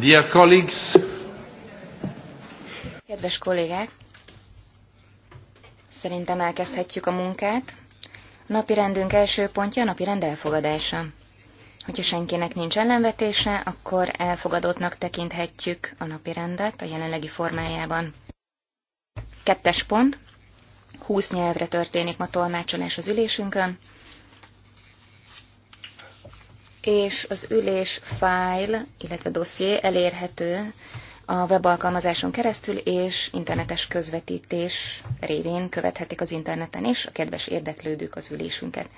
Dear colleagues, Kedves kollégák, szerintem elkezdhetjük a munkát. Napi rendünk első pontja a napi rend elfogadása. Hogyha senkinek nincs ellenvetése, akkor elfogadottnak tekinthetjük a napi rendet a jelenlegi formájában. Kettes pont. 20 nyelvre történik ma tolmácsolás az ülésünkön és az ülés fájl, illetve dosszié elérhető a webalkalmazáson keresztül, és internetes közvetítés révén követhetik az interneten is a kedves érdeklődők az ülésünket.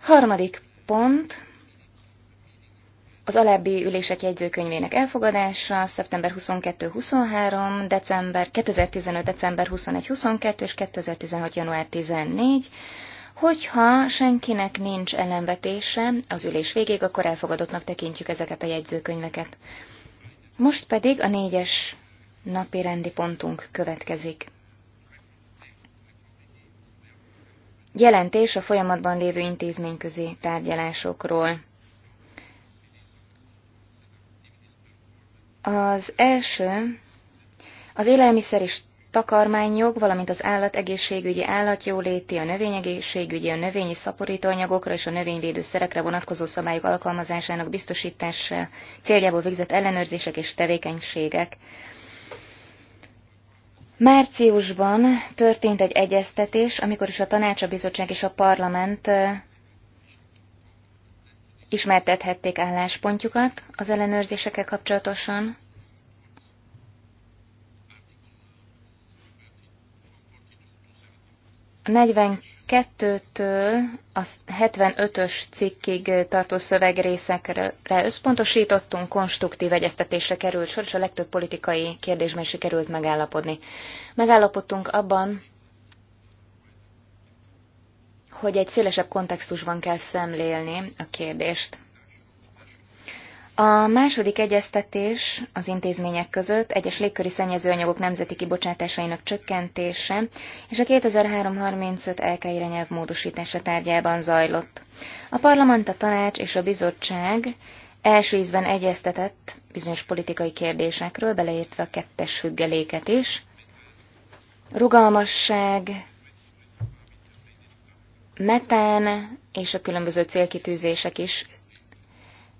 Harmadik pont, az alábbi ülések jegyzőkönyvének elfogadása szeptember 22-23, december 2015. december 21-22 és 2016. január 14. Hogyha senkinek nincs ellenvetése az ülés végéig, akkor elfogadottnak tekintjük ezeket a jegyzőkönyveket. Most pedig a négyes napi rendi pontunk következik. Jelentés a folyamatban lévő intézményközi tárgyalásokról. Az első az élelmiszer és takarmányjog, valamint az állategészségügyi, állatjóléti, a növényegészségügyi, a növényi szaporítóanyagokra és a szerekre vonatkozó szabályok alkalmazásának biztosítása céljából végzett ellenőrzések és tevékenységek. Márciusban történt egy egyeztetés, amikor is a Tanács, a Bizottság és a Parlament ismertethették álláspontjukat az ellenőrzésekkel kapcsolatosan, 42-től a 75-ös cikkig tartó szövegrészekre összpontosítottunk, konstruktív egyeztetésre került sor, és a legtöbb politikai kérdésben sikerült megállapodni. Megállapodtunk abban, hogy egy szélesebb kontextusban kell szemlélni a kérdést. A második egyeztetés az intézmények között egyes légköri szennyezőanyagok nemzeti kibocsátásainak csökkentése és a 2035 LK irányelv módosítása tárgyában zajlott. A parlament, a tanács és a bizottság első ízben egyeztetett bizonyos politikai kérdésekről, beleértve a kettes függeléket is. Rugalmasság, metán és a különböző célkitűzések is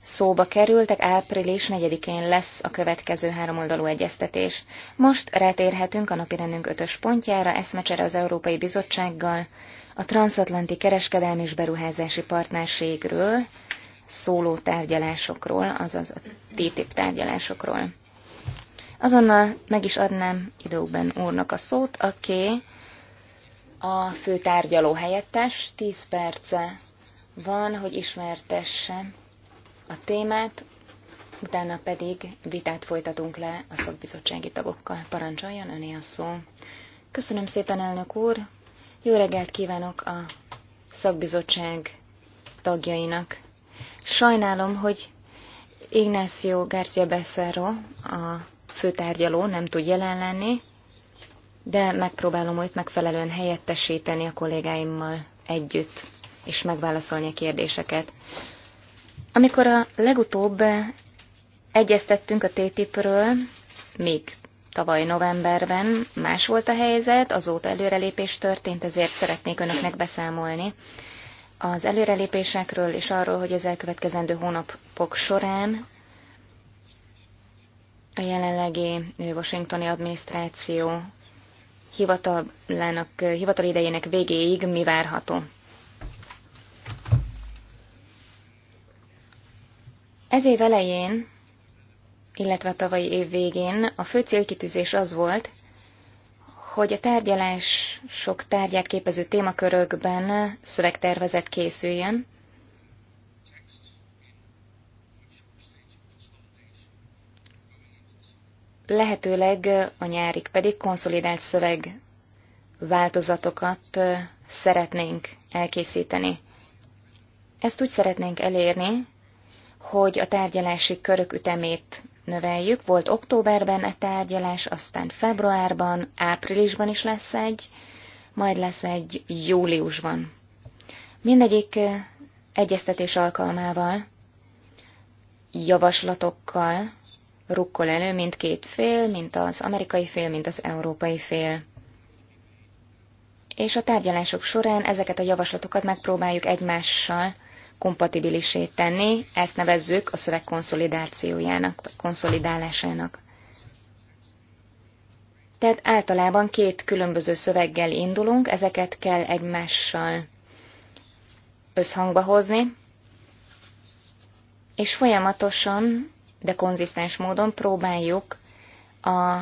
szóba kerültek, április 4-én lesz a következő háromoldalú egyeztetés. Most rátérhetünk a napirendünk ötös pontjára, eszmecsere az Európai Bizottsággal, a transatlanti kereskedelmi és beruházási partnerségről, szóló tárgyalásokról, azaz a TTIP tárgyalásokról. Azonnal meg is adnám időben úrnak a szót, aki a fő tárgyaló helyettes 10 perce van, hogy ismertesse a témát, utána pedig vitát folytatunk le a szakbizottsági tagokkal. Parancsoljon öné a szó. Köszönöm szépen, elnök úr! Jó reggelt kívánok a szakbizottság tagjainak. Sajnálom, hogy Ignacio García Becerro, a főtárgyaló nem tud jelen lenni, de megpróbálom őt megfelelően helyettesíteni a kollégáimmal együtt, és megválaszolni a kérdéseket. Amikor a legutóbb egyeztettünk a TTIP-ről, még tavaly novemberben más volt a helyzet, azóta előrelépés történt, ezért szeretnék önöknek beszámolni az előrelépésekről és arról, hogy az elkövetkezendő hónapok során a jelenlegi washingtoni adminisztráció hivatalának, hivatal idejének végéig mi várható. Ez év elején, illetve a tavalyi év végén a fő célkitűzés az volt, hogy a sok tárgyát képező témakörökben szövegtervezet készüljön, lehetőleg a nyárig pedig konszolidált szöveg változatokat szeretnénk elkészíteni. Ezt úgy szeretnénk elérni, hogy a tárgyalási körök ütemét növeljük. Volt októberben egy tárgyalás, aztán februárban, áprilisban is lesz egy, majd lesz egy júliusban. Mindegyik egyeztetés alkalmával, javaslatokkal rukkol elő két fél, mint az amerikai fél, mint az európai fél. És a tárgyalások során ezeket a javaslatokat megpróbáljuk egymással kompatibilisé tenni, ezt nevezzük a szöveg konszolidációjának, vagy konszolidálásának. Tehát általában két különböző szöveggel indulunk, ezeket kell egymással összhangba hozni, és folyamatosan, de konzisztens módon próbáljuk a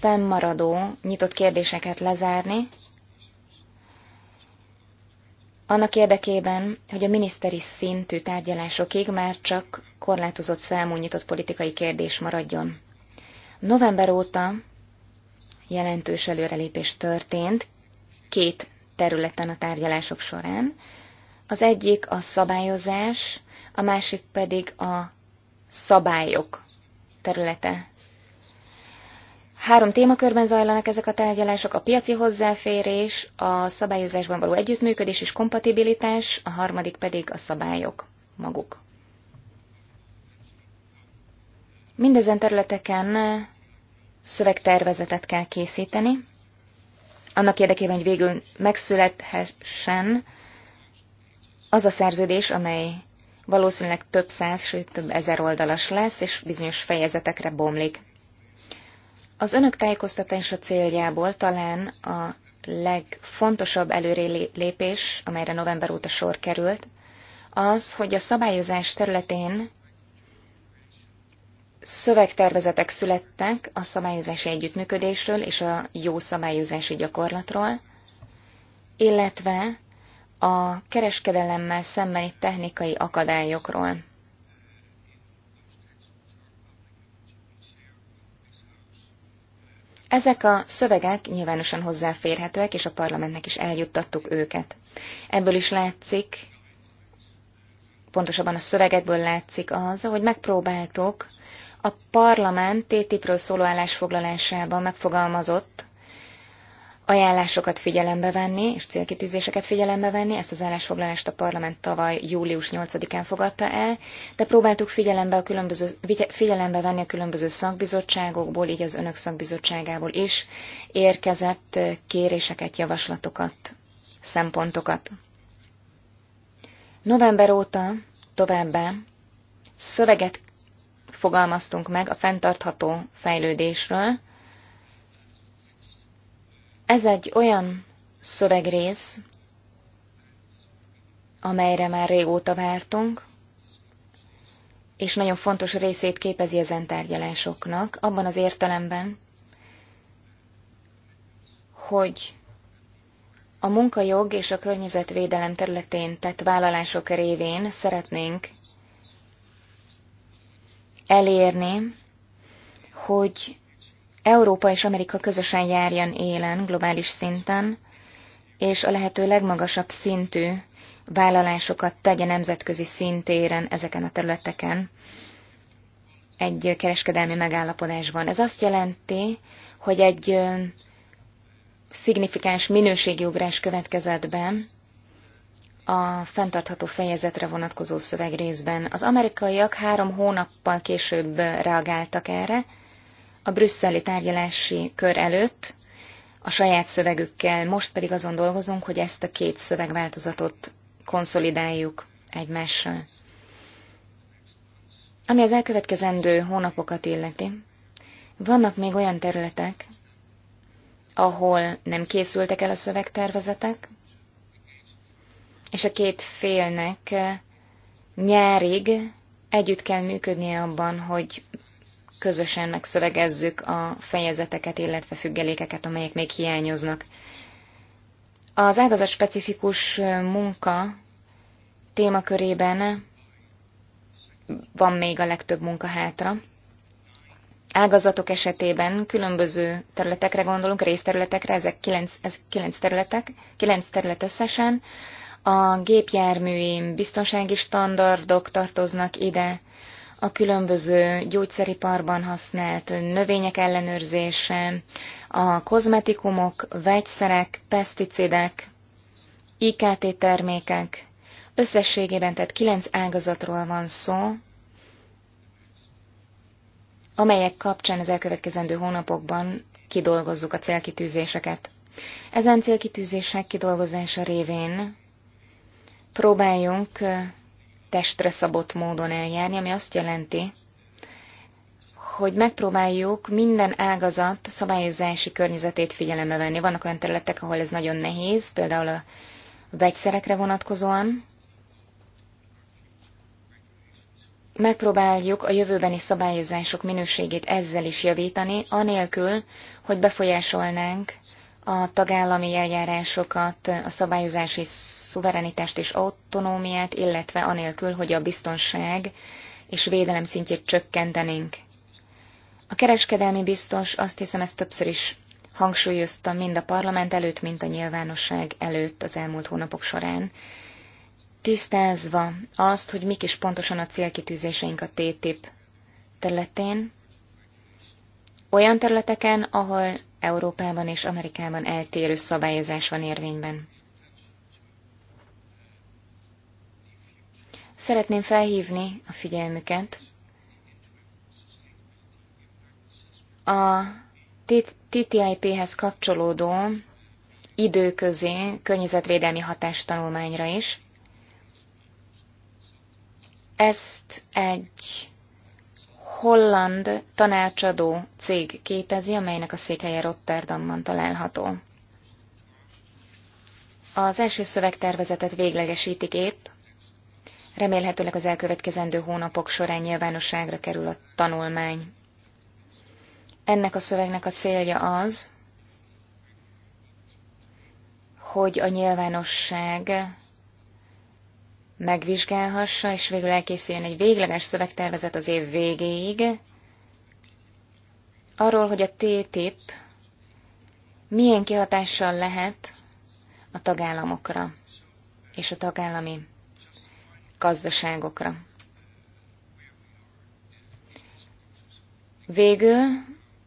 fennmaradó nyitott kérdéseket lezárni, annak érdekében, hogy a miniszteri szintű tárgyalásokig már csak korlátozott számú nyitott politikai kérdés maradjon. November óta jelentős előrelépés történt két területen a tárgyalások során. Az egyik a szabályozás, a másik pedig a szabályok területe Három témakörben zajlanak ezek a tárgyalások, a piaci hozzáférés, a szabályozásban való együttműködés és kompatibilitás, a harmadik pedig a szabályok maguk. Mindezen területeken szövegtervezetet kell készíteni, annak érdekében, hogy végül megszülethessen az a szerződés, amely valószínűleg több száz, sőt több ezer oldalas lesz, és bizonyos fejezetekre bomlik. Az önök tájékoztatása céljából talán a legfontosabb előrelépés, amelyre november óta sor került, az, hogy a szabályozás területén szövegtervezetek születtek a szabályozási együttműködésről és a jó szabályozási gyakorlatról, illetve a kereskedelemmel szembeni technikai akadályokról. Ezek a szövegek nyilvánosan hozzáférhetőek, és a parlamentnek is eljuttattuk őket. Ebből is látszik, pontosabban a szövegekből látszik az, hogy megpróbáltuk a parlament TTIP-ről szóló állásfoglalásában megfogalmazott ajánlásokat figyelembe venni, és célkitűzéseket figyelembe venni. Ezt az állásfoglalást a parlament tavaly július 8-án fogadta el, de próbáltuk figyelembe, a különböző, figyelembe venni a különböző szakbizottságokból, így az önök szakbizottságából is érkezett kéréseket, javaslatokat, szempontokat. November óta továbbá szöveget fogalmaztunk meg a fenntartható fejlődésről, ez egy olyan szövegrész, amelyre már régóta vártunk, és nagyon fontos részét képezi ezen tárgyalásoknak, abban az értelemben, hogy a munkajog és a környezetvédelem területén tett vállalások révén szeretnénk elérni, hogy Európa és Amerika közösen járjan élen globális szinten, és a lehető legmagasabb szintű vállalásokat tegye nemzetközi szintéren ezeken a területeken egy kereskedelmi megállapodásban. Ez azt jelenti, hogy egy szignifikáns minőségi ugrás következett be a fenntartható fejezetre vonatkozó szövegrészben. Az amerikaiak három hónappal később reagáltak erre, a brüsszeli tárgyalási kör előtt a saját szövegükkel, most pedig azon dolgozunk, hogy ezt a két szövegváltozatot konszolidáljuk egymással. Ami az elkövetkezendő hónapokat illeti, vannak még olyan területek, ahol nem készültek el a szövegtervezetek, és a két félnek nyárig együtt kell működnie abban, hogy közösen megszövegezzük a fejezeteket, illetve függelékeket, amelyek még hiányoznak. Az ágazat specifikus munka témakörében van még a legtöbb munka hátra. Ágazatok esetében különböző területekre gondolunk, részterületekre, ezek kilenc, ez kilenc területek, kilenc terület összesen. A gépjárműi biztonsági standardok tartoznak ide, a különböző gyógyszeriparban használt növények ellenőrzése, a kozmetikumok, vegyszerek, peszticidek, IKT termékek, összességében tehát kilenc ágazatról van szó, amelyek kapcsán az elkövetkezendő hónapokban kidolgozzuk a célkitűzéseket. Ezen célkitűzések kidolgozása révén próbáljunk testre szabott módon eljárni, ami azt jelenti, hogy megpróbáljuk minden ágazat szabályozási környezetét figyelembe venni. Vannak olyan területek, ahol ez nagyon nehéz, például a vegyszerekre vonatkozóan. Megpróbáljuk a jövőbeni szabályozások minőségét ezzel is javítani, anélkül, hogy befolyásolnánk a tagállami eljárásokat, a szabályozási szuverenitást és autonómiát, illetve anélkül, hogy a biztonság és védelem szintjét csökkentenénk. A kereskedelmi biztos azt hiszem ezt többször is hangsúlyozta mind a parlament előtt, mint a nyilvánosság előtt az elmúlt hónapok során, tisztázva azt, hogy mik is pontosan a célkitűzéseink a TTIP területén, olyan területeken, ahol Európában és Amerikában eltérő szabályozás van érvényben. Szeretném felhívni a figyelmüket a TTIP-hez kapcsolódó időközi környezetvédelmi hatástanulmányra is. Ezt egy holland tanácsadó cég képezi, amelynek a székhelye Rotterdamban található. Az első szövegtervezetet véglegesítik épp, remélhetőleg az elkövetkezendő hónapok során nyilvánosságra kerül a tanulmány. Ennek a szövegnek a célja az, hogy a nyilvánosság megvizsgálhassa, és végül elkészüljön egy végleges szövegtervezet az év végéig, arról, hogy a TTIP milyen kihatással lehet a tagállamokra és a tagállami gazdaságokra. Végül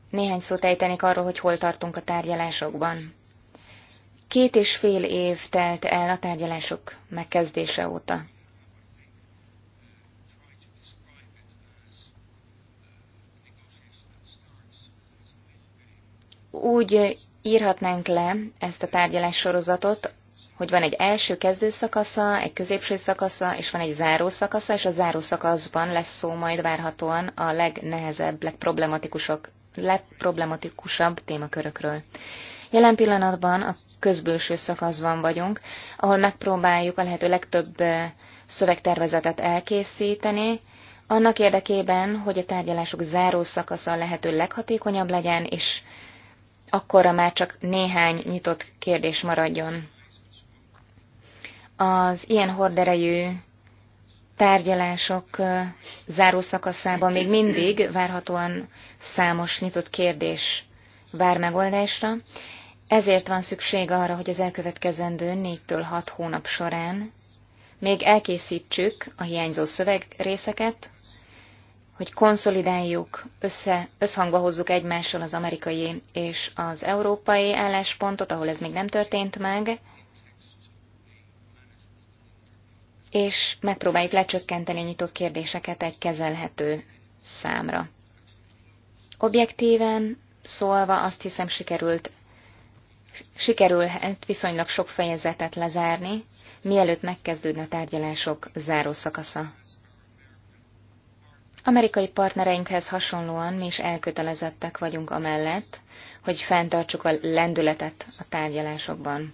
néhány szót ejtenék arról, hogy hol tartunk a tárgyalásokban. Két és fél év telt el a tárgyalások megkezdése óta. Úgy írhatnánk le ezt a tárgyalás sorozatot, hogy van egy első kezdőszakasza, egy középső szakasza, és van egy záró szakasza, és a záró szakaszban lesz szó majd várhatóan a legnehezebb, legproblematikusabb témakörökről. Jelen pillanatban a közbőső szakaszban vagyunk, ahol megpróbáljuk a lehető legtöbb szövegtervezetet elkészíteni, annak érdekében, hogy a tárgyalások záró szakasza a lehető leghatékonyabb legyen, és akkorra már csak néhány nyitott kérdés maradjon. Az ilyen horderejű tárgyalások záró szakaszában még mindig várhatóan számos nyitott kérdés vár megoldásra, ezért van szükség arra, hogy az elkövetkezendő négytől hat hónap során még elkészítsük a hiányzó szövegrészeket, hogy konszolidáljuk, össze, összhangba hozzuk egymással az amerikai és az európai álláspontot, ahol ez még nem történt meg, és megpróbáljuk lecsökkenteni a nyitott kérdéseket egy kezelhető számra. Objektíven szólva azt hiszem sikerült sikerülhet viszonylag sok fejezetet lezárni, mielőtt megkezdődne a tárgyalások záró szakasza. Amerikai partnereinkhez hasonlóan mi is elkötelezettek vagyunk amellett, hogy fenntartsuk a lendületet a tárgyalásokban.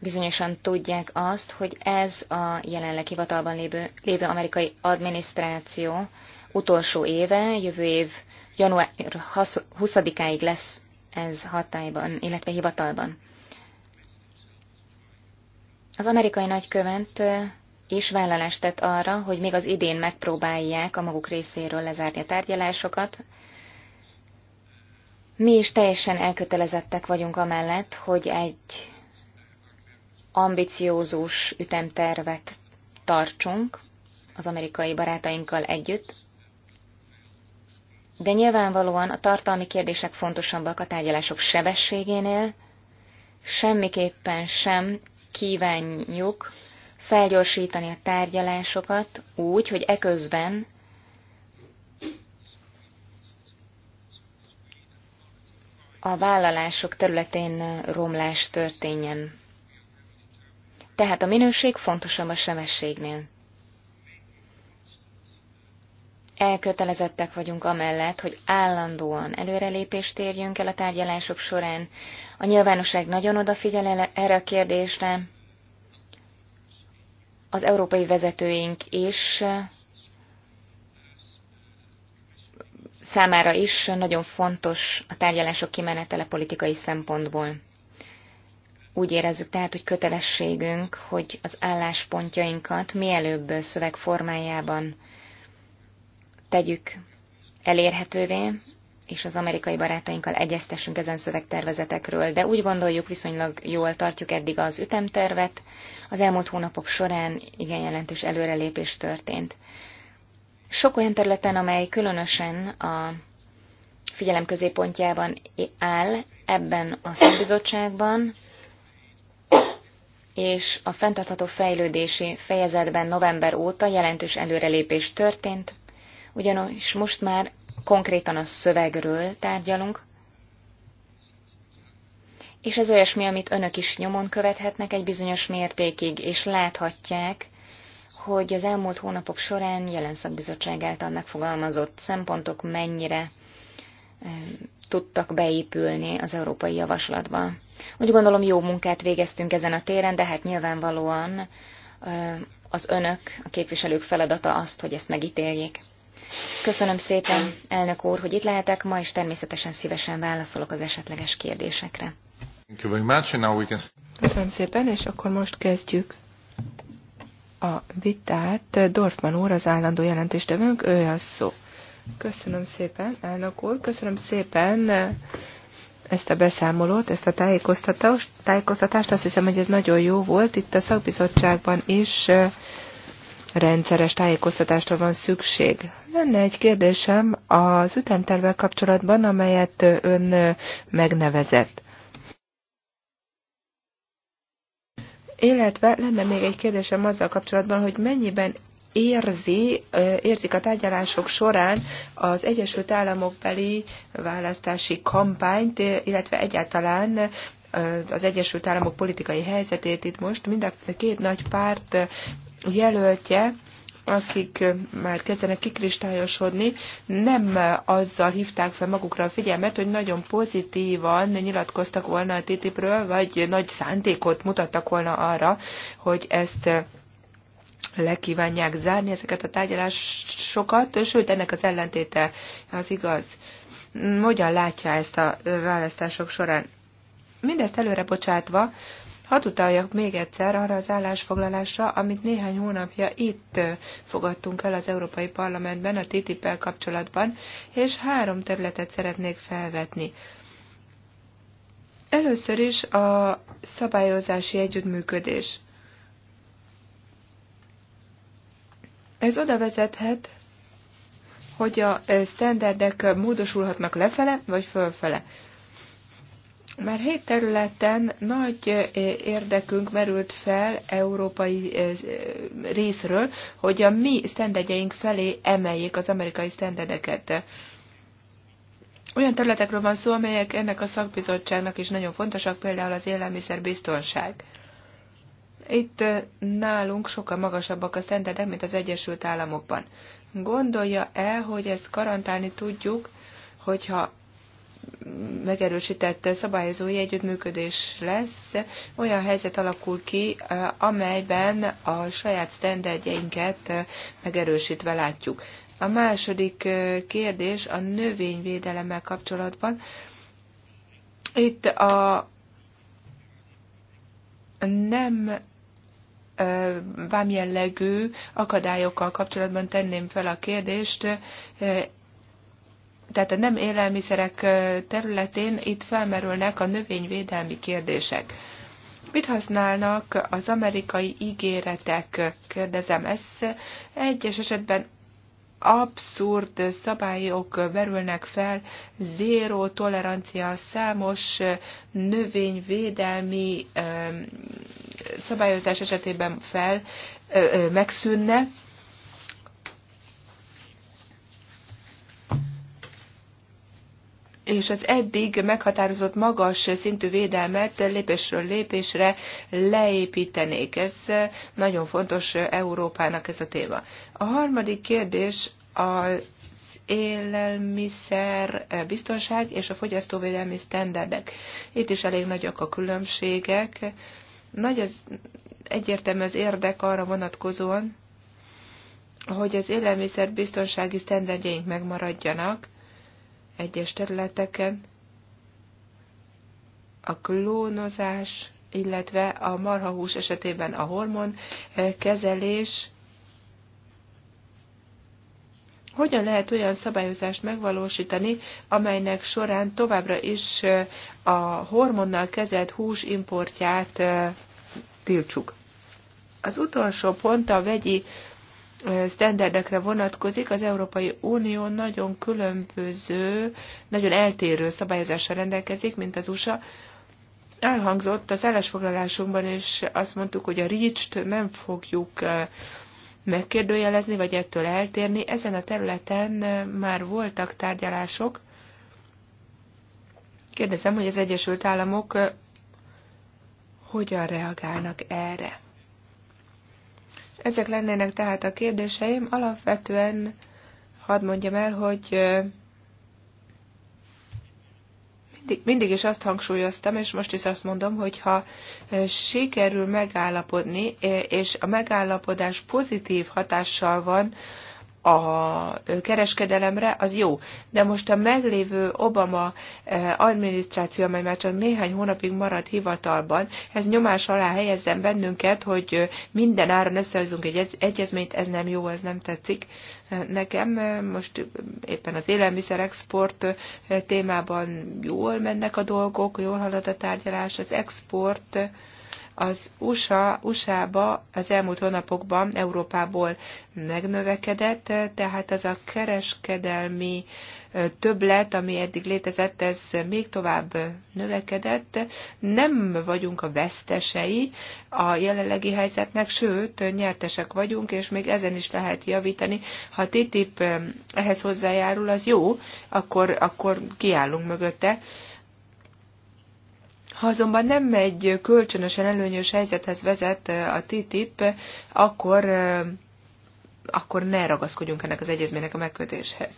Bizonyosan tudják azt, hogy ez a jelenleg hivatalban lévő, lévő amerikai adminisztráció utolsó éve, jövő év január 20-áig lesz ez hatályban, illetve hivatalban. Az amerikai nagykövet és vállalást tett arra, hogy még az idén megpróbálják a maguk részéről lezárni a tárgyalásokat. Mi is teljesen elkötelezettek vagyunk amellett, hogy egy ambiciózus ütemtervet tartsunk az amerikai barátainkkal együtt, de nyilvánvalóan a tartalmi kérdések fontosabbak a tárgyalások sebességénél, semmiképpen sem kívánjuk felgyorsítani a tárgyalásokat úgy, hogy eközben a vállalások területén romlás történjen. Tehát a minőség fontosabb a sebességnél elkötelezettek vagyunk amellett, hogy állandóan előrelépést érjünk el a tárgyalások során. A nyilvánosság nagyon odafigyel erre a kérdésre. Az európai vezetőink is számára is nagyon fontos a tárgyalások kimenetele politikai szempontból. Úgy érezzük tehát, hogy kötelességünk, hogy az álláspontjainkat mielőbb szövegformájában formájában tegyük elérhetővé, és az amerikai barátainkkal egyeztessünk ezen szövegtervezetekről, de úgy gondoljuk, viszonylag jól tartjuk eddig az ütemtervet. Az elmúlt hónapok során igen jelentős előrelépés történt. Sok olyan területen, amely különösen a figyelem középpontjában áll ebben a szakbizottságban, és a fenntartható fejlődési fejezetben november óta jelentős előrelépés történt, ugyanis most már konkrétan a szövegről tárgyalunk, és ez olyasmi, amit önök is nyomon követhetnek egy bizonyos mértékig, és láthatják, hogy az elmúlt hónapok során jelen szakbizottság által megfogalmazott szempontok mennyire eh, tudtak beépülni az európai javaslatba. Úgy gondolom, jó munkát végeztünk ezen a téren, de hát nyilvánvalóan eh, az önök, a képviselők feladata azt, hogy ezt megítéljék. Köszönöm szépen, elnök úr, hogy itt lehetek ma, és természetesen szívesen válaszolok az esetleges kérdésekre. Köszönöm szépen, és akkor most kezdjük a vitát. Dorfman úr, az állandó jelentéstevőnk, ő a szó. Köszönöm szépen, elnök úr, köszönöm szépen ezt a beszámolót, ezt a tájékoztatást. Azt hiszem, hogy ez nagyon jó volt. Itt a szakbizottságban is rendszeres tájékoztatásra van szükség. Lenne egy kérdésem az ütemtervel kapcsolatban, amelyet ön megnevezett. Illetve lenne még egy kérdésem azzal kapcsolatban, hogy mennyiben érzi, érzik a tárgyalások során az Egyesült Államok beli választási kampányt, illetve egyáltalán az Egyesült Államok politikai helyzetét itt most mind a két nagy párt jelöltje, akik már kezdenek kikristályosodni, nem azzal hívták fel magukra a figyelmet, hogy nagyon pozitívan nyilatkoztak volna a TTIP-ről, vagy nagy szándékot mutattak volna arra, hogy ezt lekívánják zárni ezeket a tárgyalásokat, sőt, ennek az ellentéte az igaz. Hogyan látja ezt a választások során? Mindezt előre bocsátva, Hadd utaljak még egyszer arra az állásfoglalásra, amit néhány hónapja itt fogadtunk el az Európai Parlamentben a TTIP-el kapcsolatban, és három területet szeretnék felvetni. Először is a szabályozási együttműködés. Ez oda vezethet, hogy a standardek módosulhatnak lefele vagy fölfele. Már hét területen nagy eh, érdekünk merült fel európai eh, eh, részről, hogy a mi sztendegyeink felé emeljék az amerikai sztendedeket. Olyan területekről van szó, amelyek ennek a szakbizottságnak is nagyon fontosak, például az élelmiszerbiztonság. Itt nálunk sokkal magasabbak a sztenderdek, mint az Egyesült Államokban. Gondolja el, hogy ezt garantálni tudjuk, hogyha megerősített szabályozói együttműködés lesz. Olyan helyzet alakul ki, eh, amelyben a saját standardjeinket eh, megerősítve látjuk. A második eh, kérdés a növényvédelemmel kapcsolatban. Itt a nem vámjellegű akadályokkal kapcsolatban tenném fel a kérdést tehát a nem élelmiszerek területén itt felmerülnek a növényvédelmi kérdések. Mit használnak az amerikai ígéretek? Kérdezem, ez egyes esetben abszurd szabályok verülnek fel, zéró tolerancia, számos növényvédelmi szabályozás esetében fel megszűnne, és az eddig meghatározott magas szintű védelmet lépésről lépésre leépítenék. Ez nagyon fontos Európának ez a téma. A harmadik kérdés az élelmiszer biztonság és a fogyasztóvédelmi sztenderdek. Itt is elég nagyok a különbségek. Nagy az egyértelmű az érdek arra vonatkozóan, hogy az élelmiszer biztonsági sztenderdjeink megmaradjanak, egyes területeken a klónozás, illetve a marhahús esetében a hormon eh, kezelés. Hogyan lehet olyan szabályozást megvalósítani, amelynek során továbbra is eh, a hormonnal kezelt hús importját eh, tiltsuk? Az utolsó pont a vegyi sztenderdekre vonatkozik, az Európai Unió nagyon különböző, nagyon eltérő szabályozással rendelkezik, mint az USA. Elhangzott az állásfoglalásunkban is azt mondtuk, hogy a REACH-t nem fogjuk megkérdőjelezni, vagy ettől eltérni. Ezen a területen már voltak tárgyalások. Kérdezem, hogy az Egyesült Államok hogyan reagálnak erre. Ezek lennének tehát a kérdéseim. Alapvetően hadd mondjam el, hogy mindig, mindig is azt hangsúlyoztam, és most is azt mondom, hogy ha sikerül megállapodni, és a megállapodás pozitív hatással van a kereskedelemre, az jó. De most a meglévő Obama eh, adminisztráció, amely már csak néhány hónapig maradt hivatalban, ez nyomás alá helyezzen bennünket, hogy eh, minden áron összehozunk egy egyezményt, ez nem jó, ez nem tetszik eh, nekem. Most éppen az élelmiszerexport témában jól mennek a dolgok, jól halad a tárgyalás, az export az USA, USA-ba az elmúlt hónapokban Európából megnövekedett, tehát az a kereskedelmi többlet, ami eddig létezett, ez még tovább növekedett. Nem vagyunk a vesztesei a jelenlegi helyzetnek, sőt, nyertesek vagyunk, és még ezen is lehet javítani. Ha TTIP ehhez hozzájárul, az jó, akkor, akkor kiállunk mögötte. Ha azonban nem egy kölcsönösen előnyös helyzethez vezet a TTIP, akkor, akkor ne ragaszkodjunk ennek az egyezménynek a megkötéshez.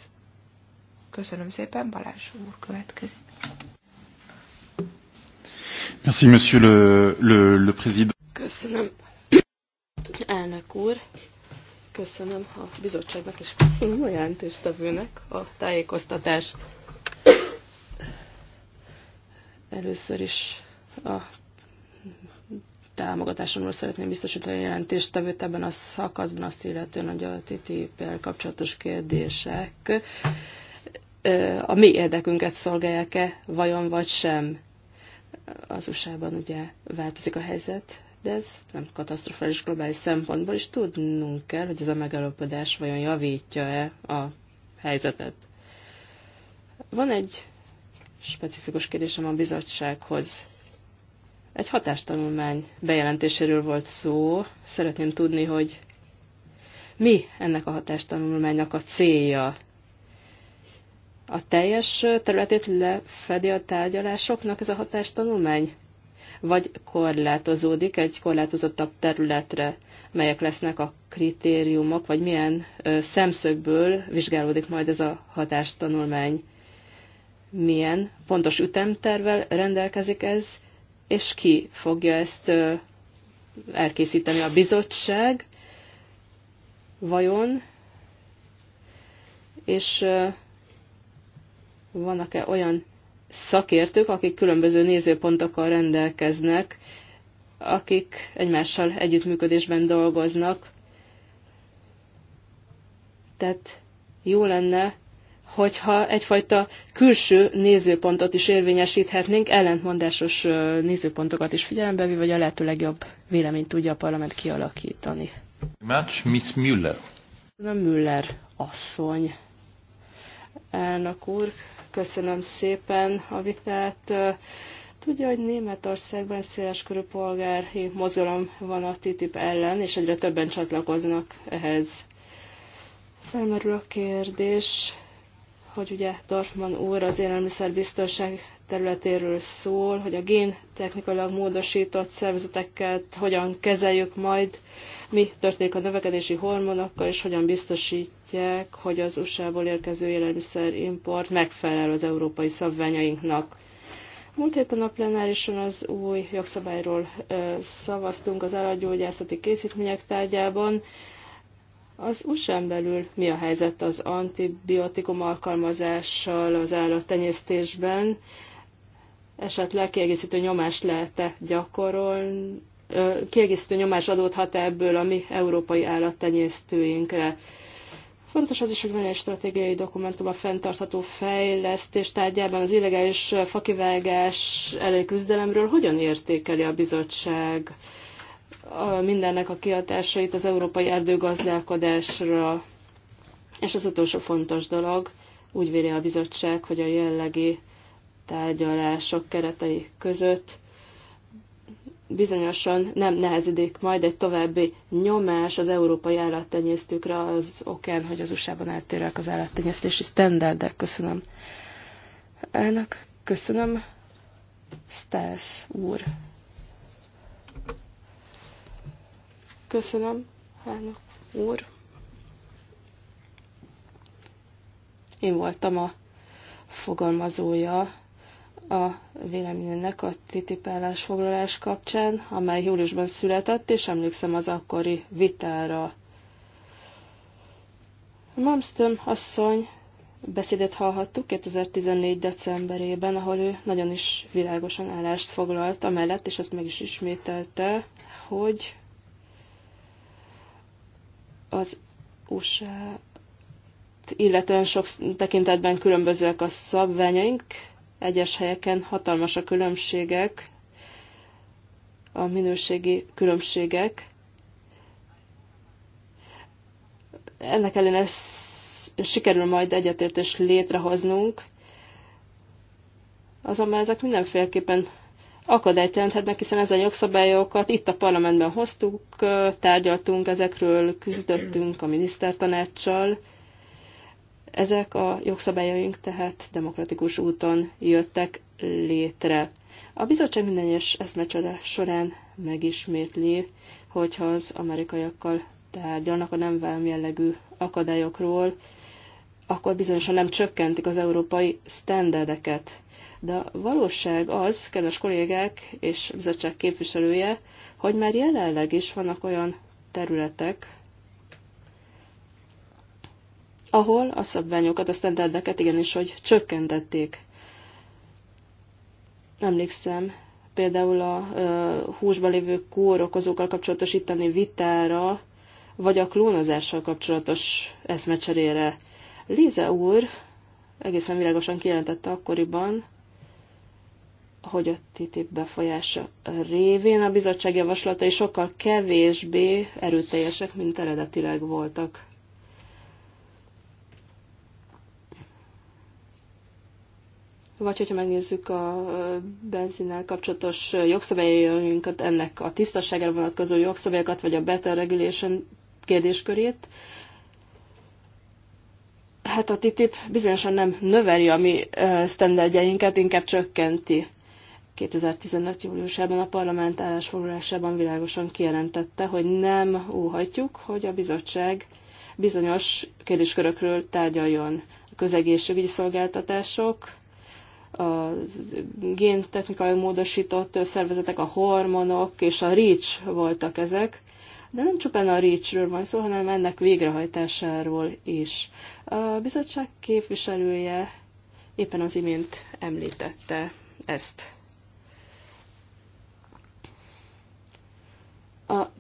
Köszönöm szépen, Balázs úr következik. Merci, monsieur le, le, le président. Köszönöm, elnök úr. Köszönöm a bizottságnak és köszönöm a jelentéstevőnek a tájékoztatást. Először is a támogatásomról szeretném biztosítani a tevőt ebben a szakaszban azt illetően, hogy a TTIP-el kapcsolatos kérdések a mi érdekünket szolgálják-e, vajon vagy sem. Az USA-ban ugye változik a helyzet, de ez nem katasztrofális globális szempontból, is tudnunk kell, hogy ez a megállapodás vajon javítja-e a helyzetet. Van egy specifikus kérdésem a bizottsághoz. Egy hatástanulmány bejelentéséről volt szó. Szeretném tudni, hogy mi ennek a hatástanulmánynak a célja. A teljes területét lefedi a tárgyalásoknak ez a hatástanulmány? Vagy korlátozódik egy korlátozottabb területre, melyek lesznek a kritériumok, vagy milyen szemszögből vizsgálódik majd ez a hatástanulmány? milyen pontos ütemtervel rendelkezik ez, és ki fogja ezt elkészíteni a bizottság, vajon, és vannak-e olyan szakértők, akik különböző nézőpontokkal rendelkeznek, akik egymással együttműködésben dolgoznak. Tehát jó lenne hogyha egyfajta külső nézőpontot is érvényesíthetnénk, ellentmondásos nézőpontokat is figyelembe véve, vagy a lehető legjobb véleményt tudja a parlament kialakítani. Match Miss Müller. Na, Müller asszony. Elnök úr, köszönöm szépen a vitát. Tudja, hogy Németországban széleskörű polgári mozgalom van a TTIP ellen, és egyre többen csatlakoznak ehhez. Felmerül a kérdés, hogy ugye Dorfman úr az élelmiszerbiztonság területéről szól, hogy a gén technikailag módosított szervezeteket hogyan kezeljük majd, mi történik a növekedési hormonokkal, és hogyan biztosítják, hogy az USA-ból érkező élelmiszerimport megfelel az európai szabványainknak. Múlt héten a plenárison az új jogszabályról ö, szavaztunk az állatgyógyászati készítmények tárgyában, az usa belül mi a helyzet az antibiotikum alkalmazással az állattenyésztésben? Esetleg kiegészítő nyomást lehet-e gyakorolni? Kiegészítő nyomás adódhat -e ebből a mi európai állattenyésztőinkre? Fontos az is, hogy van egy stratégiai dokumentum a fenntartható fejlesztés tárgyában az illegális fakivágás elleni küzdelemről. Hogyan értékeli a bizottság mindennek a kihatásait az európai erdőgazdálkodásra. És az utolsó fontos dolog, úgy véli a bizottság, hogy a jellegi tárgyalások keretei között bizonyosan nem nehezedik majd egy további nyomás az európai állattenyésztőkre az okán, hogy az USA-ban eltérek az állattenyésztési standardek. Köszönöm. Elnök, köszönöm. Stász úr. Köszönöm, elnök úr. Én voltam a fogalmazója a véleménynek a TTIP állásfoglalás kapcsán, amely júliusban született, és emlékszem az akkori vitára. Malmström asszony beszédet hallhattuk 2014. decemberében, ahol ő nagyon is világosan állást foglalt amellett, és azt meg is ismételte, hogy az usa illetően sok tekintetben különbözőek a szabványaink, egyes helyeken hatalmas a különbségek, a minőségi különbségek. Ennek ellenére sikerül majd egyetértést létrehoznunk, azonban ezek mindenféleképpen akadályt jelenthetnek, hiszen ezen jogszabályokat itt a parlamentben hoztuk, tárgyaltunk ezekről, küzdöttünk a minisztertanácssal. Ezek a jogszabályaink tehát demokratikus úton jöttek létre. A bizottság minden egyes eszmecsere során megismétli, hogyha az amerikaiakkal tárgyalnak a nem vám jellegű akadályokról, akkor bizonyosan nem csökkentik az európai sztenderdeket. De a valóság az, kedves kollégák és bizottság képviselője, hogy már jelenleg is vannak olyan területek, ahol a szabványokat, a sztenderdeket igenis, hogy csökkentették. Emlékszem például a ö, húsban lévő kórokozókkal kapcsolatos itteni vitára, vagy a klónozással kapcsolatos eszmecserére. Líze úr egészen világosan kijelentette akkoriban, hogy a TTIP befolyása révén a bizottság javaslatai sokkal kevésbé erőteljesek, mint eredetileg voltak. Vagy hogyha megnézzük a benzinnel kapcsolatos jogszabályainkat, ennek a tisztaságra vonatkozó jogszabályokat, vagy a better regulation kérdéskörét, hát a TTIP bizonyosan nem növeli a mi standardjainkat, inkább csökkenti. 2015. júliusában a parlament állásfoglalásában világosan kijelentette, hogy nem óhatjuk, hogy a bizottság bizonyos kérdéskörökről tárgyaljon. A közegészségügyi szolgáltatások, a géntechnikai módosított szervezetek, a hormonok és a REACH voltak ezek, de nem csupán a REACH-ről van szó, hanem ennek végrehajtásáról is. A bizottság képviselője éppen az imént említette ezt.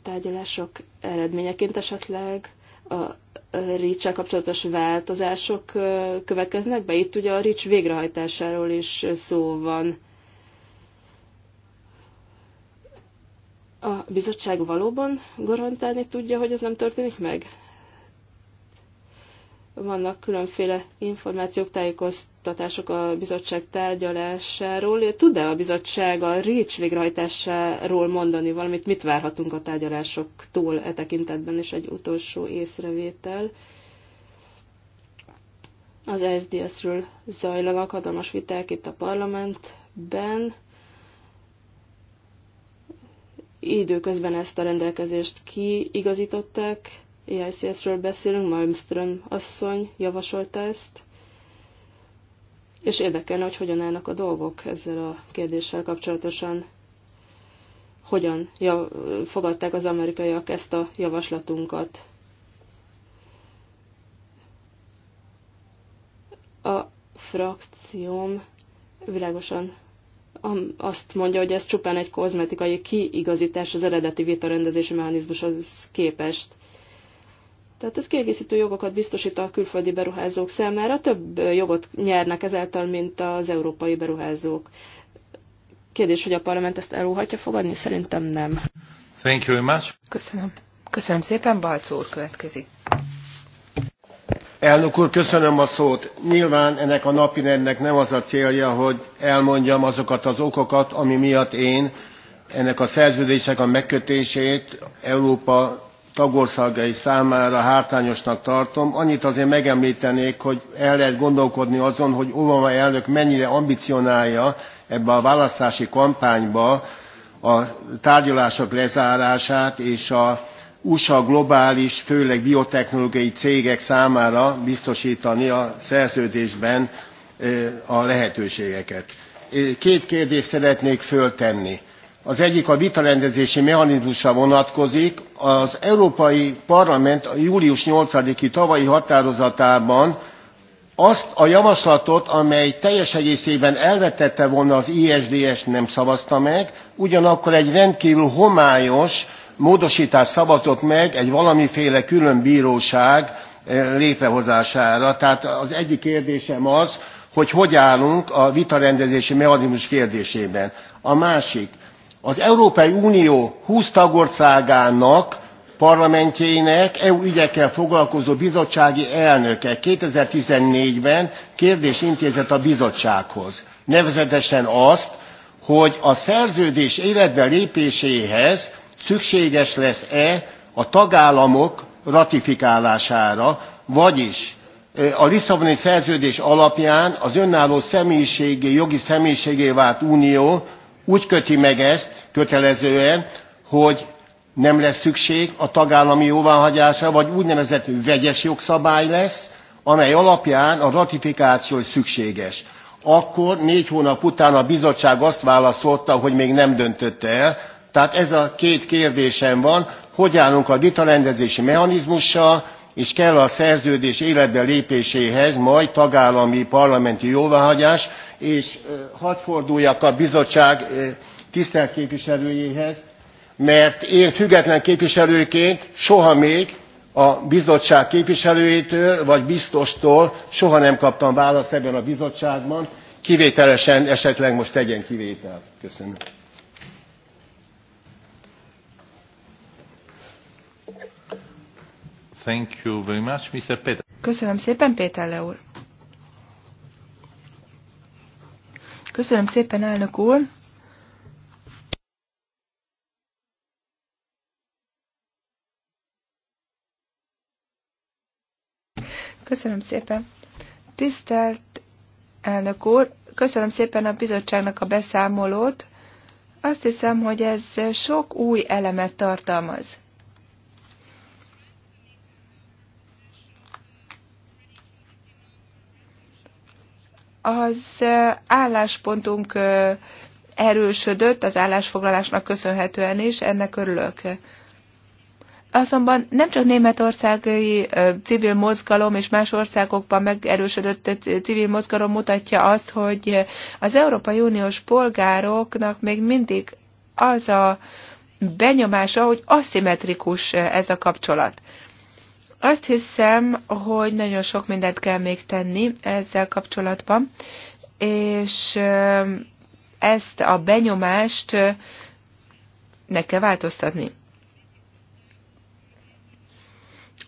tárgyalások eredményeként esetleg a rics kapcsolatos változások következnek be. Itt ugye a RICS végrehajtásáról is szó van. A bizottság valóban garantálni tudja, hogy ez nem történik meg? vannak különféle információk, tájékoztatások a bizottság tárgyalásáról. Tud-e a bizottság a REACH végrehajtásáról mondani valamit? Mit várhatunk a tárgyalásoktól e tekintetben? És egy utolsó észrevétel. Az SDS-ről zajlanak hatalmas viták itt a parlamentben. Időközben ezt a rendelkezést kiigazították EICS-ről beszélünk, Malmström asszony javasolta ezt, és érdekelne, hogy hogyan állnak a dolgok ezzel a kérdéssel kapcsolatosan. Hogyan fogadták az amerikaiak ezt a javaslatunkat? A frakcióm világosan azt mondja, hogy ez csupán egy kozmetikai kiigazítás az eredeti vitarendezési mechanizmushoz képest. Tehát ez kiegészítő jogokat biztosít a külföldi beruházók számára, több jogot nyernek ezáltal, mint az európai beruházók. Kérdés, hogy a parlament ezt elúhatja fogadni? Szerintem nem. Thank you very much. Köszönöm. Köszönöm szépen, Balcó úr következik. Elnök úr, köszönöm a szót. Nyilván ennek a napirendnek nem az a célja, hogy elmondjam azokat az okokat, ami miatt én ennek a szerződések a megkötését Európa tagországai számára hátrányosnak tartom. Annyit azért megemlítenék, hogy el lehet gondolkodni azon, hogy Obama elnök mennyire ambicionálja ebbe a választási kampányba a tárgyalások lezárását és a USA globális, főleg biotechnológiai cégek számára biztosítani a szerződésben a lehetőségeket. Két kérdést szeretnék föltenni az egyik a vitarendezési mechanizmusra vonatkozik az európai parlament a július eight i tavalyi határozatában azt a javaslatot amely teljes egészében elvetette volna az isds t nem szavazta meg ugyanakkor egy rendkvül homályos módosítás szavazott meg egy valamiféle külön bróság eh, létrehozására. tehát az egyik kérdésem az hogy hogy állunk a vitarendezési mechanizmus kérdésében. a másik az európai unió 20 tagországának parlamentjeinek eu ügyekkel foglalkozó bizottsági elnöke two thousand and fourteen ben kérdést intézett a bizottsághoz nevezetesen azt hogy a szerződés életbe lépéséhez szükséges lesz e a tagállamok ratifikálására vagyis a lisszaboni szerződés alapján az önálló személyiségé jogi személyiségé vált unió úgy köti meg ezt kötelezően, hogy nem lesz szükség a tagállami jóváhagyásra, vagy úgynevezett vegyes jogszabály lesz, amely alapján a ratifikáció szükséges. Akkor négy hónap után a bizottság azt válaszolta, hogy még nem döntötte el. Tehát ez a két kérdésem van, hogy állunk a vitarendezési mechanizmussal, és kell a szerződés életbe lépéséhez majd tagállami parlamenti jóváhagyás és hadd forduljak a bizottság tisztelt képviselőjéhez mert én független képviselőként soha még a bizottság képviselőjétől vagy biztostól soha nem kaptam választ ebben a bizottságban kivételesen esetleg most tegyen kivételt. köszönöm. Thank you very much, Mr. Peter. Köszönöm szépen, Péter Le úr. Köszönöm szépen, elnök úr. Köszönöm szépen. Tisztelt elnök úr, köszönöm szépen a bizottságnak a beszámolót. Azt hiszem, hogy ez sok új elemet tartalmaz. Az álláspontunk erősödött az állásfoglalásnak köszönhetően is, ennek örülök. Azonban nem csak németországi civil mozgalom és más országokban megerősödött civil mozgalom mutatja azt, hogy az Európai Uniós polgároknak még mindig az a benyomása, hogy aszimmetrikus ez a kapcsolat. Azt hiszem, hogy nagyon sok mindent kell még tenni ezzel kapcsolatban, és ezt a benyomást ne kell változtatni.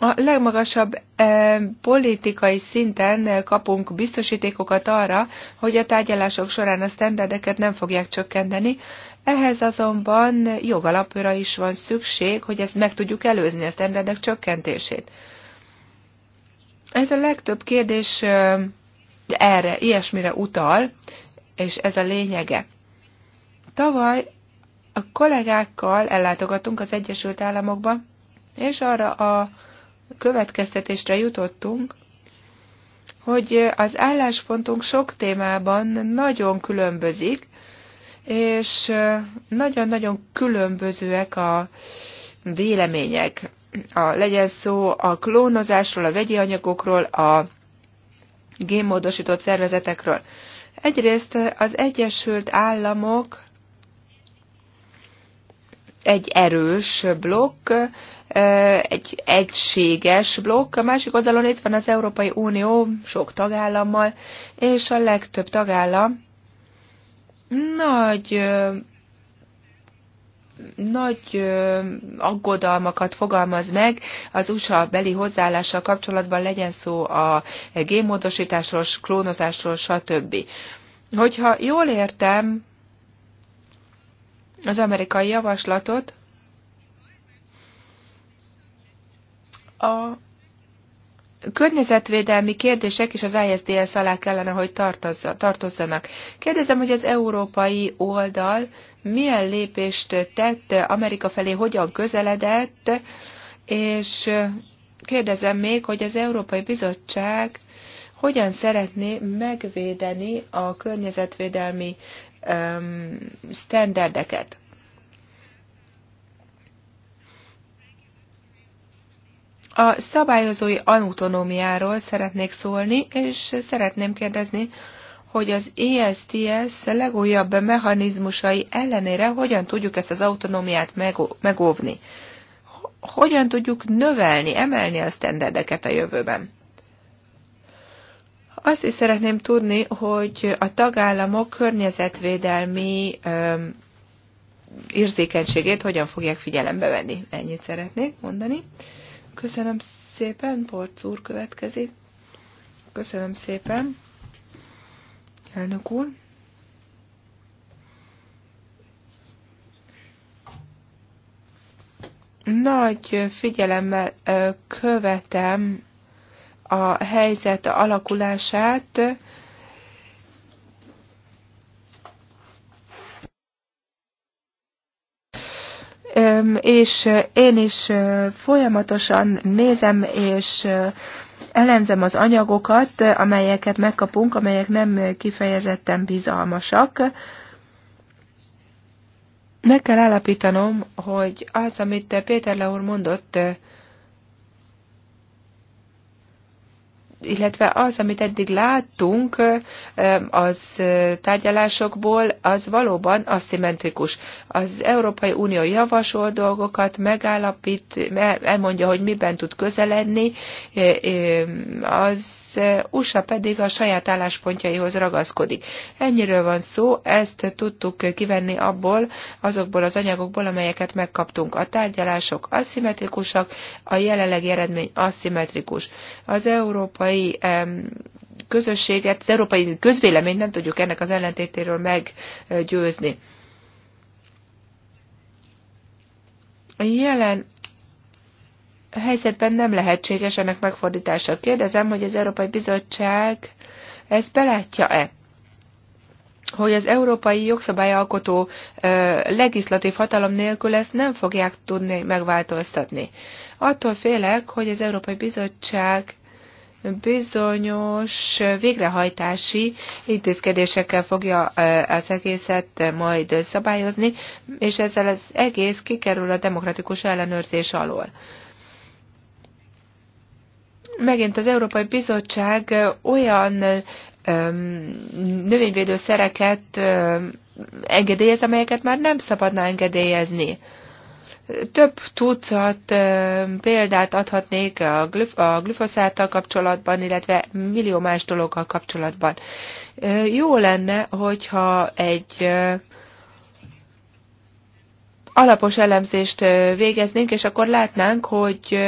a legmagasabb eh, politikai szinten eh, kapunk biztosítékokat arra, hogy a tárgyalások során a sztenderdeket nem fogják csökkenteni, ehhez azonban jogalapra is van szükség, hogy ezt meg tudjuk előzni, a sztenderdek csökkentését. Ez a legtöbb kérdés eh, erre, ilyesmire utal, és ez a lényege. Tavaly a kollégákkal ellátogatunk az Egyesült Államokba, és arra a következtetésre jutottunk, hogy az álláspontunk sok témában nagyon különbözik, és nagyon-nagyon különbözőek a vélemények. A, legyen szó a klónozásról, a vegyi anyagokról, a génmódosított szervezetekről. Egyrészt az Egyesült Államok egy erős blokk, egy egységes blokk, a másik oldalon itt van az Európai Unió sok tagállammal, és a legtöbb tagállam nagy nagy aggodalmakat fogalmaz meg az USA beli hozzáállással kapcsolatban, legyen szó a gémódosításról, klónozásról, stb. Hogyha jól értem, az amerikai javaslatot a környezetvédelmi kérdések is az ISDS alá kellene, hogy tartozzanak. Kérdezem, hogy az európai oldal milyen lépést tett Amerika felé, hogyan közeledett, és kérdezem még, hogy az Európai Bizottság hogyan szeretné megvédeni a környezetvédelmi standardeket. A szabályozói autonómiáról szeretnék szólni, és szeretném kérdezni, hogy az ESTS legújabb mechanizmusai ellenére hogyan tudjuk ezt az autonómiát megóvni. Hogyan tudjuk növelni, emelni a sztenderdeket a jövőben? Azt is szeretném tudni, hogy a tagállamok környezetvédelmi öm, érzékenységét hogyan fogják figyelembe venni. Ennyit szeretnék mondani. Köszönöm szépen, Porc úr következik. Köszönöm szépen, elnök úr. Nagy figyelemmel követem a helyzet alakulását, és én is folyamatosan nézem és elemzem az anyagokat, amelyeket megkapunk, amelyek nem kifejezetten bizalmasak. Meg kell állapítanom, hogy az, amit Péter Leúr mondott, illetve az, amit eddig láttunk az tárgyalásokból, az valóban aszimmetrikus. Az Európai Unió javasol dolgokat, megállapít, elmondja, hogy miben tud közeledni, az USA pedig a saját álláspontjaihoz ragaszkodik. Ennyiről van szó, ezt tudtuk kivenni abból, azokból az anyagokból, amelyeket megkaptunk. A tárgyalások aszimmetrikusak, a jelenlegi eredmény aszimmetrikus. Az Európai európai közösséget, az európai közvéleményt nem tudjuk ennek az ellentétéről meggyőzni. A jelen helyzetben nem lehetséges ennek megfordítása. Kérdezem, hogy az Európai Bizottság ezt belátja-e? hogy az európai jogszabályalkotó ö, legislatív hatalom nélkül ezt nem fogják tudni megváltoztatni. Attól félek, hogy az Európai Bizottság bizonyos végrehajtási intézkedésekkel fogja az egészet majd szabályozni, és ezzel az egész kikerül a demokratikus ellenőrzés alól. Megint az Európai Bizottság olyan növényvédőszereket engedélyez, amelyeket már nem szabadna engedélyezni. Több tucat példát adhatnék a, glüf- a glüfoszáttal kapcsolatban, illetve millió más dologgal kapcsolatban. Jó lenne, hogyha egy alapos elemzést végeznénk, és akkor látnánk, hogy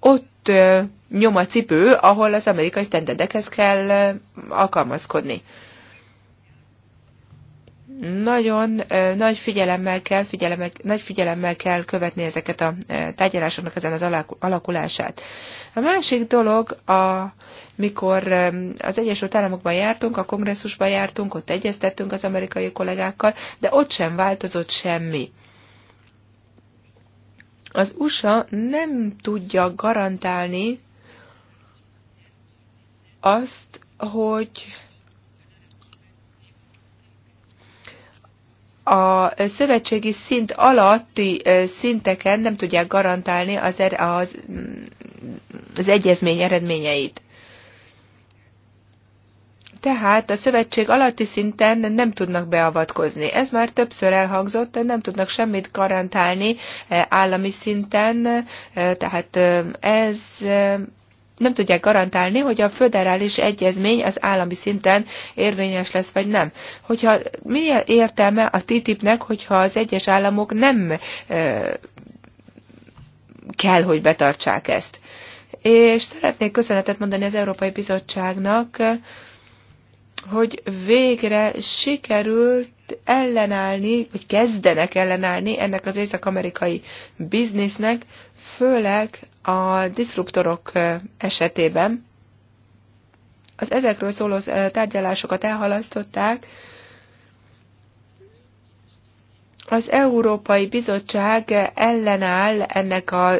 ott nyom a cipő, ahol az amerikai sztenderdekhez kell alkalmazkodni nagyon nagy figyelemmel kell, figyelemmel, nagy figyelemmel kell követni ezeket a tárgyalásoknak ezen az alakulását. A másik dolog, a, mikor az Egyesült Államokban jártunk, a kongresszusban jártunk, ott egyeztettünk az amerikai kollégákkal, de ott sem változott semmi. Az USA nem tudja garantálni azt, hogy a szövetségi szint alatti szinteken nem tudják garantálni az, er, az, mm, az egyezmény eredményeit. Tehát a szövetség alatti szinten nem tudnak beavatkozni. Ez már többször elhangzott, nem tudnak semmit garantálni állami szinten, tehát ez nem tudják garantálni, hogy a föderális egyezmény az állami szinten érvényes lesz, vagy nem. Hogyha mi értelme a TTIP-nek, hogyha az egyes államok nem kell, hogy betartsák ezt. És szeretnék köszönetet mondani az Európai Bizottságnak, hogy végre sikerült ellenállni, vagy kezdenek ellenállni ennek az észak-amerikai biznisznek, főleg a diszruptorok esetében az ezekről szóló tárgyalásokat elhalasztották, az Európai Bizottság ellenáll ennek a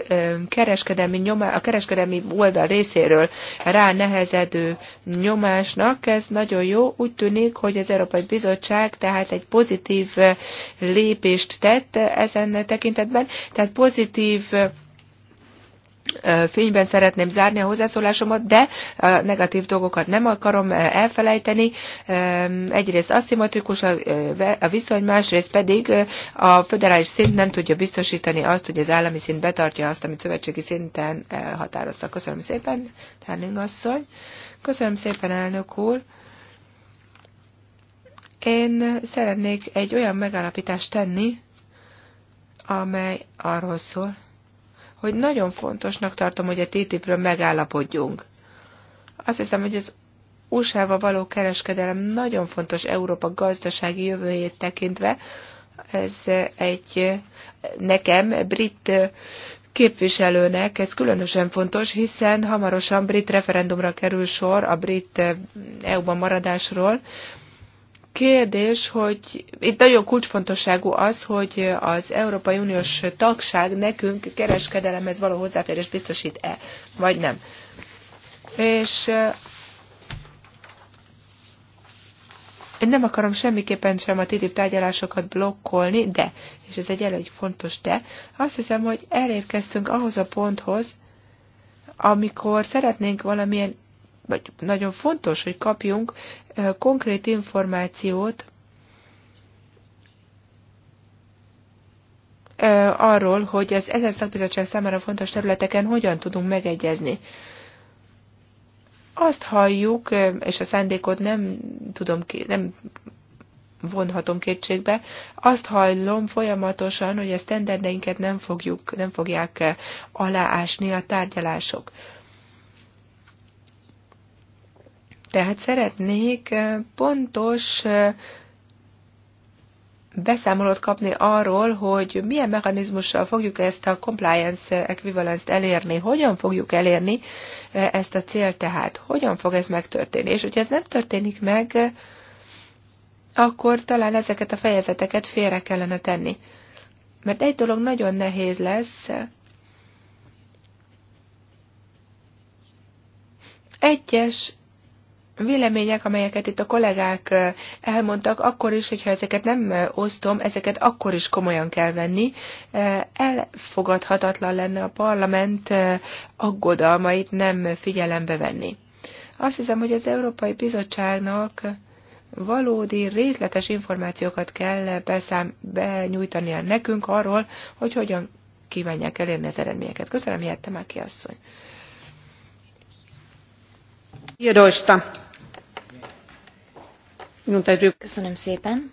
kereskedelmi, nyoma, a kereskedelmi oldal részéről rá nehezedő nyomásnak. Ez nagyon jó. Úgy tűnik, hogy az Európai Bizottság tehát egy pozitív lépést tett ezen tekintetben, tehát pozitív fényben szeretném zárni a hozzászólásomat, de a negatív dolgokat nem akarom elfelejteni. Egyrészt aszimmetrikus a viszony, másrészt pedig a föderális szint nem tudja biztosítani azt, hogy az állami szint betartja azt, amit szövetségi szinten határoztak. Köszönöm szépen, Tárling asszony. Köszönöm szépen, elnök úr. Én szeretnék egy olyan megállapítást tenni, amely arról szól, hogy nagyon fontosnak tartom, hogy a TTIP-ről megállapodjunk. Azt hiszem, hogy az USA-val való kereskedelem nagyon fontos Európa gazdasági jövőjét tekintve. Ez egy nekem, brit képviselőnek ez különösen fontos, hiszen hamarosan brit referendumra kerül sor a brit eh, EU-ban maradásról, kérdés, hogy itt nagyon kulcsfontosságú az, hogy az Európai Uniós tagság nekünk kereskedelemhez való hozzáférés biztosít-e, vagy nem. És eh, én nem akarom semmiképpen sem a TTIP tárgyalásokat blokkolni, de, és ez egy elég fontos de, azt hiszem, hogy elérkeztünk ahhoz a ponthoz, amikor szeretnénk valamilyen vagy nagyon fontos, hogy kapjunk konkrét információt arról, hogy az ezen szakbizottság számára fontos területeken hogyan tudunk megegyezni. Azt halljuk, és a szándékot nem tudom, nem vonhatom kétségbe. Azt hallom folyamatosan, hogy a sztenderdeinket nem, fogjuk, nem fogják aláásni a tárgyalások. Tehát szeretnék pontos beszámolót kapni arról, hogy milyen mechanizmussal fogjuk ezt a compliance equivalence elérni, hogyan fogjuk elérni ezt a célt tehát, hogyan fog ez megtörténni. És hogyha ez nem történik meg, akkor talán ezeket a fejezeteket félre kellene tenni. Mert egy dolog nagyon nehéz lesz, egyes vélemények, amelyeket itt a kollégák elmondtak, akkor is, hogyha ezeket nem osztom, ezeket akkor is komolyan kell venni. Elfogadhatatlan lenne a parlament aggodalmait nem figyelembe venni. Azt hiszem, hogy az Európai Bizottságnak valódi részletes információkat kell beszám, benyújtania nekünk arról, hogy hogyan kívánják elérni az eredményeket. Köszönöm, Jette Máki asszony. Tiedoista. Minun szépen.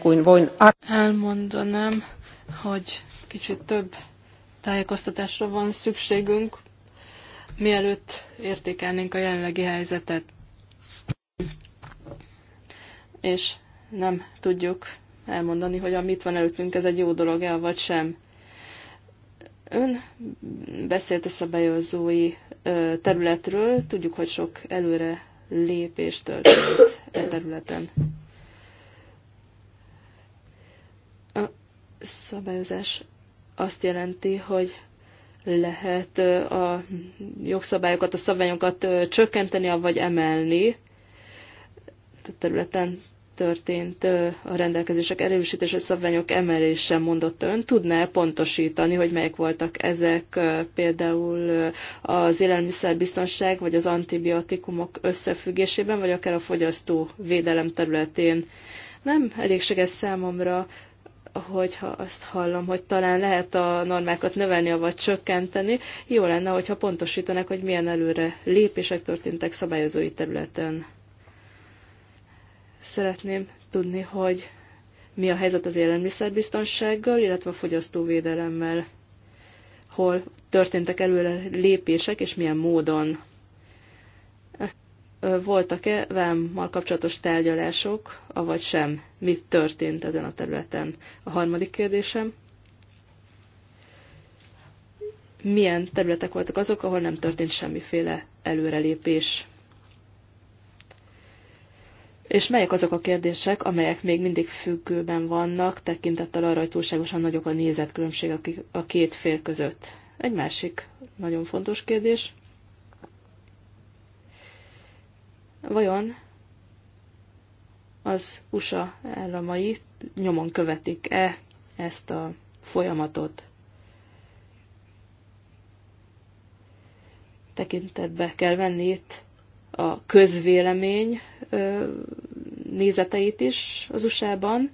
kuin voin... Elmondanám, hogy kicsit több tájékoztatásra van szükségünk, mielőtt értékelnénk a jelenlegi helyzetet. És nem tudjuk elmondani, hogy amit van előttünk, ez egy jó dolog-e, vagy sem. Ön beszélt a szabályozói területről, tudjuk, hogy sok előre lépést történt e területen. A szabályozás azt jelenti, hogy lehet a jogszabályokat, a szabványokat csökkenteni, vagy emelni. A területen történt a rendelkezések erősítése, szabványok emelése mondott ön. Tudná -e pontosítani, hogy melyek voltak ezek például az élelmiszerbiztonság vagy az antibiotikumok összefüggésében, vagy akár a fogyasztó védelem területén? Nem elégséges számomra, hogyha azt hallom, hogy talán lehet a normákat növelni, vagy csökkenteni, jó lenne, hogyha pontosítanak, hogy milyen előre lépések történtek szabályozói területen. Szeretném tudni, hogy mi a helyzet az élelmiszerbiztonsággal, illetve a fogyasztóvédelemmel, hol történtek előre lépések, és milyen módon. Voltak-e vámmal kapcsolatos tárgyalások, avagy sem? Mi történt ezen a területen? A harmadik kérdésem. Milyen területek voltak azok, ahol nem történt semmiféle előrelépés? és melyek azok a kérdések, amelyek még mindig függőben vannak, tekintettel arra, hogy túlságosan nagyok a nézetkülönbség a két fél között. Egy másik nagyon fontos kérdés. Vajon az USA államai nyomon követik-e ezt a folyamatot? Tekintetbe kell venni itt a közvélemény nézeteit is az USA-ban,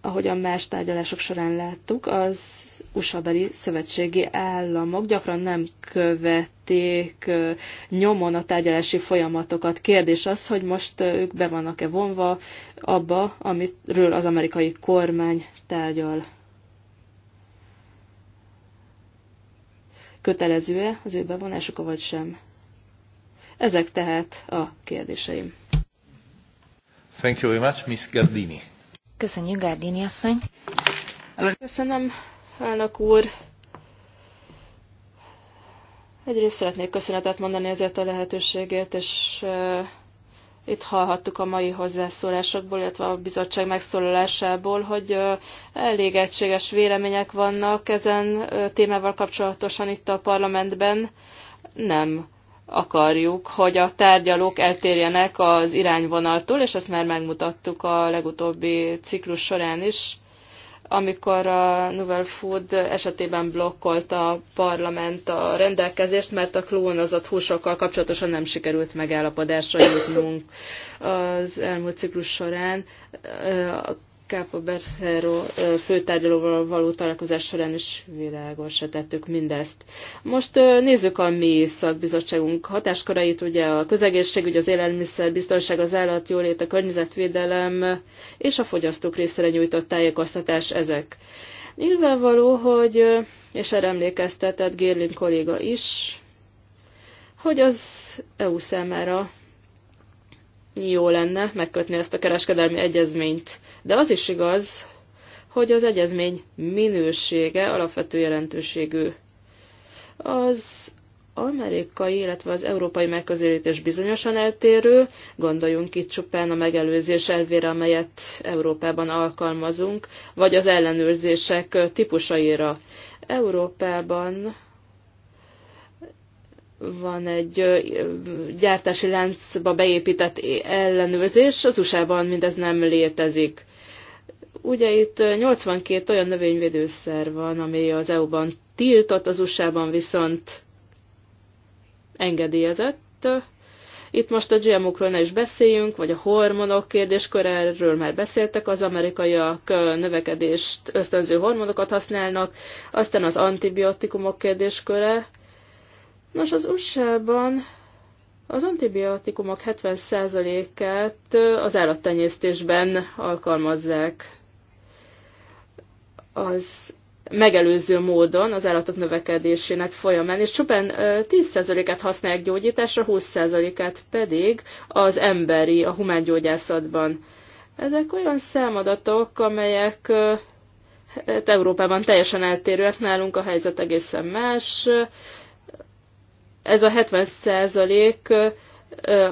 ahogyan más tárgyalások során láttuk, az USA-beli szövetségi államok gyakran nem követték nyomon a tárgyalási folyamatokat. Kérdés az, hogy most ők be vannak-e vonva abba, amiről az amerikai kormány tárgyal. Kötelező-e az ő bevonásuk, vagy sem? Ezek tehát a kérdéseim. Thank you very much, Miss Gardini. Köszönjük, Gardini asszony. Köszönöm, elnök úr. Egyrészt szeretnék köszönetet mondani ezért a lehetőségért, és eh, itt hallhattuk a mai hozzászólásokból, illetve a bizottság megszólalásából, hogy eh, elég egységes vélemények vannak ezen eh, témával kapcsolatosan itt a parlamentben. Nem akarjuk, hogy a tárgyalók eltérjenek az irányvonaltól, és ezt már megmutattuk a legutóbbi ciklus során is, amikor a Novel Food esetében blokkolt a parlament a rendelkezést, mert a klónozott húsokkal kapcsolatosan nem sikerült megállapodásra jutnunk az elmúlt ciklus során. A Kápa Berszero főtárgyalóval való találkozás során is világosra tettük mindezt. Most nézzük a mi szakbizottságunk hatáskorait, ugye a közegészségügy, az élelmiszer, biztonság, az állatjólét, a környezetvédelem és a fogyasztók részére nyújtott tájékoztatás ezek. Nyilvánvaló, hogy, és erre emlékeztetett Gérlin kolléga is, hogy az EU számára jó lenne megkötni ezt a kereskedelmi egyezményt. De az is igaz, hogy az egyezmény minősége alapvető jelentőségű. Az amerikai, illetve az európai megközelítés bizonyosan eltérő, gondoljunk itt csupán a megelőzés elvére, amelyet Európában alkalmazunk, vagy az ellenőrzések típusaira. Európában van egy gyártási láncba beépített ellenőrzés, az USA-ban mindez nem létezik. Ugye itt 82 olyan növényvédőszer van, ami az EU-ban tiltott, az USA-ban viszont engedélyezett. Itt most a GMO-król ne is beszéljünk, vagy a hormonok kérdéskör, már beszéltek, az amerikaiak növekedést ösztönző hormonokat használnak, aztán az antibiotikumok kérdésköre, Nos, az USA-ban az antibiotikumok 70%-át az állattenyésztésben alkalmazzák. Az megelőző módon az állatok növekedésének folyamán, és csupán 10%-át használják gyógyításra, 20%-át pedig az emberi, a humán gyógyászatban. Ezek olyan számadatok, amelyek hát Európában teljesen eltérőek, nálunk a helyzet egészen más, ez a 70 százalék,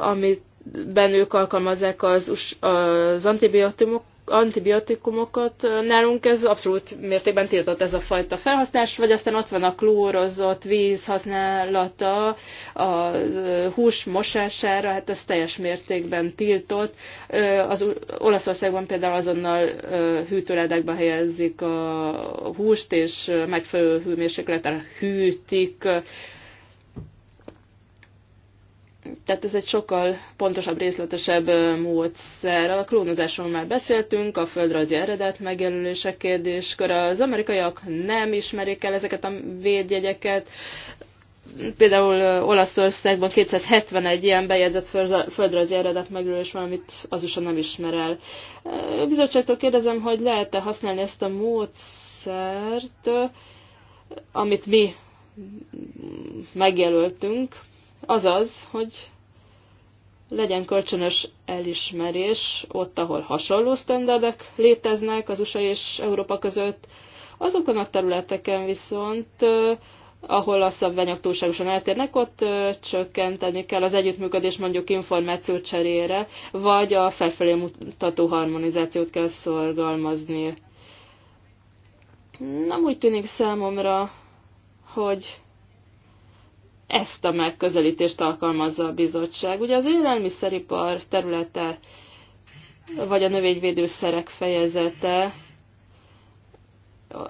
amiben ők alkalmazzák az, az antibiotikumok, antibiotikumokat nálunk, ez abszolút mértékben tiltott ez a fajta felhasználás, vagy aztán ott van a klórozott víz használata, a hús mosására, hát ez teljes mértékben tiltott. Az Olaszországban például azonnal hűtőledekbe helyezik a húst, és megfelelő hőmérsékleten hűtik tehát ez egy sokkal pontosabb, részletesebb módszer. A klónozásról már beszéltünk, a földrajzi eredet megjelölése kérdéskör. Az amerikaiak nem ismerik el ezeket a védjegyeket. Például Olaszországban 271 ilyen bejegyzett földrajzi eredet megjelölés van, amit az USA nem ismer el. A bizottságtól kérdezem, hogy lehet-e használni ezt a módszert, amit mi megjelöltünk, Azaz, hogy legyen kölcsönös elismerés ott, ahol hasonló sztenderdek léteznek az USA és Európa között, azokon a területeken viszont, ahol a szabványok túlságosan eltérnek, ott csökkenteni kell az együttműködés mondjuk információ cserére, vagy a felfelé mutató harmonizációt kell szorgalmazni. Nem úgy tűnik számomra, hogy ezt a megközelítést alkalmazza a bizottság. Ugye az élelmiszeripar területe, vagy a növényvédőszerek fejezete,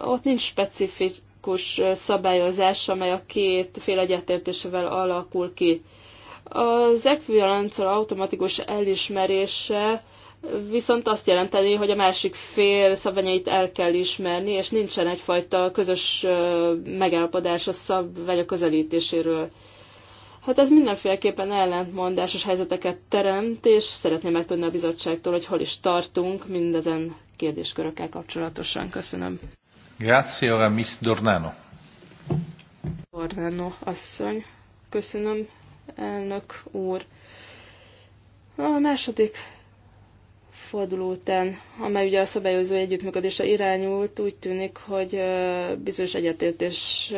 ott nincs specifikus szabályozás, amely a két fél egyetértésével alakul ki. Az ekvivalencia automatikus elismerése viszont azt jelenteni, hogy a másik fél szabványait el kell ismerni, és nincsen egyfajta közös megállapodás a szabvány a közelítéséről. Hát ez mindenféleképpen ellentmondásos helyzeteket teremt, és szeretném megtudni a bizottságtól, hogy hol is tartunk mindezen kérdéskörökkel kapcsolatosan. Köszönöm. Grazie, ora Miss Dornano. Dornano asszony. Köszönöm, elnök úr. A második forduló után, amely ugye a szabályozó együttműködésre irányult, úgy tűnik, hogy bizonyos egyetértés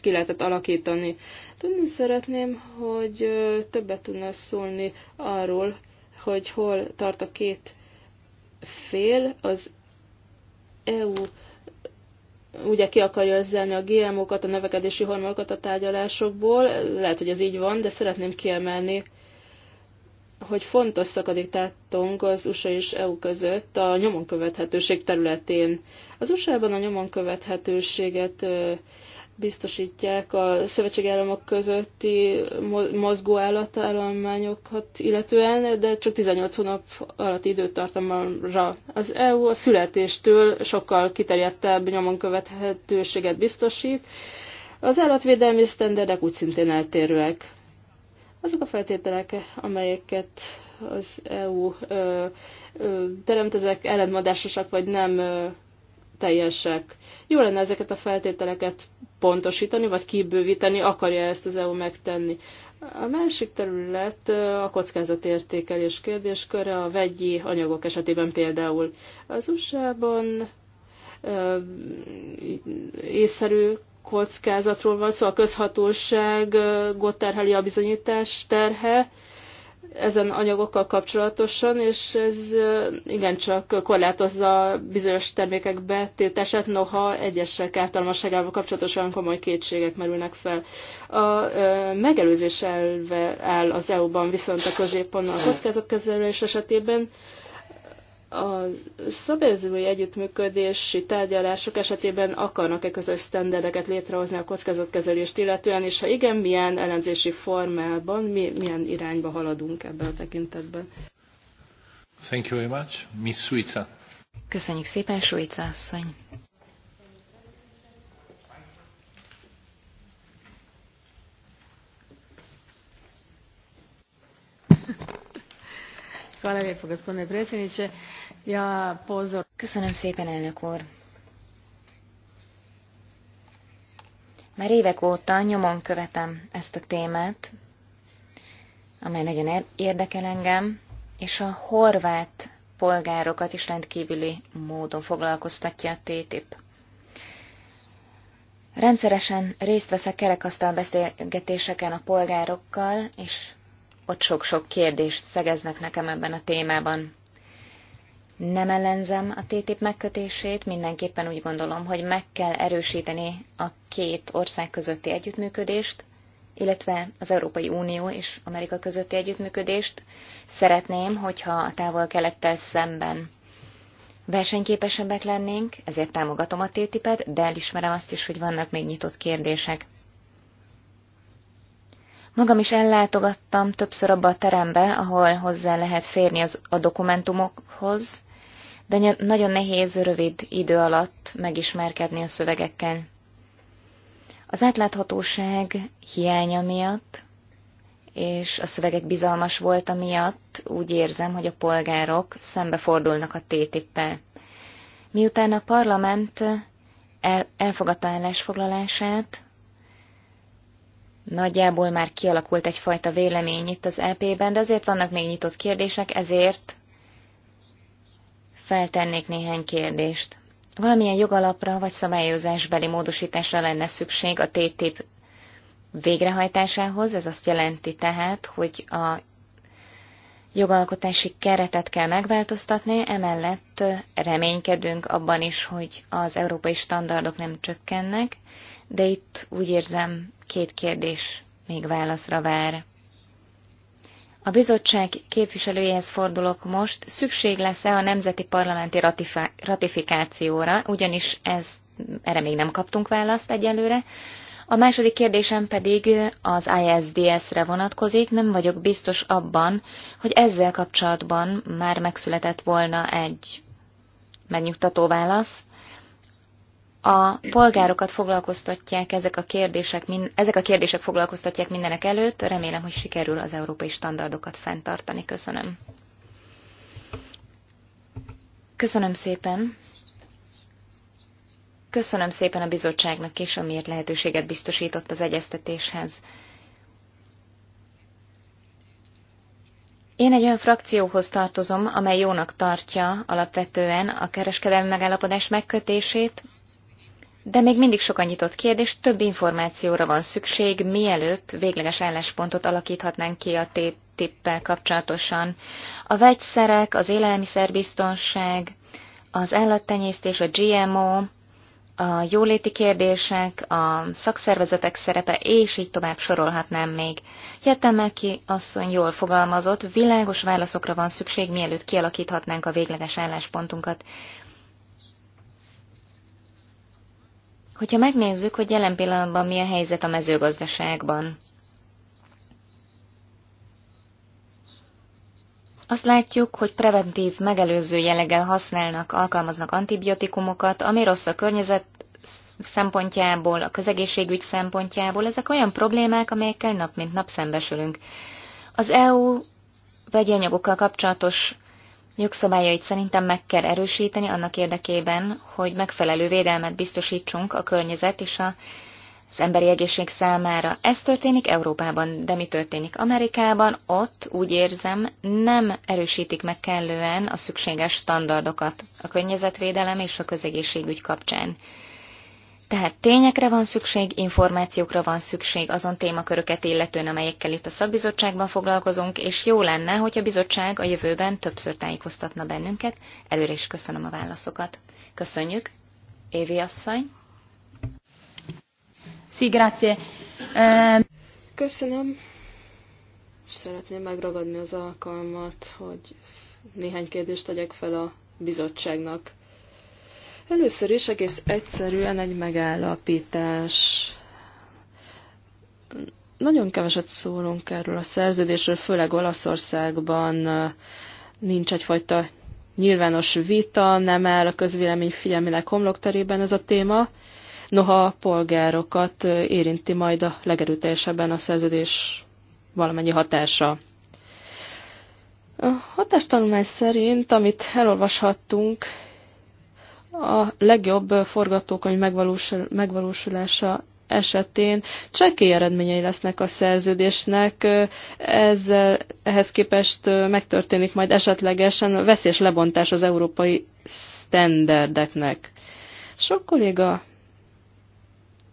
ki lehetett alakítani. Tudni szeretném, hogy többet tudna szólni arról, hogy hol tart a két fél, az EU ugye ki akarja ezzelni a GMO-kat, a növekedési hormonokat a tárgyalásokból, lehet, hogy ez így van, de szeretném kiemelni, hogy fontos szakadék az USA és EU között a nyomon követhetőség területén. Az USA-ban a nyomon követhetőséget biztosítják a szövetségállamok közötti mozgó állatállományokat illetően, de csak 18 hónap alatti időtartamra. Az EU a születéstől sokkal kiterjedtebb nyomon követhetőséget biztosít, az állatvédelmi sztenderdek úgy szintén eltérőek. Azok a feltételek, amelyeket az EU ö, ö, teremt, ezek ellentmondásosak vagy nem ö, teljesek. Jó lenne ezeket a feltételeket pontosítani, vagy kibővíteni, akarja ezt az EU megtenni. A másik terület a kockázatértékelés kérdésköre, a vegyi anyagok esetében például. Az USA-ban észszerű kockázatról van szó, szóval a közhatóság terheli a bizonyítás terhe ezen anyagokkal kapcsolatosan, és ez igencsak korlátozza bizonyos termékek betiltását, noha egyesek ártalmasságával kapcsolatosan komoly kétségek merülnek fel. A megelőzés elve áll az EU-ban viszont a középpon a kockázatkezelés esetében, a szabályozói együttműködési tárgyalások esetében akarnak-e közös sztenderdeket létrehozni a kockázatkezelést illetően, és ha igen, milyen ellenzési formában, mi, milyen irányba haladunk ebben a tekintetben? Thank you very much. Miss Suica. Köszönjük szépen, Suica asszony. gospodine predsjedniče. Ja, pozor. Köszönöm szépen, elnök úr. Már évek óta nyomon követem ezt a témát, amely nagyon érdekel engem, és a horvát polgárokat is rendkívüli módon foglalkoztatja a TTIP. Rendszeresen részt veszek kerekasztal beszélgetéseken a polgárokkal, és ott sok-sok kérdést szegeznek nekem ebben a témában nem ellenzem a TTIP megkötését, mindenképpen úgy gondolom, hogy meg kell erősíteni a két ország közötti együttműködést, illetve az Európai Unió és Amerika közötti együttműködést. Szeretném, hogyha a távol-kelettel szemben versenyképesebbek lennénk, ezért támogatom a TTIP-et, de elismerem azt is, hogy vannak még nyitott kérdések. Magam is ellátogattam többször abba a terembe, ahol hozzá lehet férni az, a dokumentumokhoz, de nagyon nehéz rövid idő alatt megismerkedni a szövegekkel. Az átláthatóság hiánya miatt és a szövegek bizalmas volt miatt úgy érzem, hogy a polgárok szembefordulnak a TTIP-pel. Miután a parlament el, elfogadta állásfoglalását, nagyjából már kialakult egyfajta vélemény itt az EP-ben, de azért vannak még nyitott kérdések, ezért feltennék néhány kérdést. Valamilyen jogalapra vagy szabályozásbeli módosításra lenne szükség a TTIP végrehajtásához, ez azt jelenti tehát, hogy a jogalkotási keretet kell megváltoztatni, emellett reménykedünk abban is, hogy az európai standardok nem csökkennek, de itt úgy érzem két kérdés még válaszra vár. A bizottság képviselőjéhez fordulok most. Szükség lesz-e a nemzeti parlamenti ratifikációra, ugyanis ez, erre még nem kaptunk választ egyelőre. A második kérdésem pedig az ISDS-re vonatkozik. Nem vagyok biztos abban, hogy ezzel kapcsolatban már megszületett volna egy megnyugtató válasz a polgárokat foglalkoztatják ezek a kérdések, min, ezek a kérdések foglalkoztatják mindenek előtt. Remélem, hogy sikerül az európai standardokat fenntartani. Köszönöm. Köszönöm szépen. Köszönöm szépen a bizottságnak is, amiért lehetőséget biztosított az egyeztetéshez. Én egy olyan frakcióhoz tartozom, amely jónak tartja alapvetően a kereskedelmi megállapodás megkötését, de még mindig sokan nyitott kérdés, több információra van szükség, mielőtt végleges álláspontot alakíthatnánk ki a TTIP-pel kapcsolatosan. A vegyszerek, az élelmiszerbiztonság, az állattenyésztés, a GMO, a jóléti kérdések, a szakszervezetek szerepe, és így tovább sorolhatnám még. Jettemeki asszony jól fogalmazott, világos válaszokra van szükség, mielőtt kialakíthatnánk a végleges álláspontunkat. Hogyha megnézzük, hogy jelen pillanatban mi a helyzet a mezőgazdaságban, Azt látjuk, hogy preventív, megelőző jelleggel használnak, alkalmaznak antibiotikumokat, ami rossz a környezet szempontjából, a közegészségügy szempontjából. Ezek olyan problémák, amelyekkel nap mint nap szembesülünk. Az EU vegyi anyagokkal kapcsolatos jogszabályait szerintem meg kell erősíteni annak érdekében, hogy megfelelő védelmet biztosítsunk a környezet és a, az emberi egészség számára. Ez történik Európában, de mi történik Amerikában? Ott úgy érzem, nem erősítik meg kellően a szükséges standardokat a környezetvédelem és a közegészségügy kapcsán. Tehát tényekre van szükség, információkra van szükség azon témaköröket illetően, amelyekkel itt a szakbizottságban foglalkozunk, és jó lenne, hogy a bizottság a jövőben többször tájékoztatna bennünket. Előre is köszönöm a válaszokat. Köszönjük. Évi asszony. Sí, grazie. Eh, köszönöm. És szeretném megragadni az alkalmat, hogy néhány kérdést tegyek fel a bizottságnak. Először is egész egyszerűen egy megállapítás. Nagyon keveset szólunk erről a szerződésről, főleg Olaszországban nincs egyfajta nyilvános vita, nem áll a közvélemény figyelmének homlokterében ez a téma. Noha a polgárokat érinti majd a legerőteljesebben a szerződés valamennyi hatása. A hatástanulmány szerint, amit elolvashattunk, a legjobb forgatókönyv megvalósul, megvalósulása esetén csekély eredményei lesznek a szerződésnek, ez, ehhez képest megtörténik majd esetlegesen veszélyes lebontás az európai sztenderdeknek. Sok kolléga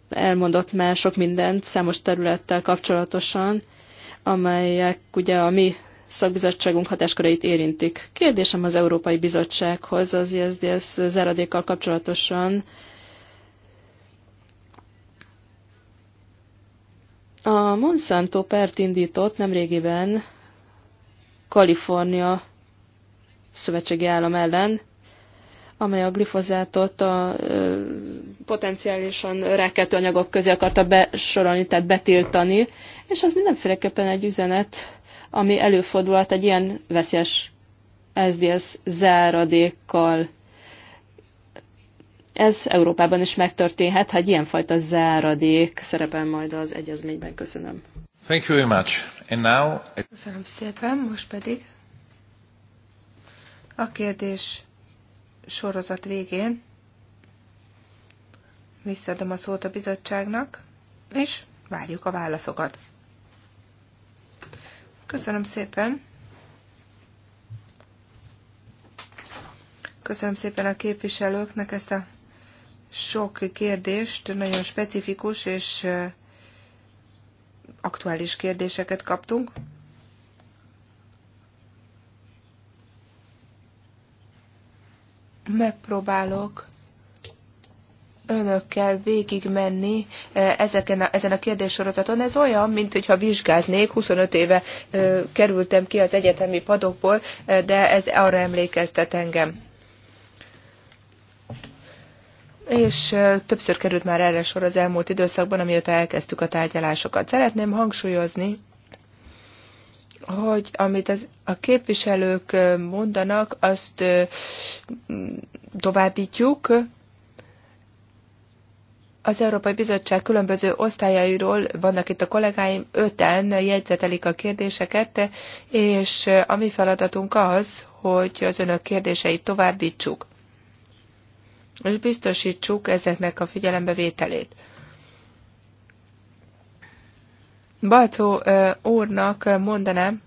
elmondott már sok mindent számos területtel kapcsolatosan, amelyek ugye a mi szakbizottságunk hatásköreit érintik. Kérdésem az Európai Bizottsághoz az ISDS záradékkal kapcsolatosan. A Monsanto pert indított nemrégiben Kalifornia szövetségi állam ellen, amely a glifozátot a ö, potenciálisan rákeltő anyagok közé akarta besorolni, tehát betiltani, és ez mindenféleképpen egy üzenet ami előfordulhat egy ilyen veszélyes SDS záradékkal. Ez Európában is megtörténhet, ha egy ilyenfajta záradék szerepel majd az egyezményben. Köszönöm. Thank you very much. And now... Köszönöm szépen, most pedig a kérdés sorozat végén visszaadom a szót a bizottságnak, és várjuk a válaszokat. Köszönöm szépen. Köszönöm szépen a képviselőknek ezt a sok kérdést, nagyon specifikus és aktuális kérdéseket kaptunk. Megpróbálok önökkel végigmenni e, ezeken a, ezen a kérdéssorozaton. Ez olyan, mint hogyha vizsgáznék, 25 éve e, kerültem ki az egyetemi padokból, e, de ez arra emlékeztet engem. És többször került már erre sor az elmúlt időszakban, amióta elkezdtük a tárgyalásokat. Szeretném hangsúlyozni, hogy amit az, a képviselők mondanak, azt továbbítjuk, az Európai Bizottság különböző osztályairól vannak itt a kollégáim, öten jegyzetelik a kérdéseket, és a mi feladatunk az, hogy az önök kérdéseit továbbítsuk, és biztosítsuk ezeknek a figyelembevételét. Balcó úrnak mondanám,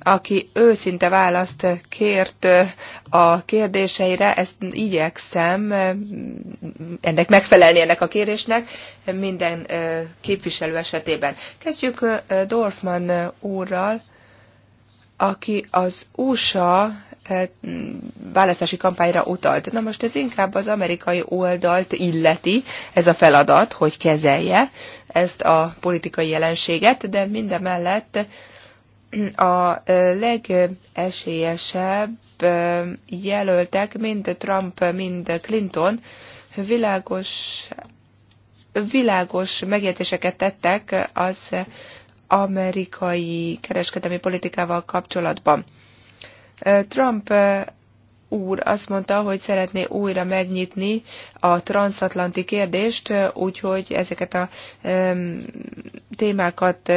aki őszinte választ kért a kérdéseire, ezt igyekszem ennek megfelelni ennek a kérésnek minden képviselő esetében. Kezdjük Dorfman úrral, aki az USA választási kampányra utalt. Na most ez inkább az amerikai oldalt illeti, ez a feladat, hogy kezelje ezt a politikai jelenséget, de minden mellett a legesélyesebb jelöltek, mind Trump, mind Clinton világos, világos megjegyzéseket tettek az amerikai kereskedelmi politikával kapcsolatban. Trump úr azt mondta, hogy szeretné újra megnyitni a transatlanti kérdést, úgyhogy ezeket a témákat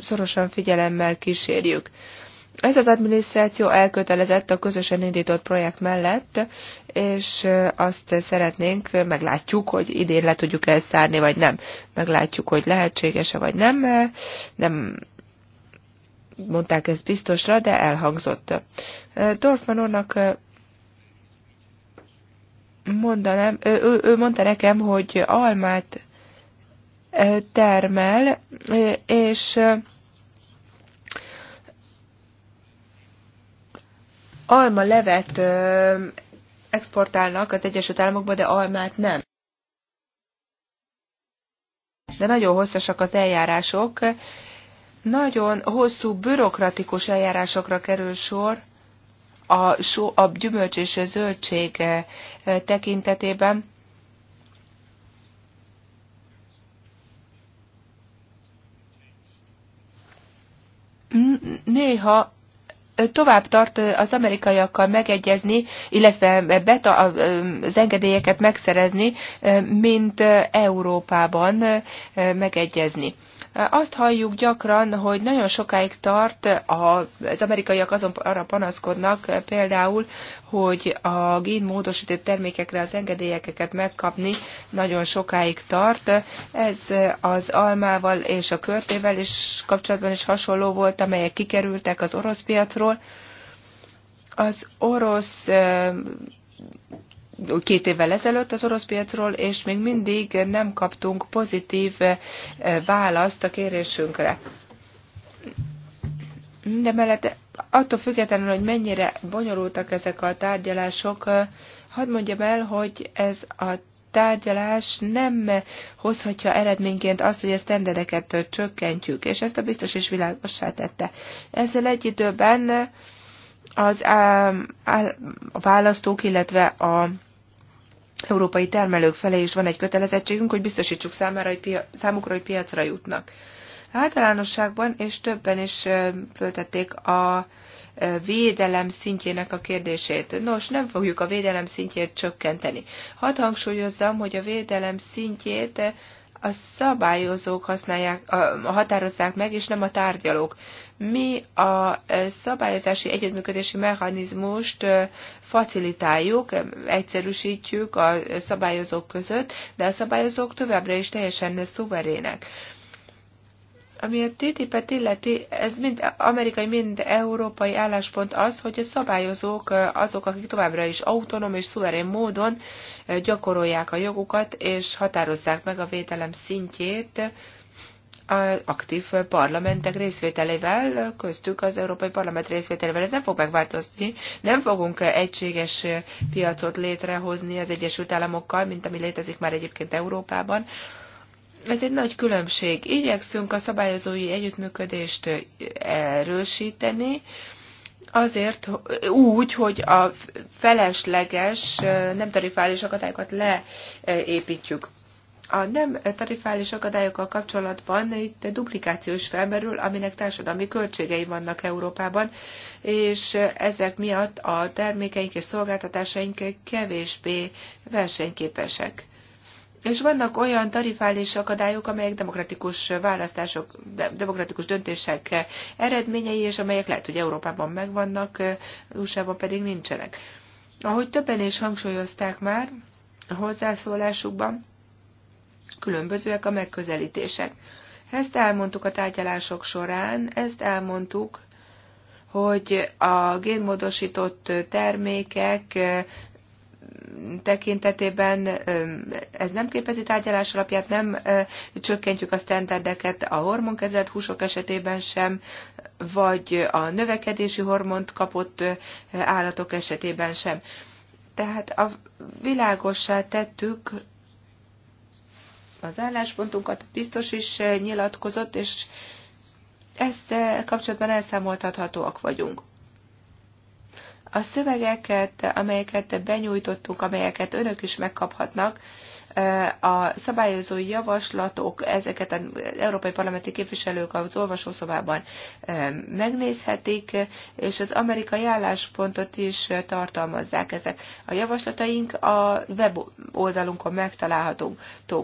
szorosan figyelemmel kísérjük. Ez az adminisztráció elkötelezett a közösen indított projekt mellett, és azt szeretnénk, meglátjuk, hogy idén le tudjuk ezt szárni, vagy nem. Meglátjuk, hogy lehetséges-e, vagy nem. Nem mondták ezt biztosra, de elhangzott. Dorfman úrnak mondanám, ő, ő, ő mondta nekem, hogy almát termel, és alma levet exportálnak az Egyesült Államokba, de almát nem. De nagyon hosszasak az eljárások. Nagyon hosszú bürokratikus eljárásokra kerül sor a, a gyümölcs és a zöldség tekintetében néha tovább tart az amerikaiakkal megegyezni, illetve beta, az engedélyeket megszerezni, mint Európában megegyezni. Azt halljuk gyakran, hogy nagyon sokáig tart, a, az amerikaiak azon arra panaszkodnak például, hogy a génmódosított termékekre az engedélyeket megkapni nagyon sokáig tart. Ez az almával és a körtével is kapcsolatban is hasonló volt, amelyek kikerültek az orosz piacról. Az orosz két évvel ezelőtt az orosz piacról, és még mindig nem kaptunk pozitív eh, választ a kérésünkre. De mellett attól függetlenül, hogy mennyire bonyolultak ezek a tárgyalások, eh, hadd mondjam el, hogy ez a tárgyalás nem hozhatja eredményként azt, hogy a sztenderdeket csökkentjük, és ezt a biztos is világossá tette. Ezzel egy időben az a választók, illetve a európai termelők felé is van egy kötelezettségünk, hogy biztosítsuk számára, hogy pia, számukra, hogy piacra jutnak. Általánosságban, és többen is föltették a védelem szintjének a kérdését. Nos, nem fogjuk a védelem szintjét csökkenteni. Hadd hangsúlyozzam, hogy a védelem szintjét a szabályozók használják, a, határozzák meg, és nem a tárgyalók. Mi a szabályozási együttműködési mechanizmust facilitáljuk, egyszerűsítjük a szabályozók között, de a szabályozók továbbra is teljesen szuverének. Ami a TTIP-et illeti, ez mind amerikai, mind európai álláspont az, hogy a szabályozók eh, azok, akik továbbra is autonóm és szuverén módon eh, gyakorolják a jogukat, és határozzák meg a védelem szintjét az aktív parlamentek részvételével, köztük az Európai Parlament részvételével. Ez nem fog megváltozni, nem fogunk egységes piacot létrehozni az Egyesült Államokkal, mint ami létezik már egyébként Európában, ez egy nagy különbség. Igyekszünk a szabályozói együttműködést erősíteni, azért úgy, hogy a felesleges, nem tarifális akadályokat leépítjük. A nem tarifális akadályokkal kapcsolatban itt duplikáció is felmerül, aminek társadalmi költségei vannak Európában, és ezek miatt a termékeink és szolgáltatásaink kevésbé versenyképesek. És vannak olyan tarifális akadályok, amelyek demokratikus választások, demokratikus döntések eredményei, és amelyek lehet, hogy Európában megvannak, USA-ban pedig nincsenek. Ahogy többen is hangsúlyozták már a hozzászólásukban, különbözőek a megközelítések. Ezt elmondtuk a tárgyalások során, ezt elmondtuk hogy a génmódosított termékek tekintetében ez nem képezi tárgyalás alapját, nem csökkentjük a standardeket a hormonkezelt húsok esetében sem, vagy a növekedési hormont kapott állatok esetében sem. Tehát a világossá tettük az álláspontunkat, biztos is nyilatkozott, és ezzel kapcsolatban elszámoltathatóak vagyunk. A szövegeket, amelyeket benyújtottunk, amelyeket önök is megkaphatnak, a szabályozó javaslatok, ezeket az európai parlamenti képviselők az olvasószobában megnézhetik, és az amerikai álláspontot is tartalmazzák ezek. A javaslataink a web oldalunkon megtalálhatók.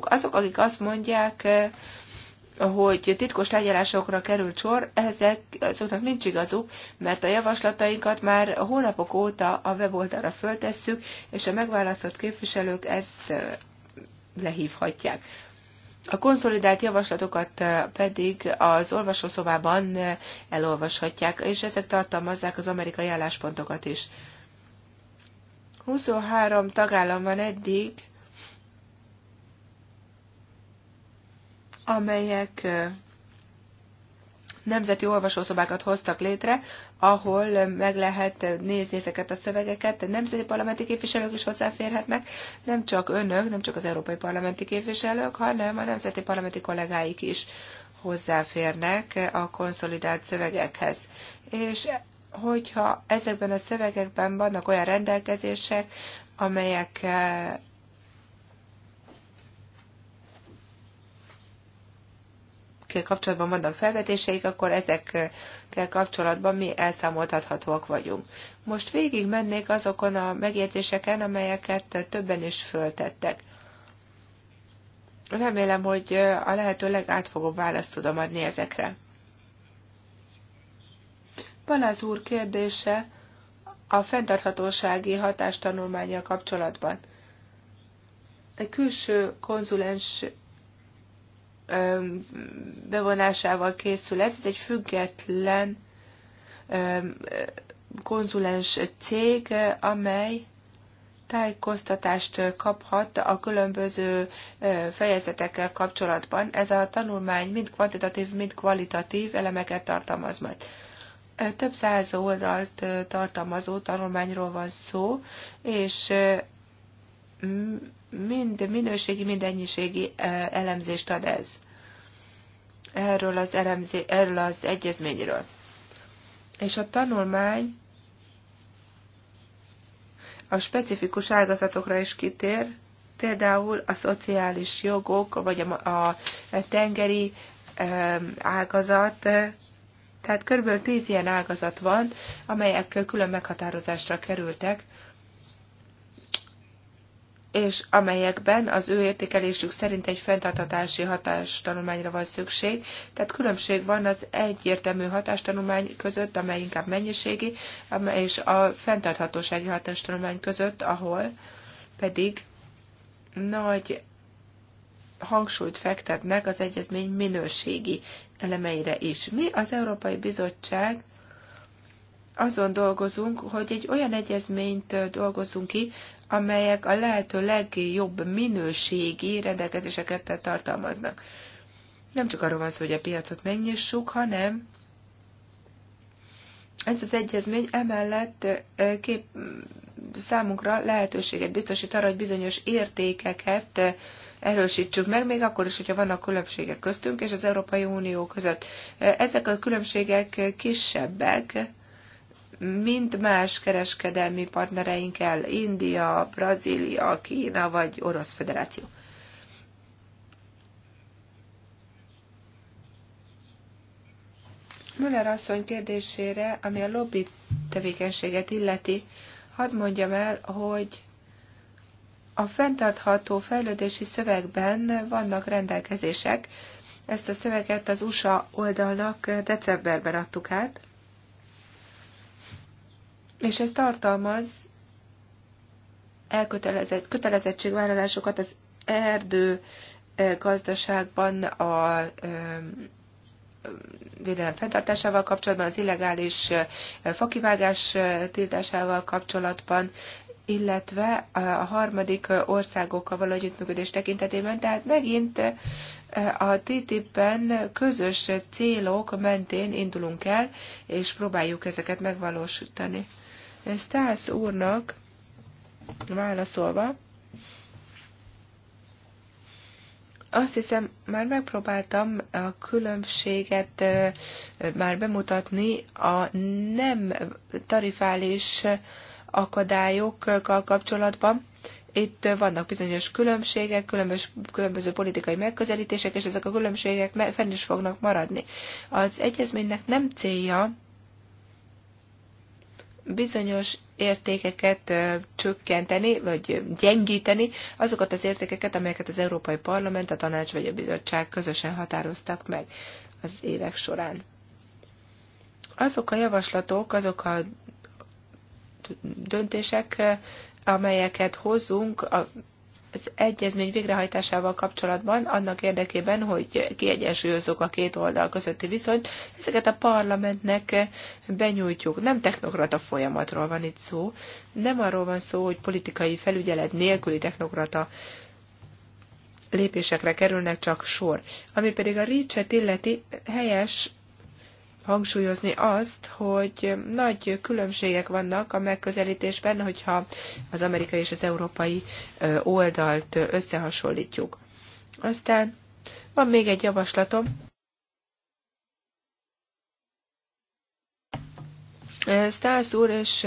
Azok, akik azt mondják, hogy titkos tárgyalásokra került sor, ezek azoknak nincs igazuk, mert a javaslatainkat már hónapok óta a weboldalra föltesszük, és a megválasztott képviselők ezt lehívhatják. A konszolidált javaslatokat pedig az olvasószobában elolvashatják, és ezek tartalmazzák az amerikai álláspontokat is. 23 tagállam van eddig, amelyek nemzeti olvasószobákat hoztak létre, ahol meg lehet nézni ezeket a szövegeket, nemzeti parlamenti képviselők is hozzáférhetnek, nem csak önök, nem csak az európai parlamenti képviselők, hanem a nemzeti parlamenti kollégáik is hozzáférnek a konszolidált szövegekhez. És hogyha ezekben a szövegekben vannak olyan rendelkezések, amelyek ezekkel kapcsolatban vannak felvetéseik, akkor ezekkel kapcsolatban mi elszámoltathatóak vagyunk. Most végig mennék azokon a megjegyzéseken, amelyeket többen is föltettek. Remélem, hogy a lehető legátfogóbb választ tudom adni ezekre. Balázs úr kérdése a fenntarthatósági hatástanulmányjal kapcsolatban. Egy külső konzulens bevonásával készül ez. Ez egy független konzulens cég, amely tájékoztatást kaphat a különböző fejezetekkel kapcsolatban. Ez a tanulmány mind kvantitatív, mind kvalitatív elemeket tartalmaz majd. Több száz oldalt tartalmazó tanulmányról van szó, és mind minőségi, mind ennyiségi elemzést ad ez. Erről az, elemzé, erről az egyezményről. És a tanulmány a specifikus ágazatokra is kitér, például a szociális jogok, vagy a, a tengeri ágazat, tehát körülbelül tíz ilyen ágazat van, amelyek külön meghatározásra kerültek, és amelyekben az ő értékelésük szerint egy fenntartatási hatástanulmányra van szükség. Tehát különbség van az egyértelmű hatástanulmány között, amely inkább mennyiségi, és a fenntarthatósági hatástanulmány között, ahol pedig nagy hangsúlyt fektetnek az egyezmény minőségi elemeire is. Mi az Európai Bizottság azon dolgozunk, hogy egy olyan egyezményt dolgozunk ki, amelyek a lehető legjobb minőségi rendelkezéseket tartalmaznak. Nem csak arról van szó, hogy a piacot megnyissuk, hanem ez az egyezmény emellett kép, számunkra lehetőséget biztosít arra, hogy bizonyos értékeket erősítsük meg, még akkor is, hogyha vannak különbségek köztünk és az Európai Unió között. Ezek a különbségek kisebbek, mint más kereskedelmi partnereinkkel, India, Brazília, Kína vagy Orosz Föderáció. Müller asszony kérdésére, ami a lobby tevékenységet illeti, hadd mondjam el, hogy a fenntartható fejlődési szövegben vannak rendelkezések. Ezt a szöveget az USA oldalnak decemberben adtuk át és ez tartalmaz elkötelezett kötelezettségvállalásokat az erdő gazdaságban a védelem fenntartásával kapcsolatban, az illegális fakivágás tiltásával kapcsolatban, illetve a harmadik országokkal való együttműködés tekintetében, tehát megint a TTIP-ben közös célok mentén indulunk el, és próbáljuk ezeket megvalósítani. Stász úrnak válaszolva, azt hiszem, már megpróbáltam a különbséget már bemutatni a nem tarifális akadályokkal kapcsolatban. Itt vannak bizonyos különbségek, különböző, különböző politikai megközelítések, és ezek a különbségek fenn is fognak maradni. Az egyezménynek nem célja, bizonyos értékeket csökkenteni, vagy gyengíteni, azokat az értékeket, amelyeket az Európai Parlament, a Tanács vagy a Bizottság közösen határoztak meg az évek során. Azok a javaslatok, azok a döntések, amelyeket hozunk, a az egyezmény végrehajtásával kapcsolatban, annak érdekében, hogy kiegyensúlyozzuk a két oldal közötti viszonyt, ezeket a parlamentnek benyújtjuk. Nem technokrata folyamatról van itt szó, nem arról van szó, hogy politikai felügyelet nélküli technokrata lépésekre kerülnek csak sor. Ami pedig a ricset illeti, helyes hangsúlyozni azt, hogy nagy különbségek vannak a megközelítésben, hogyha az amerikai és az európai oldalt összehasonlítjuk. Aztán van még egy javaslatom. Stász úr is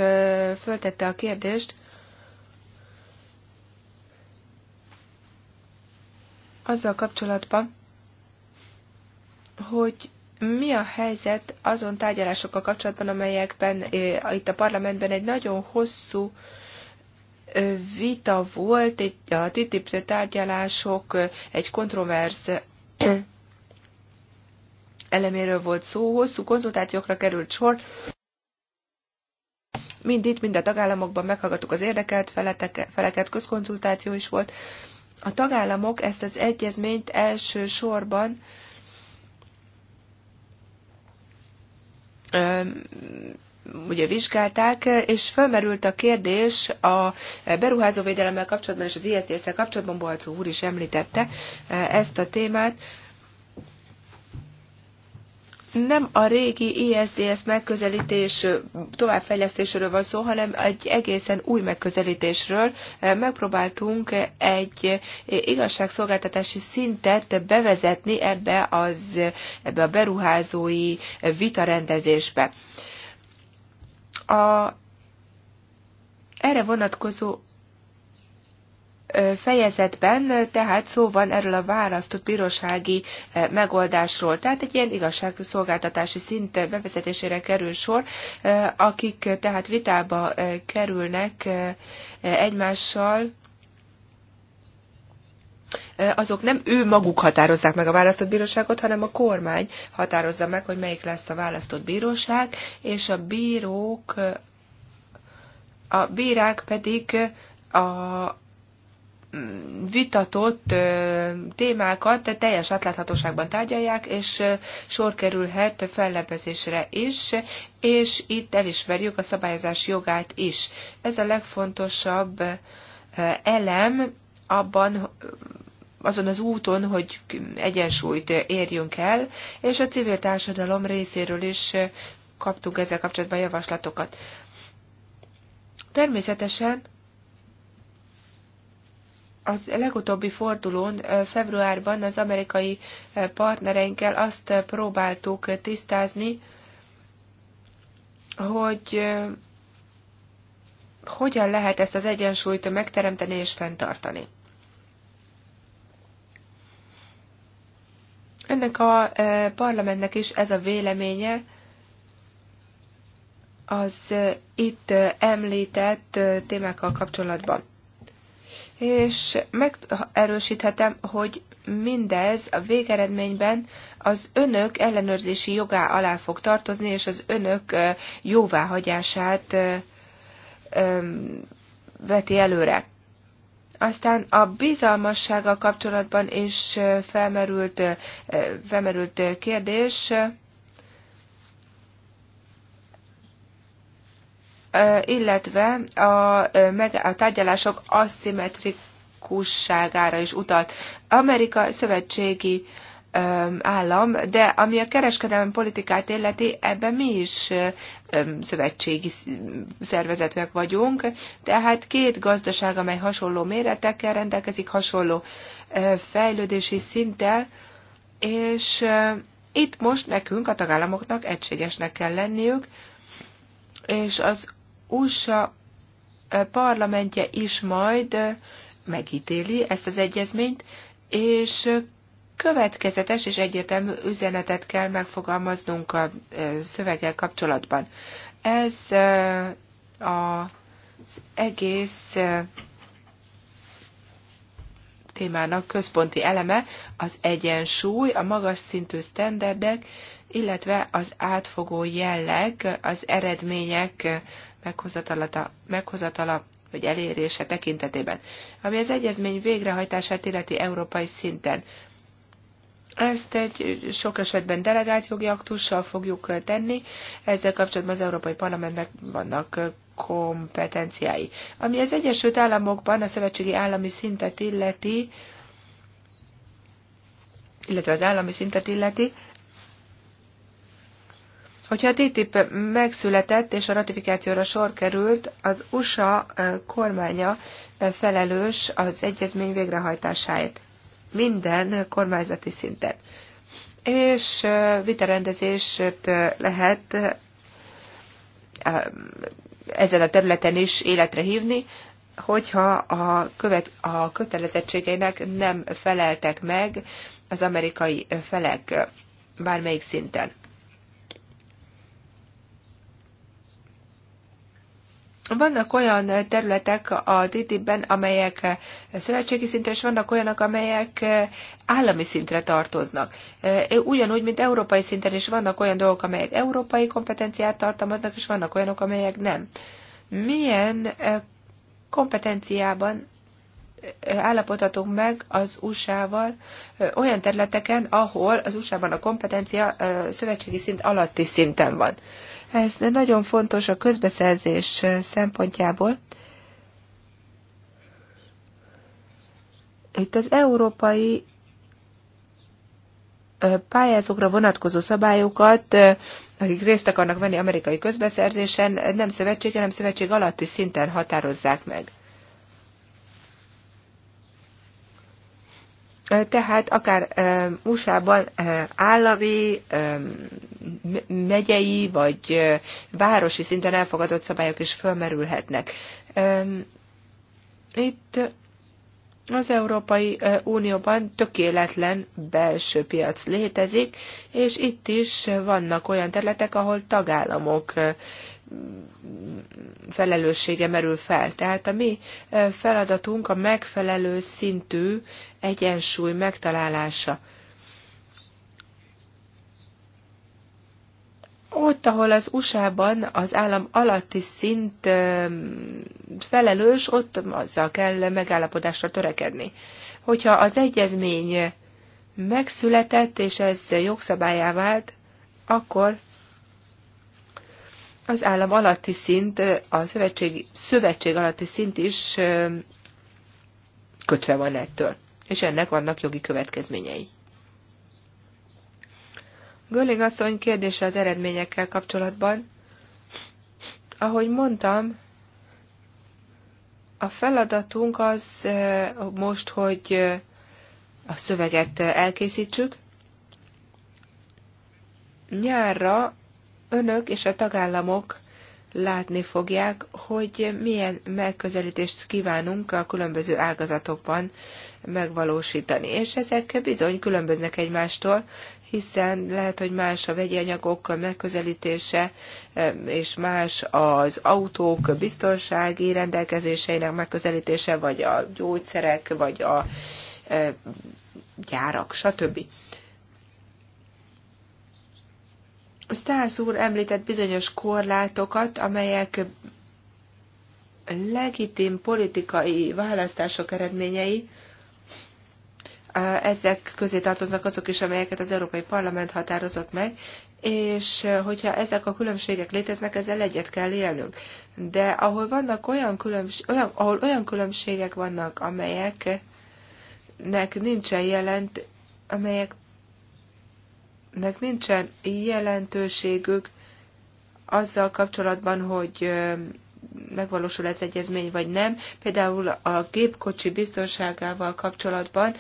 föltette a kérdést, azzal kapcsolatban, hogy mi a helyzet azon tárgyalásokkal kapcsolatban, amelyekben itt a parlamentben egy nagyon hosszú vita volt, egy a TTIP tárgyalások egy kontroverz eleméről volt szó, hosszú konzultációkra került sor, mind itt, mind a tagállamokban meghallgattuk az érdekelt feletek, feleket, közkonzultáció is volt. A tagállamok ezt az egyezményt elsősorban ugye vizsgálták, és felmerült a kérdés a beruházóvédelemmel kapcsolatban és az ISDS-szel kapcsolatban, Balcó úr is említette ezt a témát, nem a régi ISDS megközelítés továbbfejlesztésről van szó, hanem egy egészen új megközelítésről. Megpróbáltunk egy igazságszolgáltatási szintet bevezetni ebbe, az, ebbe a beruházói vitarendezésbe. A erre vonatkozó fejezetben tehát szó van erről a választott bírósági megoldásról. Tehát egy ilyen igazságszolgáltatási szint bevezetésére kerül sor, akik tehát vitába kerülnek egymással, azok nem ő maguk határozzák meg a választott bíróságot, hanem a kormány határozza meg, hogy melyik lesz a választott bíróság, és a bírók, a bírák pedig a, vitatott témákat teljes átláthatóságban tárgyalják, és sor kerülhet fellebezésre is, és itt elismerjük a szabályozás jogát is. Ez a legfontosabb elem abban, azon az úton, hogy egyensúlyt érjünk el, és a civil társadalom részéről is kaptunk ezzel kapcsolatban javaslatokat. Természetesen az legutóbbi fordulón februárban az amerikai partnereinkkel azt próbáltuk tisztázni, hogy hogyan lehet ezt az egyensúlyt megteremteni és fenntartani. Ennek a parlamentnek is ez a véleménye az itt említett témákkal kapcsolatban és megerősíthetem, hogy mindez a végeredményben az önök ellenőrzési jogá alá fog tartozni, és az önök jóváhagyását veti előre. Aztán a bizalmassággal kapcsolatban is felmerült, felmerült kérdés. illetve a, a tárgyalások aszimmetrikusságára is utalt. Amerika szövetségi állam, de ami a kereskedelmi politikát illeti, ebben mi is szövetségi szervezetek vagyunk, tehát két gazdaság, amely hasonló méretekkel rendelkezik, hasonló fejlődési szinttel, és itt most nekünk, a tagállamoknak egységesnek kell lenniük, és az USA parlamentje is majd megítéli ezt az egyezményt, és következetes és egyértelmű üzenetet kell megfogalmaznunk a szöveggel kapcsolatban. Ez az egész témának központi eleme az egyensúly, a magas szintű sztenderdek, illetve az átfogó jelleg az eredmények meghozatala, meghozatala vagy elérése tekintetében, ami az egyezmény végrehajtását illeti európai szinten. Ezt egy sok esetben delegált jogi aktussal fogjuk tenni, ezzel kapcsolatban az Európai Parlamentnek vannak kompetenciái. Ami az Egyesült Államokban a szövetségi állami szintet illeti, illetve az állami szintet illeti, Hogyha a TTIP megszületett és a ratifikációra sor került, az USA eh, kormánya eh, felelős az egyezmény végrehajtásáért minden kormányzati szinten. És eh, vitarendezést lehet ezen a területen is életre hívni, hogyha a, követ, a kötelezettségeinek nem feleltek meg az amerikai felek bármelyik szinten. Vannak olyan területek a TTIP-ben, amelyek szövetségi szintre, és vannak olyanok, amelyek állami szintre tartoznak. E, ugyanúgy, mint európai szinten is vannak olyan dolgok, amelyek európai kompetenciát tartalmaznak, és vannak olyanok, amelyek nem. Milyen e, kompetenciában e, állapodhatunk meg az USA-val olyan területeken, ahol az USA-ban a kompetencia szövetségi szint alatti szinten van. Ez nagyon fontos a közbeszerzés szempontjából. Itt az európai pályázókra vonatkozó szabályokat, akik részt akarnak venni amerikai közbeszerzésen, nem szövetség, hanem szövetség alatti szinten határozzák meg. Tehát akár USA-ban állami, megyei vagy városi szinten elfogadott szabályok is felmerülhetnek. Itt az Európai Unióban tökéletlen belső piac létezik, és itt is vannak olyan területek, ahol tagállamok felelőssége merül fel. Tehát a mi e, feladatunk a megfelelő szintű egyensúly megtalálása. ott, ahol az USA-ban az állam alatti szint e, felelős, ott azzal kell megállapodásra törekedni. Hogyha az egyezmény megszületett, és ez jogszabályá vált, akkor az állam alatti szint, a szövetség, szövetség alatti szint is kötve van ettől, és ennek vannak jogi következményei. Göling asszony kérdése az eredményekkel kapcsolatban. Ahogy mondtam, a feladatunk az most, hogy a szöveget elkészítsük. Nyárra önök és a tagállamok látni fogják, hogy milyen megközelítést kívánunk a különböző ágazatokban megvalósítani. És ezek bizony különböznek egymástól, hiszen lehet, hogy más a vegyi anyagok megközelítése, és más az autók biztonsági rendelkezéseinek megközelítése, vagy a gyógyszerek, vagy a e, gyárak, stb. Stász úr említett bizonyos korlátokat, amelyek legitim politikai választások eredményei, ezek közé tartoznak azok is, amelyeket az Európai Parlament határozott meg, és hogyha ezek a különbségek léteznek, ezzel egyet kell élnünk. De ahol vannak olyan, különbség, olyan, ahol olyan különbségek vannak, amelyeknek nincsen jelent, amelyek ennek nincsen jelentőségük azzal kapcsolatban, hogy megvalósul ez egyezmény, vagy nem. Például a gépkocsi biztonságával kapcsolatban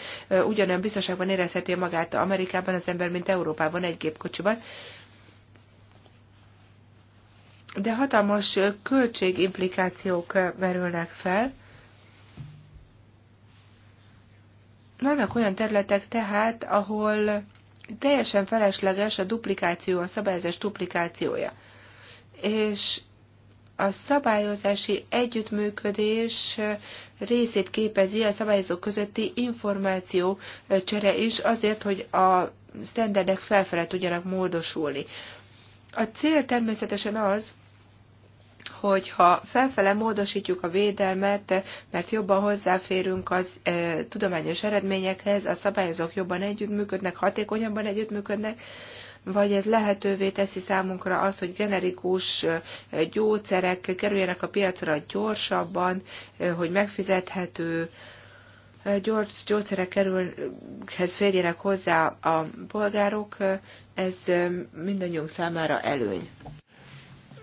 ugyanolyan biztonságban érezheti magát Amerikában az ember, mint Európában egy gépkocsiban. De hatalmas költségimplikációk merülnek fel. Vannak olyan területek tehát, ahol teljesen felesleges a duplikáció, a szabályozás duplikációja. És a szabályozási együttműködés részét képezi a szabályozók közötti információ csere is azért, hogy a standardek felfelé tudjanak módosulni. A cél természetesen az, hogyha felfele módosítjuk a védelmet, mert jobban hozzáférünk az e, tudományos eredményekhez, a szabályozók jobban együttműködnek, hatékonyabban együttműködnek, vagy ez lehetővé teszi számunkra azt, hogy generikus e, gyógyszerek kerüljenek a piacra gyorsabban, e, hogy megfizethető e, gyors gyógyszerek kerülhez férjenek hozzá a polgárok, ez mindannyiunk számára előny.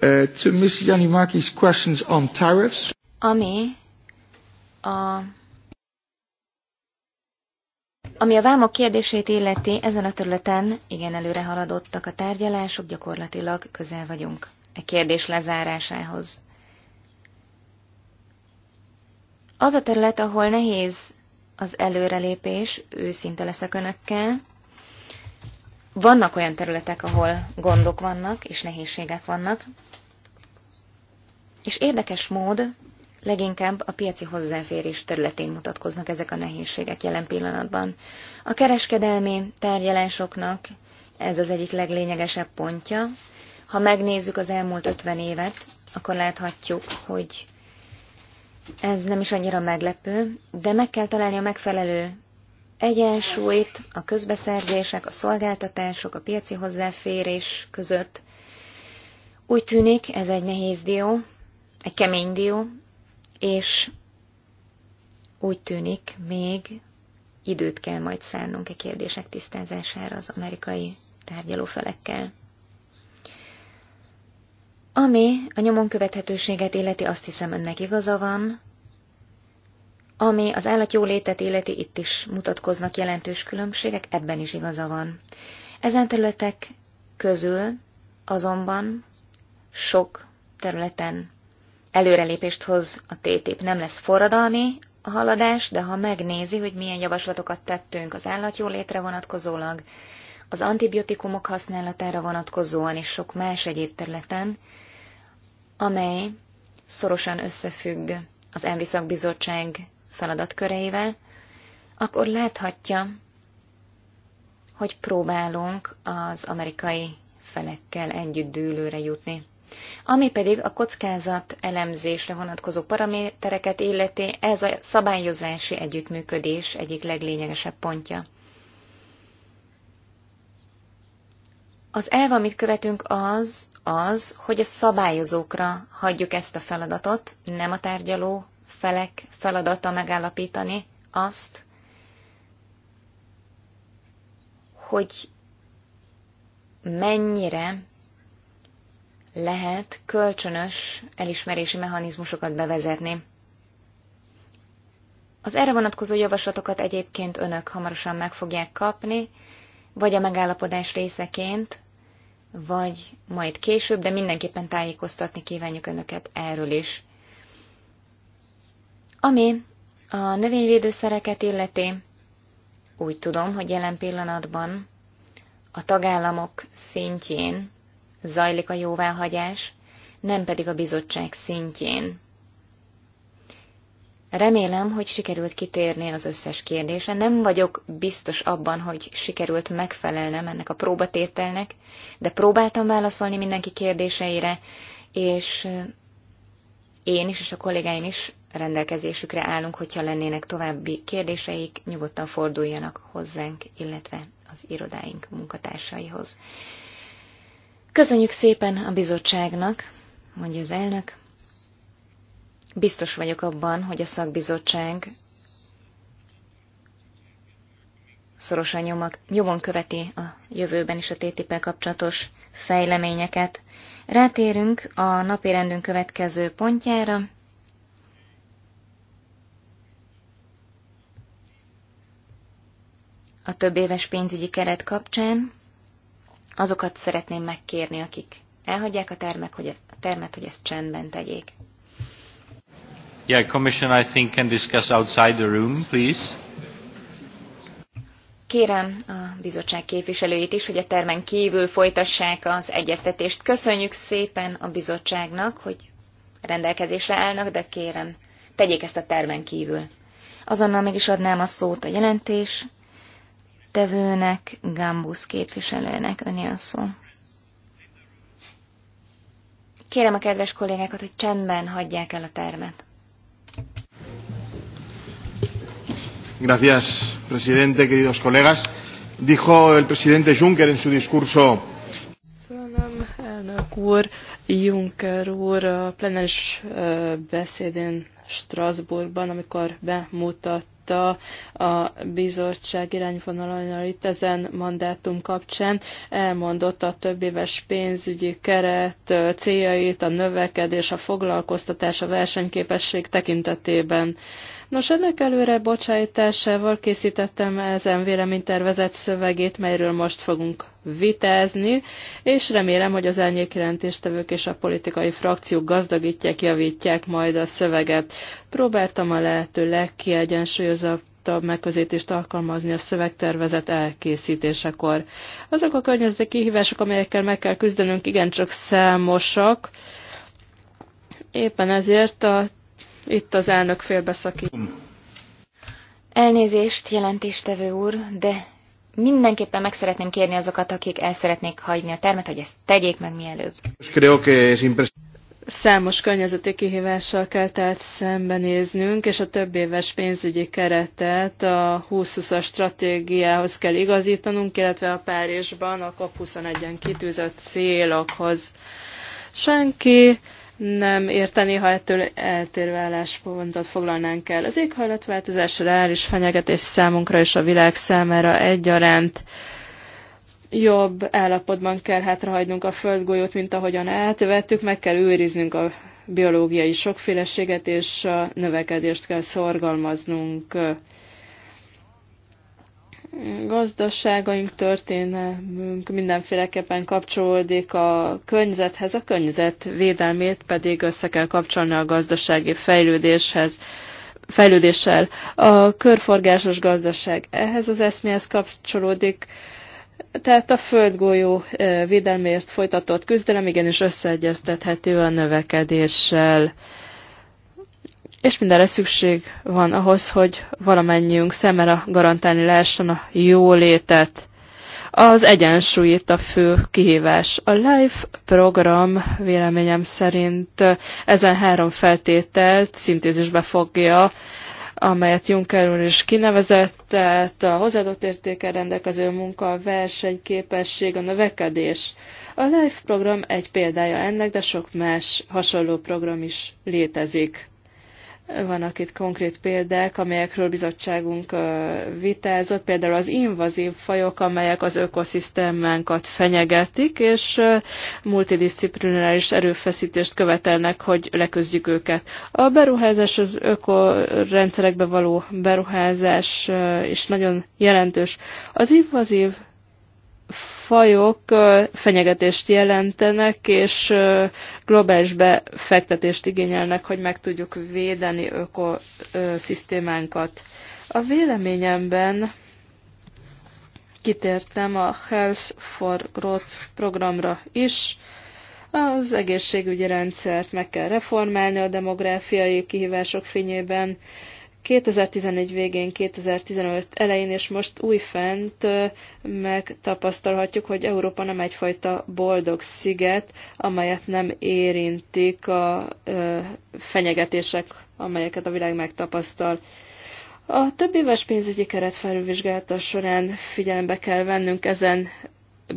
Uh, to Ms. Yanimaki's questions on tariffs. Ami a ami a vámok kérdését illeti, ezen a területen igen előre haladottak a tárgyalások, gyakorlatilag közel vagyunk e kérdés lezárásához. Az a terület, ahol nehéz az előrelépés, őszinte leszek önökkel. Vannak olyan területek, ahol gondok vannak és nehézségek vannak, és érdekes mód, leginkább a piaci hozzáférés területén mutatkoznak ezek a nehézségek jelen pillanatban. A kereskedelmi tárgyalásoknak ez az egyik leglényegesebb pontja. Ha megnézzük az elmúlt 50 évet, akkor láthatjuk, hogy ez nem is annyira meglepő, de meg kell találni a megfelelő egyensúlyt a közbeszerzések, a szolgáltatások, a piaci hozzáférés között. Úgy tűnik, ez egy nehéz dió, egy kemény dió, és úgy tűnik, még időt kell majd szánnunk a e kérdések tisztázására az amerikai tárgyalófelekkel. Ami a nyomon követhetőséget illeti, azt hiszem önnek igaza van, ami az állatjólétet illeti, itt is mutatkoznak jelentős különbségek, ebben is igaza van. Ezen területek közül azonban sok területen előrelépést hoz a TTIP. Nem lesz forradalmi a haladás, de ha megnézi, hogy milyen javaslatokat tettünk az állatjólétre vonatkozólag, az antibiotikumok használatára vonatkozóan és sok más egyéb területen, amely szorosan összefügg az Enviszakbizottság feladatköreivel, akkor láthatja, hogy próbálunk az amerikai felekkel együtt dűlőre jutni. Ami pedig a kockázat elemzésre vonatkozó paramétereket illeti, ez a szabályozási együttműködés egyik leglényegesebb pontja. Az elv, amit követünk, az, az, hogy a szabályozókra hagyjuk ezt a feladatot, nem a tárgyaló felek feladata megállapítani azt, hogy mennyire lehet kölcsönös elismerési mechanizmusokat bevezetni. Az erre vonatkozó javaslatokat egyébként önök hamarosan meg fogják kapni, vagy a megállapodás részeként, vagy majd később, de mindenképpen tájékoztatni kívánjuk önöket erről is. Ami a növényvédőszereket illeti, úgy tudom, hogy jelen pillanatban a tagállamok szintjén zajlik a jóváhagyás, nem pedig a bizottság szintjén. Remélem, hogy sikerült kitérni az összes kérdésre. Nem vagyok biztos abban, hogy sikerült megfelelnem ennek a próbatételnek, de próbáltam válaszolni mindenki kérdéseire, és én is és a kollégáim is rendelkezésükre állunk, hogyha lennének további kérdéseik, nyugodtan forduljanak hozzánk, illetve az irodáink munkatársaihoz. Köszönjük szépen a bizottságnak, mondja az elnök. Biztos vagyok abban, hogy a szakbizottság szorosan nyomak, nyomon követi a jövőben is a ttip kapcsolatos fejleményeket. Rátérünk a napi rendünk következő pontjára. A több éves pénzügyi keret kapcsán azokat szeretném megkérni, akik elhagyják a, termek, hogy ezt, a termet, hogy ezt csendben tegyék. Yeah, Commission, I think can discuss outside the room, please. Kérem a bizottság képviselőit is, hogy a termen kívül folytassák az egyeztetést. Köszönjük szépen a bizottságnak, hogy rendelkezésre állnak, de kérem, tegyék ezt a termen kívül. Azonnal meg is adnám a szót a jelentés tevőnek, Gambusz képviselőnek, öné a szó. Kérem a kedves kollégákat, hogy csendben hagyják el a termet. Gracias, presidente, queridos colegas. Dijo el presidente Juncker en su discurso. Köszönöm, elnök úr. Juncker úr a plenes beszédén Strasbourgban, amikor bemutatta a, a bizottság irányvonalon itt ezen mandátum kapcsán. Elmondotta a több éves pénzügyi keret céljait, a növekedés, a foglalkoztatás, a versenyképesség tekintetében. Nos, ennek előre bocsájtásával készítettem ezen véleménytervezet szövegét, melyről most fogunk vitázni, és remélem, hogy az jelentéstevők és a politikai frakciók gazdagítják, javítják majd a szöveget. Próbáltam a lehető legkiegyensúlyozabb a megközítést alkalmazni a szövegtervezet elkészítésekor. Azok a környezeti kihívások, amelyekkel meg kell küzdenünk, igencsak számosak. Éppen ezért a itt az elnök félbeszakít. Elnézést, jelentéstevő úr, de mindenképpen meg szeretném kérni azokat, akik el szeretnék hagyni a termet, hogy ezt tegyék meg mielőbb. Számos környezeti kihívással kell tehát szembenéznünk, és a több éves pénzügyi keretet a 2020-as stratégiához kell igazítanunk, illetve a Párizsban a COP21-en kitűzött célokhoz. Senki nem érteni, ha ettől eltérő álláspontot foglalnánk el. Az éghajlatváltozás reális fenyegetés számunkra és a világ számára egyaránt jobb állapotban kell hátrahagynunk a földgolyót, mint ahogyan eltevettük, meg kell őriznünk a biológiai sokféleséget, és a növekedést kell szorgalmaznunk gazdaságaink, történelmünk mindenféleképpen kapcsolódik a környezethez, a környezet védelmét pedig össze kell kapcsolni a gazdasági fejlődéshez fejlődéssel. A körforgásos gazdaság ehhez az eszméhez kapcsolódik, tehát a földgolyó eh, védelmért folytatott küzdelem igenis összeegyeztethető a növekedéssel és mindenre szükség van ahhoz, hogy valamennyiünk szemére garantálni lehessen a jólétet. Az egyensúly itt a fő kihívás. A LIFE program véleményem szerint ezen három feltételt szintézisbe fogja, amelyet Juncker úr is kinevezett, tehát a hozzáadott értéke rendelkező munka, a versenyképesség, a növekedés. A LIFE program egy példája ennek, de sok más hasonló program is létezik. Vannak itt konkrét példák, amelyekről bizottságunk vitázott, például az invazív fajok, amelyek az ökoszisztémánkat fenyegetik, és multidisciplináris erőfeszítést követelnek, hogy leküzdjük őket. A beruházás, az ökorendszerekbe való beruházás is nagyon jelentős. Az invazív fajok fenyegetést jelentenek, és globális befektetést igényelnek, hogy meg tudjuk védeni ökoszisztémánkat. A véleményemben kitértem a Health for Growth programra is. Az egészségügyi rendszert meg kell reformálni a demográfiai kihívások fényében, 2014 végén, 2015 elején, és most újfent megtapasztalhatjuk, hogy Európa nem egyfajta boldog sziget, amelyet nem érintik a fenyegetések, amelyeket a világ megtapasztal. A több éves pénzügyi keret felülvizsgálata során figyelembe kell vennünk ezen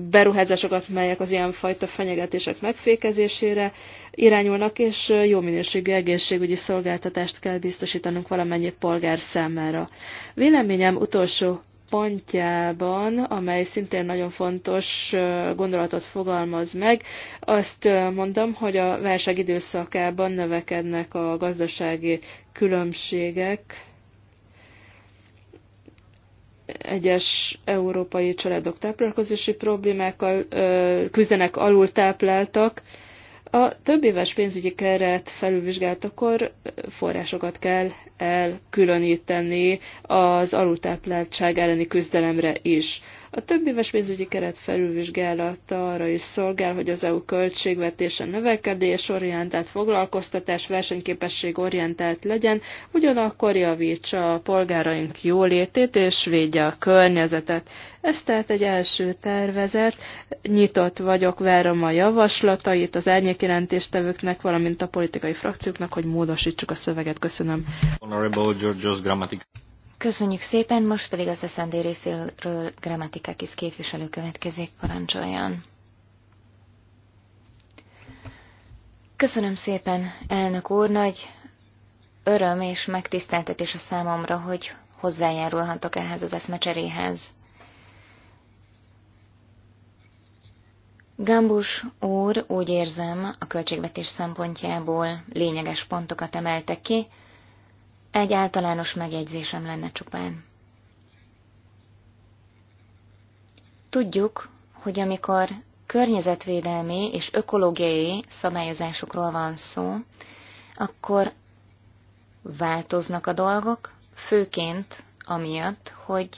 beruházásokat, melyek az ilyenfajta fenyegetések megfékezésére irányulnak, és jó minőségű egészségügyi szolgáltatást kell biztosítanunk valamennyi polgár számára. Véleményem utolsó pontjában, amely szintén nagyon fontos gondolatot fogalmaz meg, azt mondom, hogy a válság időszakában növekednek a gazdasági különbségek, egyes európai családok táplálkozási problémákkal küzdenek alul tápláltak. A több éves pénzügyi keret felülvizsgáltakor forrásokat kell elkülöníteni az alultápláltság elleni küzdelemre is. A több éves pénzügyi keret felülvizsgálata arra is szolgál, hogy az EU költségvetése növekedés orientált foglalkoztatás, versenyképesség orientált legyen, ugyanakkor javítsa a polgáraink jólétét és védje a környezetet. Ez tehát egy első tervezet, nyitott vagyok, várom a javaslatait az árnyékjelentéstevőknek, valamint a politikai frakcióknak, hogy módosítsuk a szöveget. Köszönöm. Honorable Köszönjük szépen, most pedig az SZND részéről Grammatikákis képviselő következik, parancsoljon. Köszönöm szépen, elnök úr, nagy öröm és megtiszteltetés a számomra, hogy hozzájárulhatok ehhez az eszmecseréhez. Gambus úr úgy érzem a költségvetés szempontjából lényeges pontokat emeltek ki, egy általános megjegyzésem lenne csupán. Tudjuk, hogy amikor környezetvédelmi és ökológiai szabályozásokról van szó, akkor változnak a dolgok, főként amiatt, hogy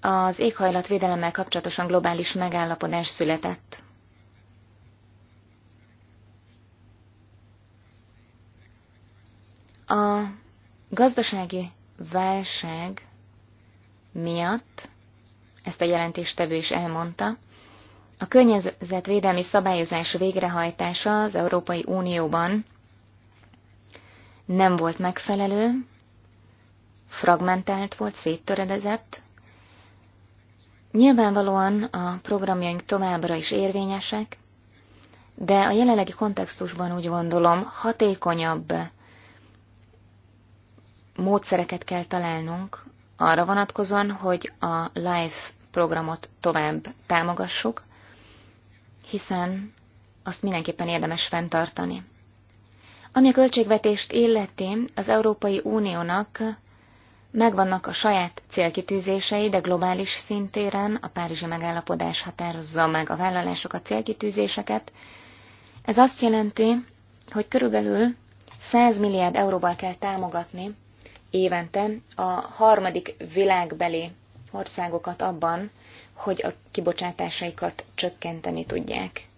az éghajlatvédelemmel kapcsolatosan globális megállapodás született. A gazdasági válság miatt, ezt a jelentéstevő is elmondta, a környezetvédelmi szabályozás végrehajtása az Európai Unióban nem volt megfelelő, fragmentált volt, széttöredezett. Nyilvánvalóan a programjaink továbbra is érvényesek, de a jelenlegi kontextusban úgy gondolom hatékonyabb módszereket kell találnunk arra vonatkozóan, hogy a live programot tovább támogassuk, hiszen azt mindenképpen érdemes fenntartani. Ami a költségvetést illeti, az Európai Uniónak megvannak a saját célkitűzései, de globális szintéren a Párizsi megállapodás határozza meg a vállalások a célkitűzéseket. Ez azt jelenti, hogy körülbelül 100 milliárd euróval kell támogatni évente a harmadik világbeli országokat abban, hogy a kibocsátásaikat csökkenteni tudják.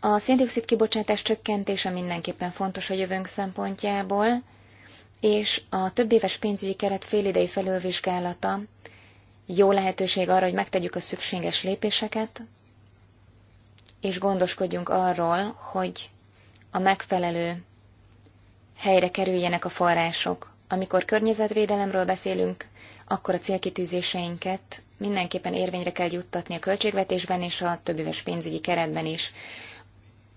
A széndiokszid kibocsátás csökkentése mindenképpen fontos a jövőnk szempontjából, és a több éves pénzügyi keret félidei felülvizsgálata jó lehetőség arra, hogy megtegyük a szükséges lépéseket, és gondoskodjunk arról, hogy a megfelelő helyre kerüljenek a források. Amikor környezetvédelemről beszélünk, akkor a célkitűzéseinket mindenképpen érvényre kell juttatni a költségvetésben és a többéves pénzügyi keretben is.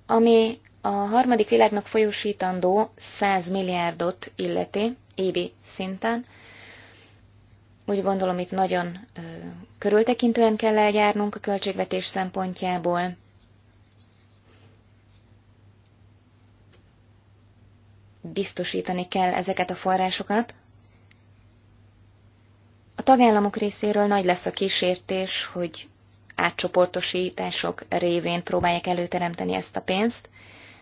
Ami a harmadik világnak folyósítandó 100 milliárdot illeti évi szinten, úgy gondolom itt nagyon ö, körültekintően kell eljárnunk a költségvetés szempontjából, biztosítani kell ezeket a forrásokat. A tagállamok részéről nagy lesz a kísértés, hogy átcsoportosítások révén próbálják előteremteni ezt a pénzt.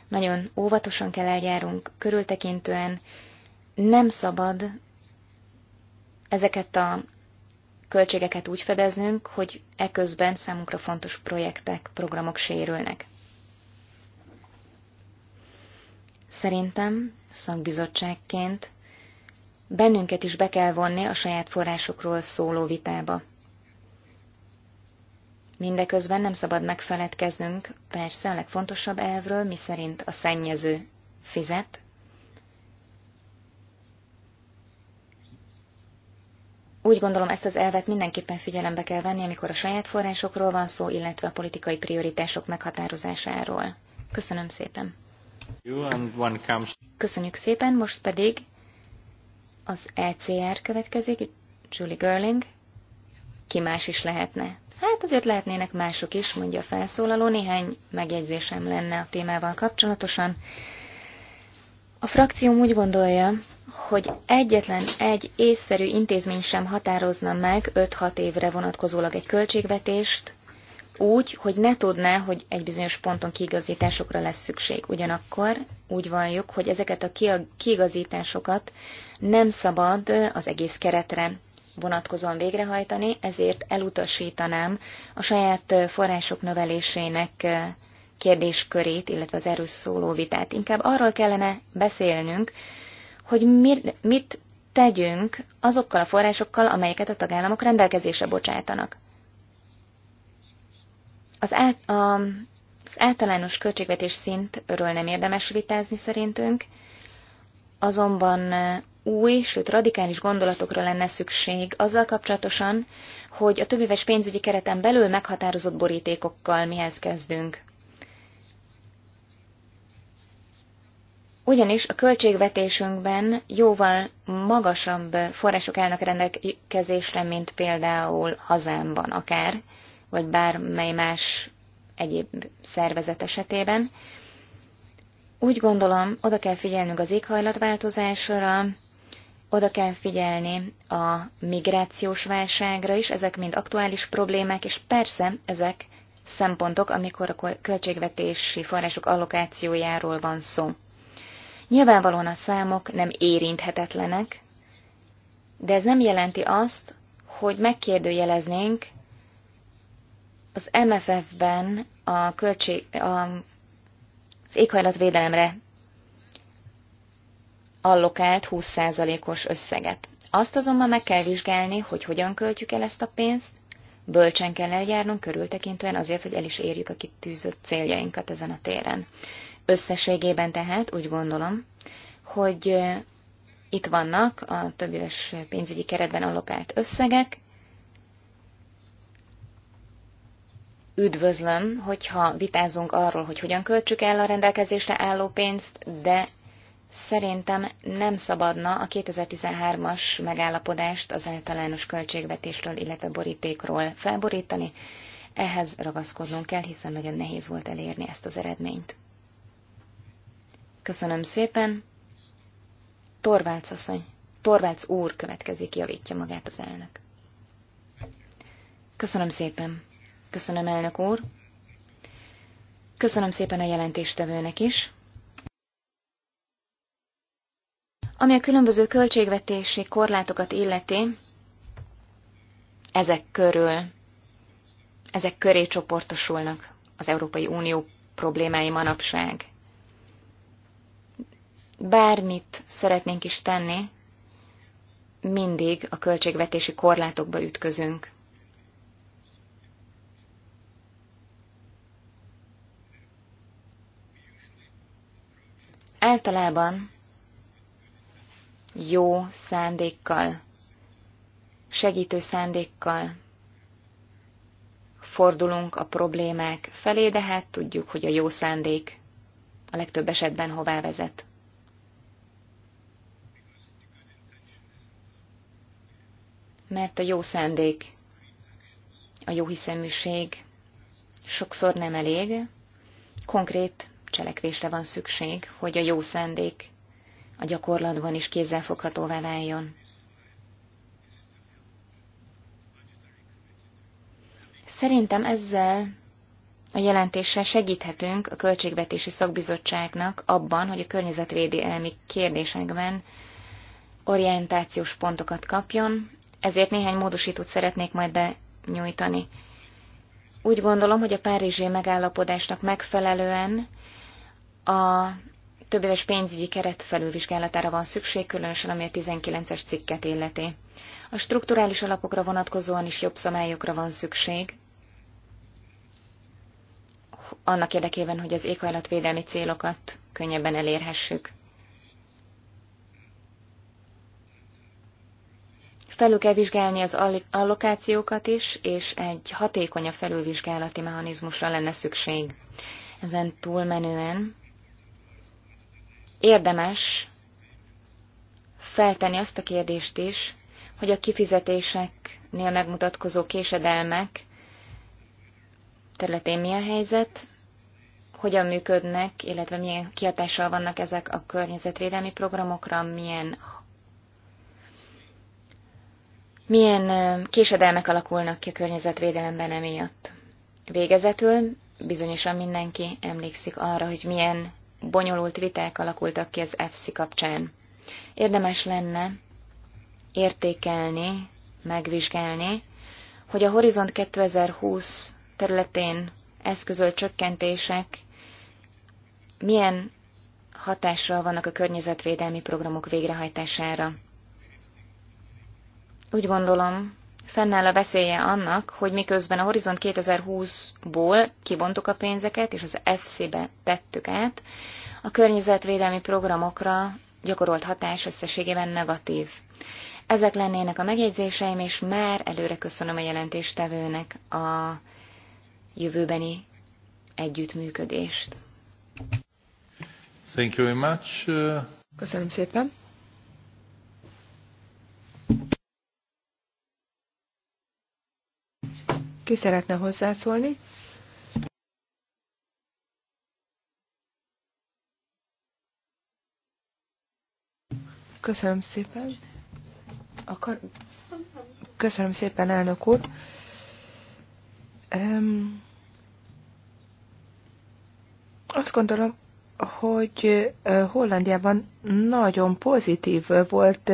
Nagyon óvatosan kell eljárunk, körültekintően nem szabad ezeket a költségeket úgy fedeznünk, hogy eközben számunkra fontos projektek, programok sérülnek. Szerintem szakbizottságként bennünket is be kell vonni a saját forrásokról szóló vitába. Mindeközben nem szabad megfeledkeznünk persze a legfontosabb elvről, mi szerint a szennyező fizet. Úgy gondolom, ezt az elvet mindenképpen figyelembe kell venni, amikor a saját forrásokról van szó, illetve a politikai prioritások meghatározásáról. Köszönöm szépen! Köszönjük szépen, most pedig az ECR következik, Julie Görling. Ki más is lehetne? Hát azért lehetnének mások is, mondja a felszólaló, néhány megjegyzésem lenne a témával kapcsolatosan. A frakcióm úgy gondolja, hogy egyetlen egy észszerű intézmény sem határozna meg 5-6 évre vonatkozólag egy költségvetést, úgy, hogy ne tudná, hogy egy bizonyos ponton kiigazításokra lesz szükség. Ugyanakkor úgy valljuk, hogy ezeket a kiigazításokat nem szabad az egész keretre vonatkozóan végrehajtani, ezért elutasítanám a saját források növelésének kérdéskörét, illetve az erős szóló vitát. Inkább arról kellene beszélnünk, hogy mit tegyünk azokkal a forrásokkal, amelyeket a tagállamok rendelkezésre bocsátanak. Az, el, a, az általános költségvetés szintről nem érdemes vitázni szerintünk, azonban új, sőt radikális gondolatokra lenne szükség azzal kapcsolatosan, hogy a többéves pénzügyi kereten belül meghatározott borítékokkal mihez kezdünk. Ugyanis a költségvetésünkben jóval magasabb források állnak rendelkezésre, mint például hazámban akár – vagy bármely más egyéb szervezet esetében. Úgy gondolom, oda kell figyelnünk az éghajlatváltozásra, oda kell figyelni a migrációs válságra is, ezek mind aktuális problémák, és persze ezek szempontok, amikor a költségvetési források allokációjáról van szó. Nyilvánvalóan a számok nem érinthetetlenek, de ez nem jelenti azt, hogy megkérdőjeleznénk az MFF-ben a költség, a, az éghajlatvédelemre allokált 20%-os összeget. Azt azonban meg kell vizsgálni, hogy hogyan költjük el ezt a pénzt, bölcsen kell eljárnunk körültekintően azért, hogy el is érjük a kitűzött céljainkat ezen a téren. Összességében tehát úgy gondolom, hogy itt vannak a többéves pénzügyi keretben allokált összegek, üdvözlöm, hogyha vitázunk arról, hogy hogyan költsük el a rendelkezésre álló pénzt, de szerintem nem szabadna a 2013-as megállapodást az általános költségvetésről, illetve borítékról felborítani. Ehhez ragaszkodnunk kell, hiszen nagyon nehéz volt elérni ezt az eredményt. Köszönöm szépen. Torvalds asszony, Torvalds úr következik, javítja magát az elnök. Köszönöm szépen. Köszönöm, elnök úr. Köszönöm szépen a jelentéstevőnek is. Ami a különböző költségvetési korlátokat illeti, ezek körül, ezek köré csoportosulnak az Európai Unió problémái manapság. Bármit szeretnénk is tenni, mindig a költségvetési korlátokba ütközünk. általában jó szándékkal, segítő szándékkal fordulunk a problémák felé, de hát tudjuk, hogy a jó szándék a legtöbb esetben hová vezet. Mert a jó szándék, a jó hiszeműség sokszor nem elég, konkrét cselekvésre van szükség, hogy a jó szendék a gyakorlatban is kézzelfoghatóvá váljon. Szerintem ezzel a jelentéssel segíthetünk a Költségvetési Szakbizottságnak abban, hogy a környezetvédelmi kérdésekben orientációs pontokat kapjon, ezért néhány módosítót szeretnék majd benyújtani. Úgy gondolom, hogy a párizsi megállapodásnak megfelelően a több éves pénzügyi keret felülvizsgálatára van szükség, különösen ami a 19-es cikket illeti. A strukturális alapokra vonatkozóan is jobb szabályokra van szükség, annak érdekében, hogy az éghajlatvédelmi célokat könnyebben elérhessük. Felül kell vizsgálni az allokációkat is, és egy hatékonyabb felülvizsgálati mechanizmusra lenne szükség. Ezen túlmenően érdemes feltenni azt a kérdést is, hogy a kifizetéseknél megmutatkozó késedelmek területén mi a helyzet, hogyan működnek, illetve milyen kihatással vannak ezek a környezetvédelmi programokra, milyen, milyen késedelmek alakulnak ki a környezetvédelemben emiatt. Végezetül bizonyosan mindenki emlékszik arra, hogy milyen bonyolult viták alakultak ki az FC kapcsán. Érdemes lenne értékelni, megvizsgálni, hogy a Horizont 2020 területén eszközölt csökkentések milyen hatással vannak a környezetvédelmi programok végrehajtására. Úgy gondolom, fennáll a veszélye annak, hogy miközben a Horizont 2020-ból kibontuk a pénzeket, és az FC-be tettük át, a környezetvédelmi programokra gyakorolt hatás összességében negatív. Ezek lennének a megjegyzéseim, és már előre köszönöm a jelentéstevőnek a jövőbeni együttműködést. Thank you very much. Köszönöm szépen. Ki szeretne hozzászólni? Köszönöm szépen. Akar... Köszönöm szépen, elnök úr. Um, azt gondolom, hogy Hollandiában nagyon pozitív volt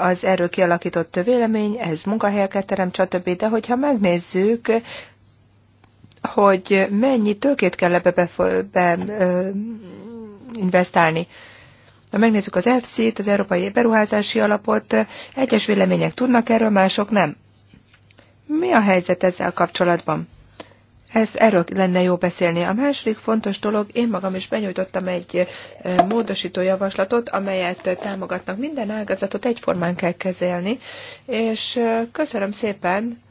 az erről kialakított vélemény, ez munkahelyeket terem, stb. De hogyha megnézzük, hogy mennyi tőkét kell ebbe investálni, ha megnézzük az EFSZ-t, az Európai Beruházási Alapot, egyes vélemények tudnak erről, mások nem. Mi a helyzet ezzel kapcsolatban? Ez, erről lenne jó beszélni. A második fontos dolog, én magam is benyújtottam egy eh, módosító javaslatot, amelyet támogatnak. Minden ágazatot egyformán kell kezelni, és eh, köszönöm szépen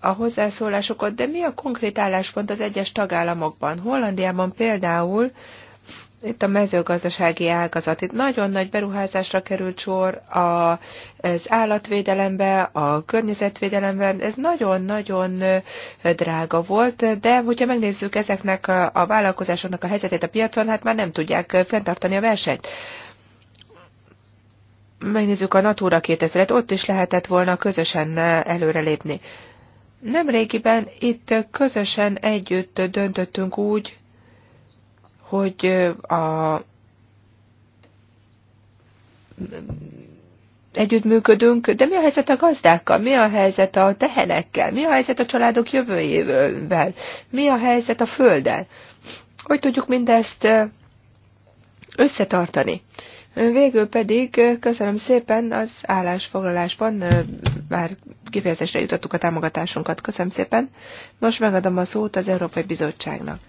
a hozzászólásokat, de mi a konkrét álláspont az egyes tagállamokban? Hollandiában például itt a mezőgazdasági ágazat. Itt nagyon nagy beruházásra került sor az állatvédelembe, a környezetvédelemben. Ez nagyon-nagyon drága volt, de hogyha megnézzük ezeknek a vállalkozásoknak a helyzetét a piacon, hát már nem tudják fenntartani a versenyt. Megnézzük a Natura 2000-et, ott is lehetett volna közösen előrelépni. Nemrégiben itt közösen együtt döntöttünk úgy, hogy a együttműködünk, de mi a helyzet a gazdákkal, mi a helyzet a tehenekkel, mi a helyzet a családok jövőjével, mi a helyzet a földdel. Hogy tudjuk mindezt összetartani? Végül pedig köszönöm szépen az állásfoglalásban, már kifejezésre jutottuk a támogatásunkat, köszönöm szépen. Most megadom a szót az Európai Bizottságnak.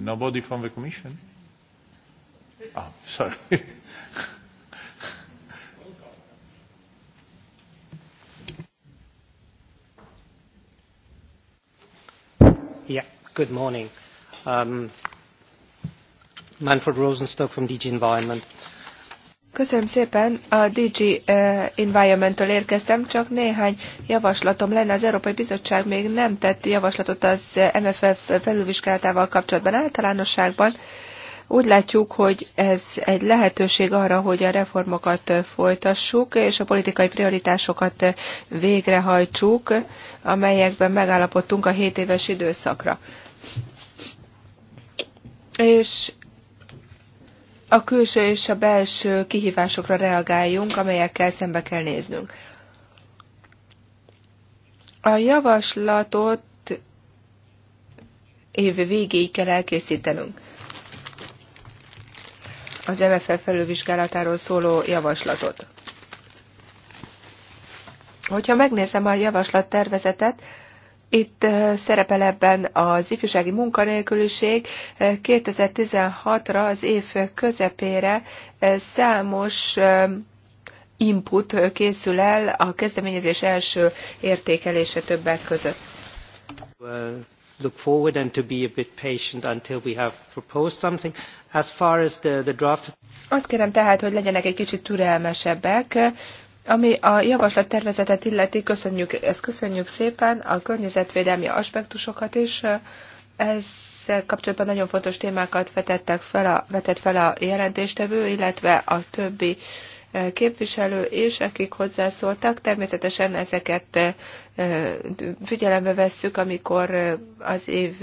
Nobody from the Commission? Oh, sorry. yeah, good morning. Um, Manfred Rosenstock from DG Environment. Köszönöm szépen, a DG eh, Environmental érkeztem, csak néhány javaslatom lenne. Az Európai Bizottság még nem tett javaslatot az MFF felülvizsgálatával kapcsolatban általánosságban. Úgy látjuk, hogy ez egy lehetőség arra, hogy a reformokat eh, folytassuk, és a politikai prioritásokat eh, végrehajtsuk, amelyekben megállapodtunk a 7 éves időszakra. És a külső és a belső kihívásokra reagáljunk, amelyekkel szembe kell néznünk. A javaslatot év végéig kell elkészítenünk. Az MFF felülvizsgálatáról szóló javaslatot. Hogyha megnézem a javaslat tervezetet, itt szerepel ebben az ifjúsági munkanélküliség. 2016-ra, az év közepére számos input készül el a kezdeményezés első értékelése többek között. Well, uh, look forward and to be a bit patient until we have proposed something. As far as the, the draft... Azt kérem tehát, hogy legyenek egy kicsit türelmesebbek, ami a javaslattervezetet illeti, köszönjük, ezt köszönjük szépen, a környezetvédelmi aspektusokat is. Ezzel kapcsolatban nagyon fontos témákat vetettek fel a, vetett fel a jelentéstevő, illetve a többi eh, képviselő és akik hozzászóltak. Természetesen ezeket eh, figyelembe vesszük, amikor eh, az év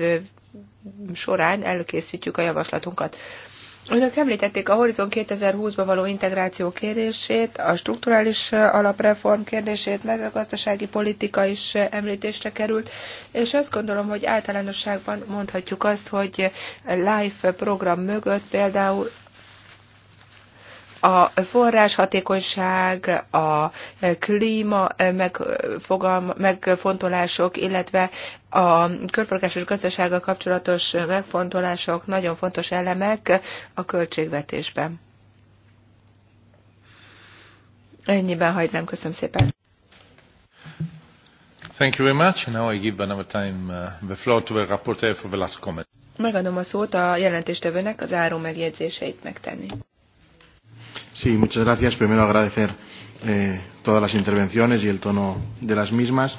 során előkészítjük a javaslatunkat. Önök említették a Horizon 2020-ba való integráció kérdését, a strukturális alapreform kérdését, meg gazdasági politika is említésre került, és azt gondolom, hogy általánosságban mondhatjuk azt, hogy LIFE program mögött például a hatékonyság, a klíma megfontolások, illetve a körforgásos gazdasággal kapcsolatos megfontolások nagyon fontos elemek a költségvetésben. Ennyiben hagynám, köszönöm szépen. Thank you very much. Now I give another time uh, the floor to the rapporteur for the last comment. Megadom a szót a jelentéstevőnek az áru megjegyzéseit megtenni. Sí, muchas gracias. Primero agradecer eh, todas las intervenciones y el tono de las mismas.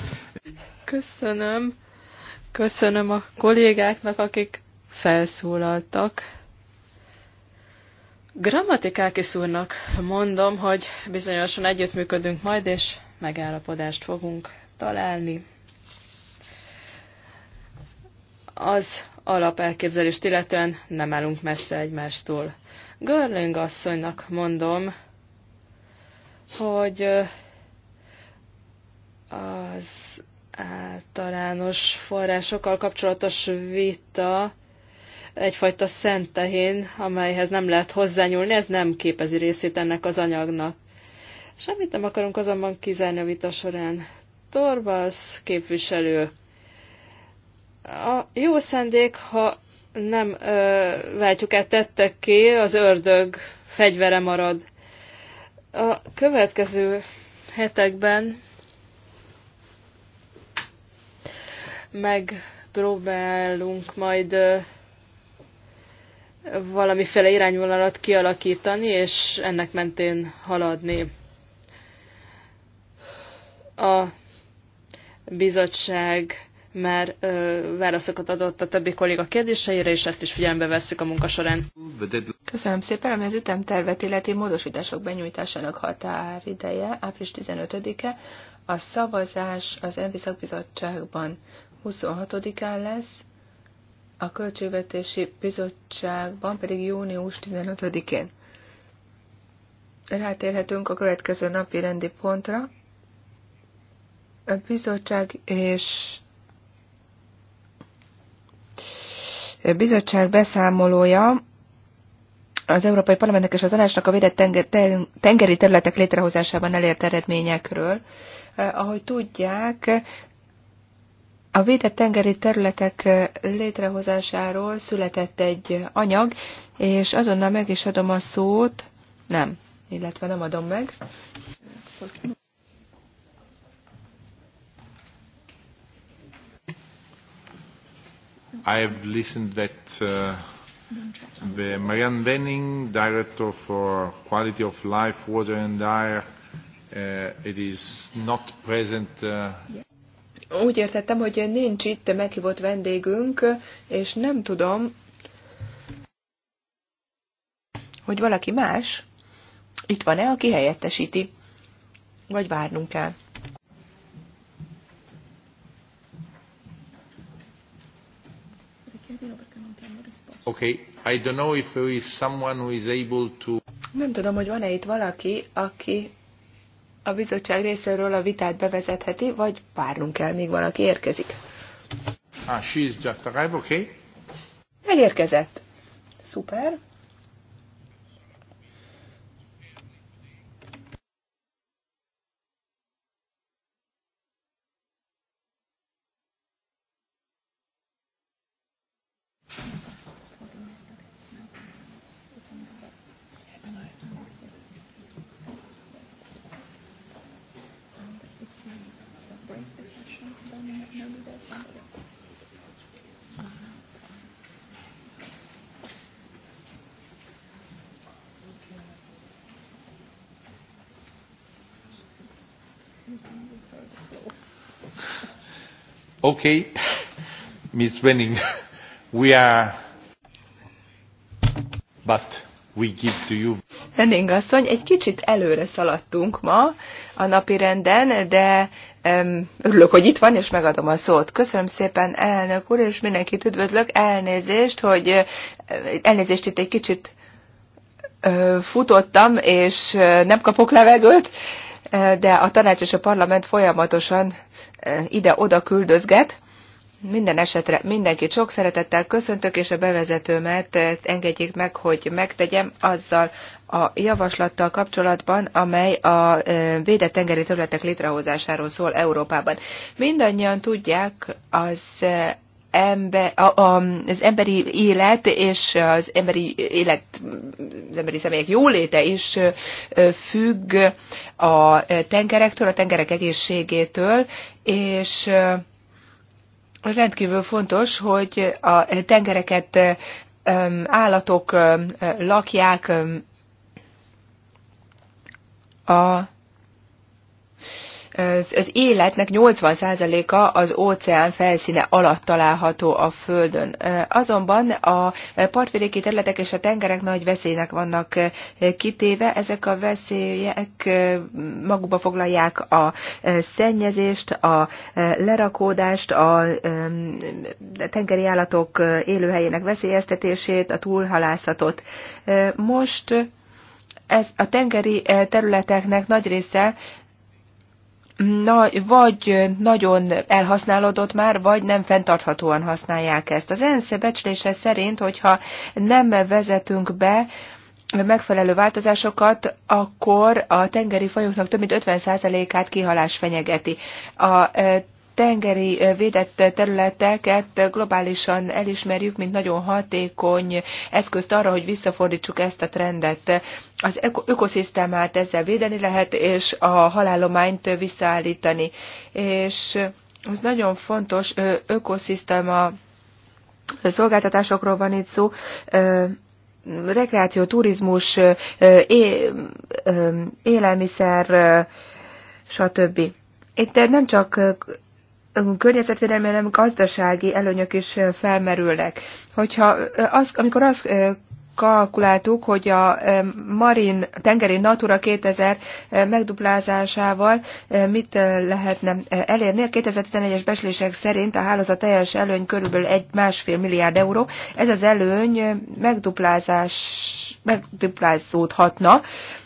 Köszönöm. Köszönöm a kollégáknak, akik felszólaltak. Grammatikákis úrnak mondom, hogy bizonyosan együttműködünk majd, és megállapodást fogunk találni. Az alapelképzelést illetően nem állunk messze egymástól. Görling asszonynak mondom, hogy az általános forrásokkal kapcsolatos vita egyfajta szentehén, amelyhez nem lehet hozzányúlni, ez nem képezi részét ennek az anyagnak. Semmit nem akarunk azonban kizárni a vita során. Torvalsz képviselő. A jó szendék, ha nem ö, váltjuk tettek tetteké, az ördög fegyvere marad. A következő hetekben megpróbálunk majd ö, valamiféle irányvonalat kialakítani, és ennek mentén haladni. A bizottság már ö, válaszokat adott a többi kolléga kérdéseire, és ezt is figyelembe vesszük a munka során. Köszönöm szépen, ami az ütemtervet illeti módosítások benyújtásának határideje április 15-e, a szavazás az ENVI szakbizottságban 26-án lesz, a Költségvetési Bizottságban pedig június 15-én. Rátérhetünk a következő napi rendi pontra. A bizottság és Bizottság beszámolója az Európai Parlamentnek és a Tanácsnak a védett tengeri területek létrehozásában elért eredményekről. Eh, ahogy tudják, a védett tengeri területek eh, létrehozásáról született egy anyag, és azonnal meg is adom a szót, nem, illetve nem adom meg. I have listened that uh, the Marianne Wenning, Director for Quality of Life, Water and Air, uh, it is not present. Uh, úgy értettem, hogy nincs itt meghívott vendégünk, és nem tudom, hogy valaki más itt van-e, aki helyettesíti, vagy várnunk kell. Okay, I don't know if there is someone who is able to... Nem tudom, hogy van-e itt valaki, aki a bizottság részéről a vitát bevezetheti, vagy várnunk kell, míg valaki érkezik. Ah, she is just arrived, okay. Megérkezett. Szuper. Okay, Miss Benning, we are, but we give to you. Wenning asszony, egy kicsit előre szaladtunk ma a napi renden, de um, örülök, hogy itt van, és megadom a szót. Köszönöm szépen, elnök úr, és mindenkit üdvözlök. Elnézést, hogy elnézést itt egy kicsit futottam, és nem kapok levegőt de a tanács és a parlament folyamatosan e, ide-oda küldözget. Minden esetre mindenkit sok szeretettel köszöntök, és a bevezetőmet e, engedjék meg, hogy megtegyem azzal a javaslattal kapcsolatban, amely a e, védett tengeri területek létrehozásáról szól Európában. Mindannyian tudják az ember, a, a, az emberi élet és az emberi élet, az emberi személyek jóléte is függ a tengerektől, a tengerek egészségétől, és rendkívül fontos, hogy a tengereket állatok lakják, a az, az életnek 80%-a az óceán felszíne alatt található a Földön. Azonban a partvidéki területek és a tengerek nagy veszélynek vannak kitéve. Ezek a veszélyek magukba foglalják a szennyezést, a lerakódást, a tengeri állatok élőhelyének veszélyeztetését, a túlhalászatot. Most ez a tengeri területeknek nagy része na, vagy nagyon elhasználódott már, vagy nem fenntarthatóan használják ezt. Az ENSZ becslése szerint, hogyha nem vezetünk be megfelelő változásokat, akkor a tengeri fajoknak több mint 50%-át kihalás fenyegeti. A tengeri védett területeket globálisan elismerjük, mint nagyon hatékony eszközt arra, hogy visszafordítsuk ezt a trendet. Az ökoszisztémát ezzel védeni lehet, és a halálományt visszaállítani. És ez nagyon fontos ökoszisztéma szolgáltatásokról van itt szó, rekreáció, turizmus, élelmiszer, stb. Itt nem csak környezetvédelmi, hanem gazdasági előnyök is felmerülnek. Hogyha az, amikor azt kalkuláltuk, hogy a marin, tengeri Natura 2000 megduplázásával mit lehetne elérni. A 2011-es beslések szerint a hálózat teljes előny körülbelül egy másfél milliárd euró. Ez az előny megduplázás, megduplázódhatna,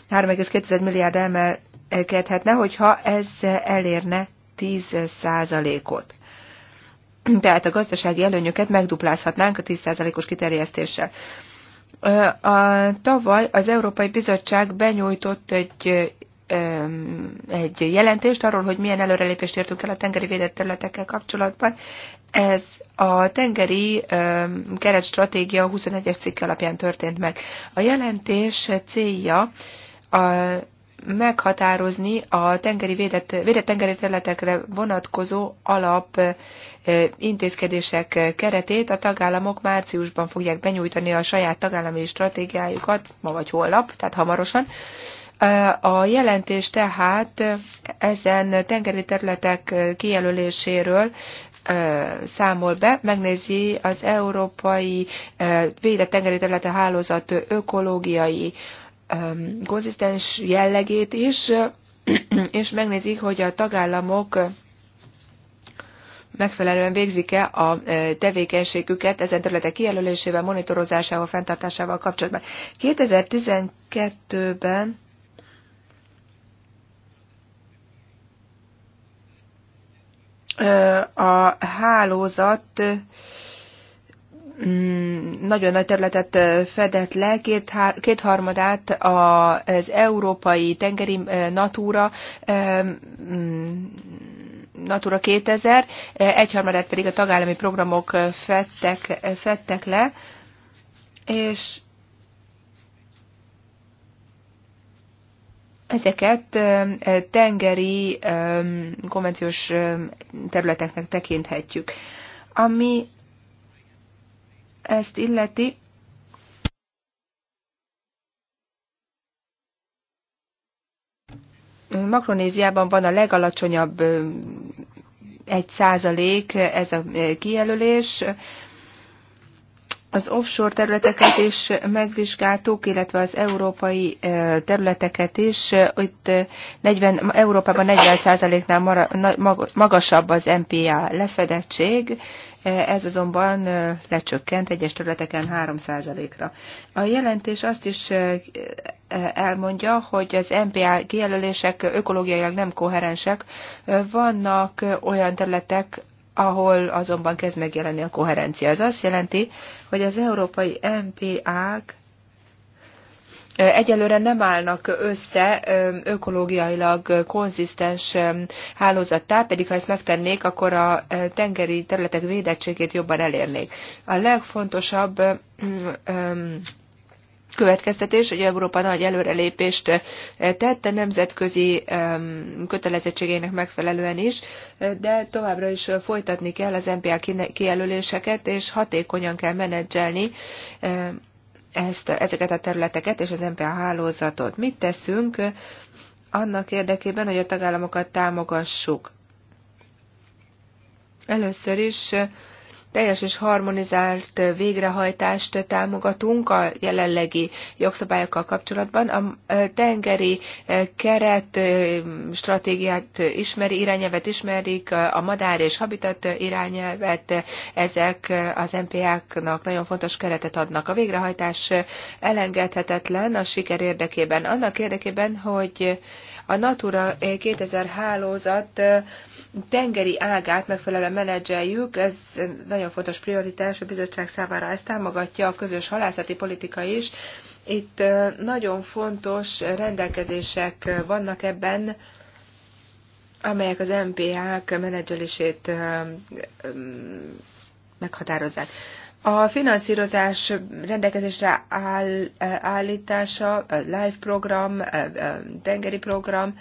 3,2 milliárd emelkedhetne, hogyha ez elérne 10%-ot. Tehát a gazdasági előnyöket megduplázhatnánk a 10%-os kiterjesztéssel. A, tavaly az Európai Bizottság benyújtott egy egy jelentést arról, hogy milyen előrelépést értünk el a tengeri védett területekkel kapcsolatban. Ez a tengeri keretstratégia 21-es cikk alapján történt meg. A jelentés célja a meghatározni a tengeri védett, védett tengeri területekre vonatkozó alap intézkedések keretét a tagállamok márciusban fogják benyújtani a saját tagállami stratégiájukat, ma vagy holnap, tehát hamarosan. A jelentés tehát ezen tengeri területek kijelöléséről számol be, megnézi az európai védett tengeri területe hálózat ökológiai Um, konzisztens jellegét is, és megnézik, hogy a tagállamok megfelelően végzik-e a uh, tevékenységüket ezen területek kijelölésével, monitorozásával, fenntartásával kapcsolatban. 2012-ben uh, a hálózat Mm, nagyon nagy területet fedett le, két, kétharmadát az európai tengeri Natura, mm, Natura 2000, egyharmadát pedig a tagállami programok fettek, fettek le, és ezeket tengeri konvenciós területeknek tekinthetjük. Ami ezt illeti, Makronéziában van a legalacsonyabb egy százalék ez a kijelölés, az offshore területeket is megvizsgáltuk, illetve az európai területeket is. Itt 40, Európában 40%-nál magasabb az MPA lefedettség, ez azonban lecsökkent egyes területeken 3%-ra. A jelentés azt is elmondja, hogy az MPA kijelölések ökológiailag nem koherensek. Vannak olyan területek, ahol azonban kezd megjelenni a koherencia. Ez azt jelenti, hogy az európai mpa k egyelőre nem állnak össze ökológiailag konzisztens hálózattá, pedig ha ezt megtennék, akkor a tengeri területek védettségét jobban elérnék. A legfontosabb következtetés, hogy Európa nagy előrelépést eh, tette nemzetközi kötelezettségeinek megfelelően is, eh, de továbbra is eh, folytatni kell az NPA kijelöléseket, és hatékonyan kell menedzselni ezt, ezeket a területeket és az NPA hálózatot. Mit teszünk annak érdekében, hogy a tagállamokat támogassuk? Először is teljes és harmonizált végrehajtást támogatunk a jelenlegi jogszabályokkal kapcsolatban. A tengeri keret stratégiát ismeri, irányelvet ismerik, a madár és habitat irányelvet, ezek az MPA-knak nagyon fontos keretet adnak. A végrehajtás elengedhetetlen a siker érdekében. Annak érdekében, hogy a Natura 2000 hálózat tengeri ágát megfelelően menedzseljük, ez nagyon fontos prioritás a bizottság számára, ezt támogatja a közös halászati politika is. Itt nagyon fontos rendelkezések vannak ebben, amelyek az MPH-k menedzselését meghatározzák. A finanszírozás rendelkezésre áll, állítása, a live program, a tengeri program,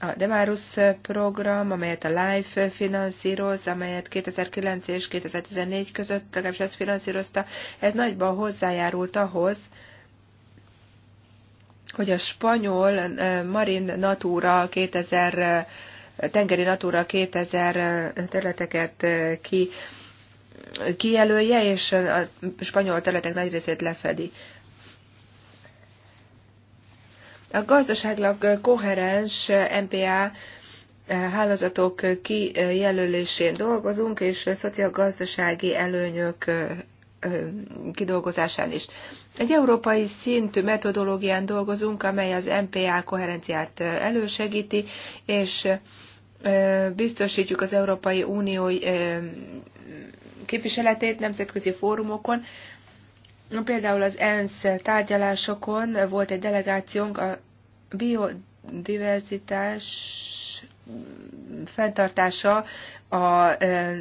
a Demarus program, amelyet a Life finanszíroz, amelyet 2009 és 2014 között legalábbis ezt finanszírozta, ez nagyban hozzájárult ahhoz, hogy a spanyol Marin Natura 2000, tengeri Natura 2000 területeket ki, kijelölje, és a spanyol területek nagy részét lefedi. A gazdaságlag koherens MPA hálózatok kijelölésén dolgozunk, és szociogazdasági előnyök kidolgozásán is. Egy európai szintű metodológián dolgozunk, amely az MPA koherenciát elősegíti, és biztosítjuk az Európai Unió képviseletét nemzetközi fórumokon. Például az ENSZ tárgyalásokon volt egy delegációnk, biodiverzitás mm, fenntartása a e,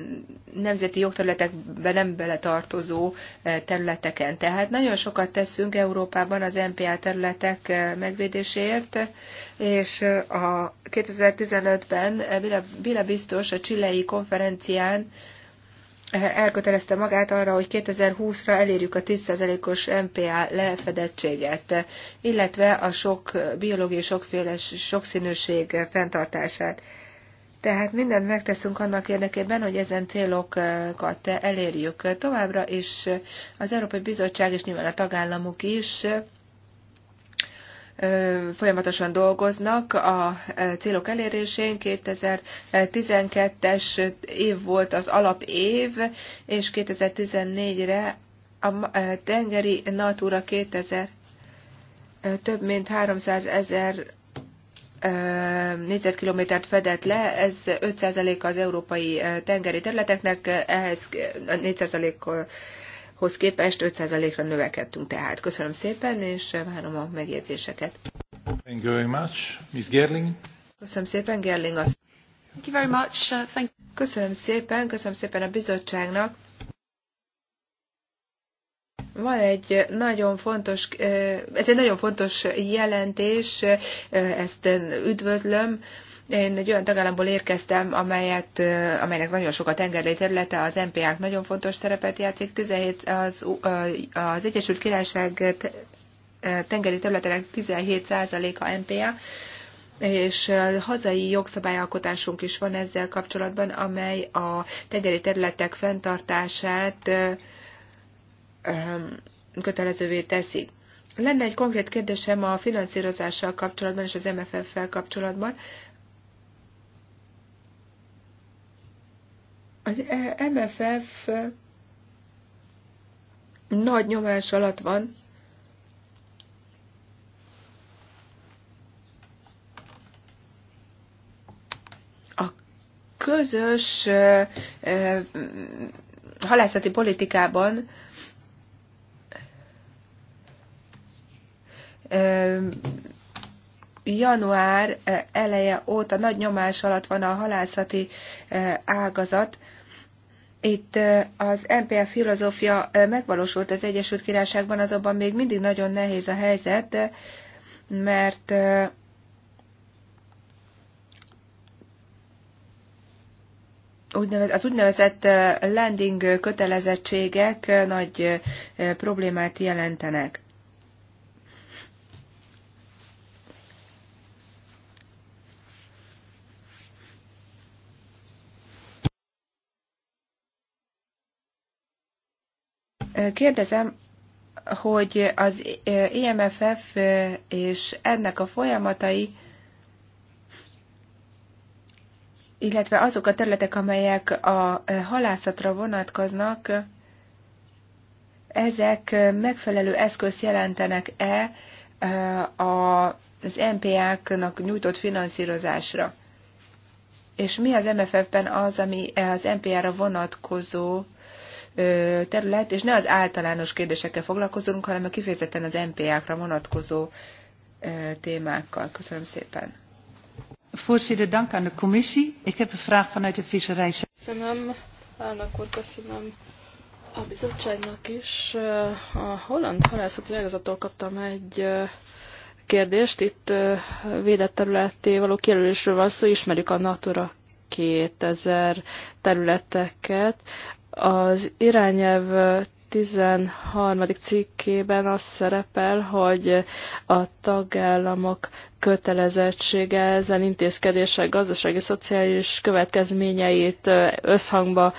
nemzeti jogterületekbe nem beletartozó e, területeken. Tehát nagyon sokat teszünk Európában az NPA területek e, megvédéséért, és a 2015-ben Bila biztos a csilei konferencián elkötelezte magát arra, hogy 2020-ra elérjük a 10%-os MPA lefedettséget, illetve a sok biológiai sokféles sokszínűség fenntartását. Tehát mindent megteszünk annak érdekében, hogy ezen célokat elérjük továbbra, és az Európai Bizottság és nyilván a tagállamok is folyamatosan dolgoznak a célok elérésén. 2012-es év volt az alapév, és 2014-re a tengeri Natura 2000 több mint 300 ezer négyzetkilométert fedett le, ez 5% az európai tengeri területeknek, ehhez 4% hoz képest 5%-ra növekedtünk tehát. Köszönöm szépen, és várom a megjegyzéseket. Thank you very much. Ms. Gerling. Köszönöm szépen, Gerling Az... Thank you very much. Uh, thank köszönöm szépen, köszönöm szépen a bizottságnak. Van egy nagyon fontos, ez egy nagyon fontos jelentés, ezt üdvözlöm. Én egy olyan tagállamból érkeztem, amelyet, amelynek nagyon sok a területe, az npa k nagyon fontos szerepet játszik. 17, az, az Egyesült Királyság tengeri területének 17%-a NPA, és hazai jogszabályalkotásunk is van ezzel kapcsolatban, amely a tengeri területek fenntartását kötelezővé teszi. Lenne egy konkrét kérdésem a finanszírozással kapcsolatban és az MFF-fel kapcsolatban. Az MFF nagy nyomás alatt van, közös halászati politikában január eleje óta nagy nyomás alatt van a halászati ágazat, itt az NPF filozófia megvalósult az Egyesült Királyságban, azonban még mindig nagyon nehéz a helyzet, mert az úgynevezett landing kötelezettségek nagy problémát jelentenek. Kérdezem, hogy az IMFF és ennek a folyamatai, illetve azok a területek, amelyek a halászatra vonatkoznak, ezek megfelelő eszköz jelentenek-e az npa knak nyújtott finanszírozásra? És mi az MFF-ben az, ami az npa ra vonatkozó terület, és ne az általános kérdésekkel foglalkozunk, hanem a kifejezetten az MPA-kra vonatkozó témákkal. Köszönöm szépen. Voorzitter, dank aan de commissie. Ik heb een vraag vanuit de visserij. Köszönöm, elnök úr, köszönöm a bizottságnak is. A holland halászati ágazattól kaptam egy kérdést. Itt védett területté való kijelölésről van szó, ismerjük a Natura 2000 területeket. Az irányelv 13. cikkében az szerepel, hogy a tagállamok kötelezettsége ezen intézkedések gazdasági-szociális következményeit összhangba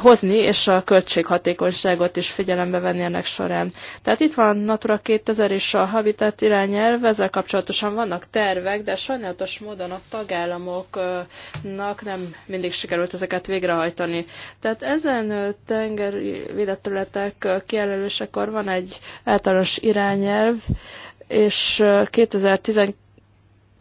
hozni, és a költséghatékonyságot is figyelembe venni ennek során. Tehát itt van Natura 2000 és a Habitat irányelv, ezzel kapcsolatosan vannak tervek, de sajnálatos módon a tagállamoknak nem mindig sikerült ezeket végrehajtani. Tehát ezen tengeri védetterületek kijelölésekor van egy általános irányelv, és 2012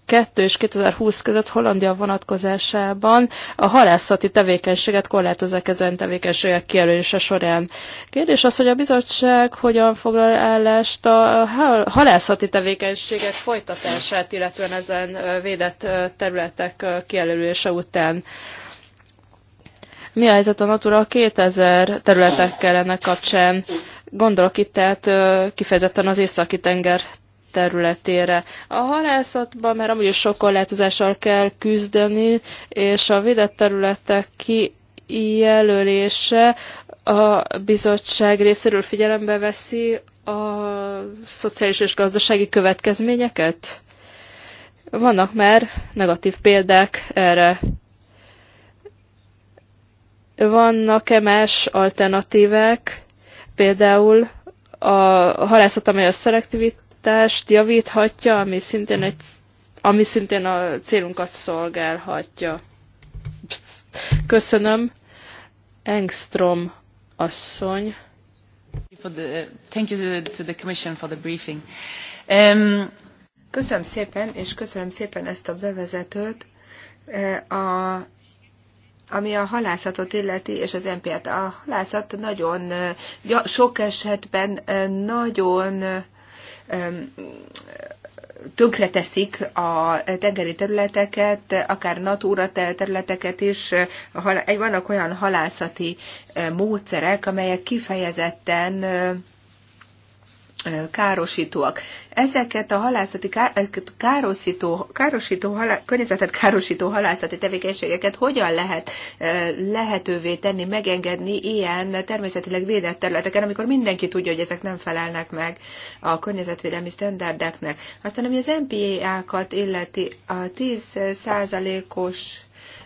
2002 és 2020 között Hollandia vonatkozásában a halászati tevékenységet korlátozzák ezen tevékenységek kijelölése során. Kérdés az, hogy a bizottság hogyan foglal állást a halászati tevékenységek folytatását, illetően ezen védett területek kijelölése után. Mi a helyzet a Natura 2000 területekkel ennek kapcsán? Gondolok itt tehát kifejezetten az északi tenger területére. A halászatban mert amúgy is sok korlátozással kell küzdeni, és a védett területek kijelölése a bizottság részéről figyelembe veszi a szociális és gazdasági következményeket? Vannak már negatív példák erre. Vannak-e más alternatívák, például a halászat, amely a szelektivit mobilitást javíthatja, ami szintén, egy, ami szintén a célunkat szolgálhatja. Köszönöm. Engstrom asszony. Thank you to the Commission for the briefing. Um, Köszönöm szépen, és köszönöm szépen ezt a bevezetőt, e, a, ami a halászatot illeti, és az MPA-t. A halászat nagyon ja e, sok esetben e, nagyon tönkreteszik a tengeri területeket, akár natúra területeket is. Vannak olyan halászati módszerek, amelyek kifejezetten károsítóak. Ezeket a halászati eh, károsító, károsító halá, környezetet károsító halászati tevékenységeket hogyan lehet eh, lehetővé tenni, megengedni ilyen természetileg védett területeken, amikor mindenki tudja, hogy ezek nem felelnek meg a környezetvédelmi sztenderdeknek. Aztán ami az MPA-kat illeti a 10 os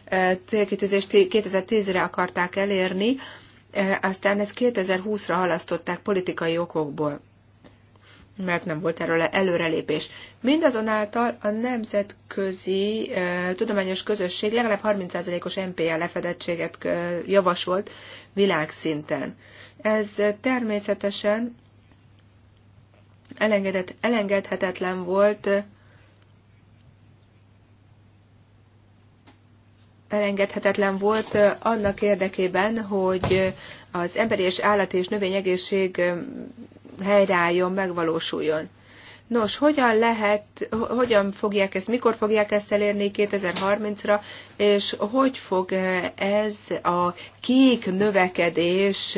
eh, célkitűzést 2010-re akarták elérni, aztán ezt 2020-ra halasztották politikai okokból mert nem volt erről előrelépés. Mindazonáltal a nemzetközi e, tudományos közösség legalább 30%-os MPA lefedettséget e, javasolt világszinten. Ez természetesen elengedett, elengedhetetlen volt, elengedhetetlen volt annak érdekében, hogy az emberi és állati és növényegészség helyreálljon, megvalósuljon. Nos, hogyan lehet, hogyan fogják ezt, mikor fogják ezt elérni 2030-ra, és hogy fog ez a kék növekedés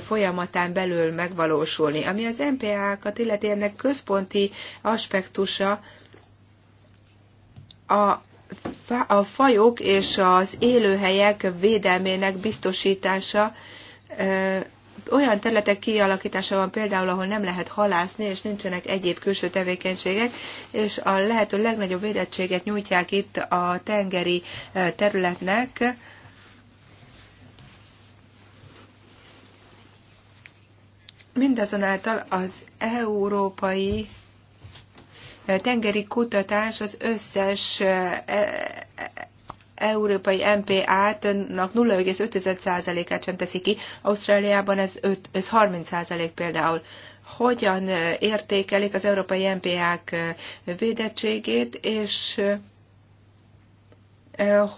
folyamatán belül megvalósulni? Ami az MPA-kat illeti ennek központi aspektusa a a fajok és az élőhelyek védelmének biztosítása, olyan területek kialakítása van például, ahol nem lehet halászni, és nincsenek egyéb külső tevékenységek, és a lehető legnagyobb védettséget nyújtják itt a tengeri területnek. Mindazonáltal az európai tengeri kutatás az összes európai MPA-nak 0,5%-át sem teszi ki, Ausztráliában ez, 5, ez 30% például hogyan értékelik az európai MPA-k védettségét, és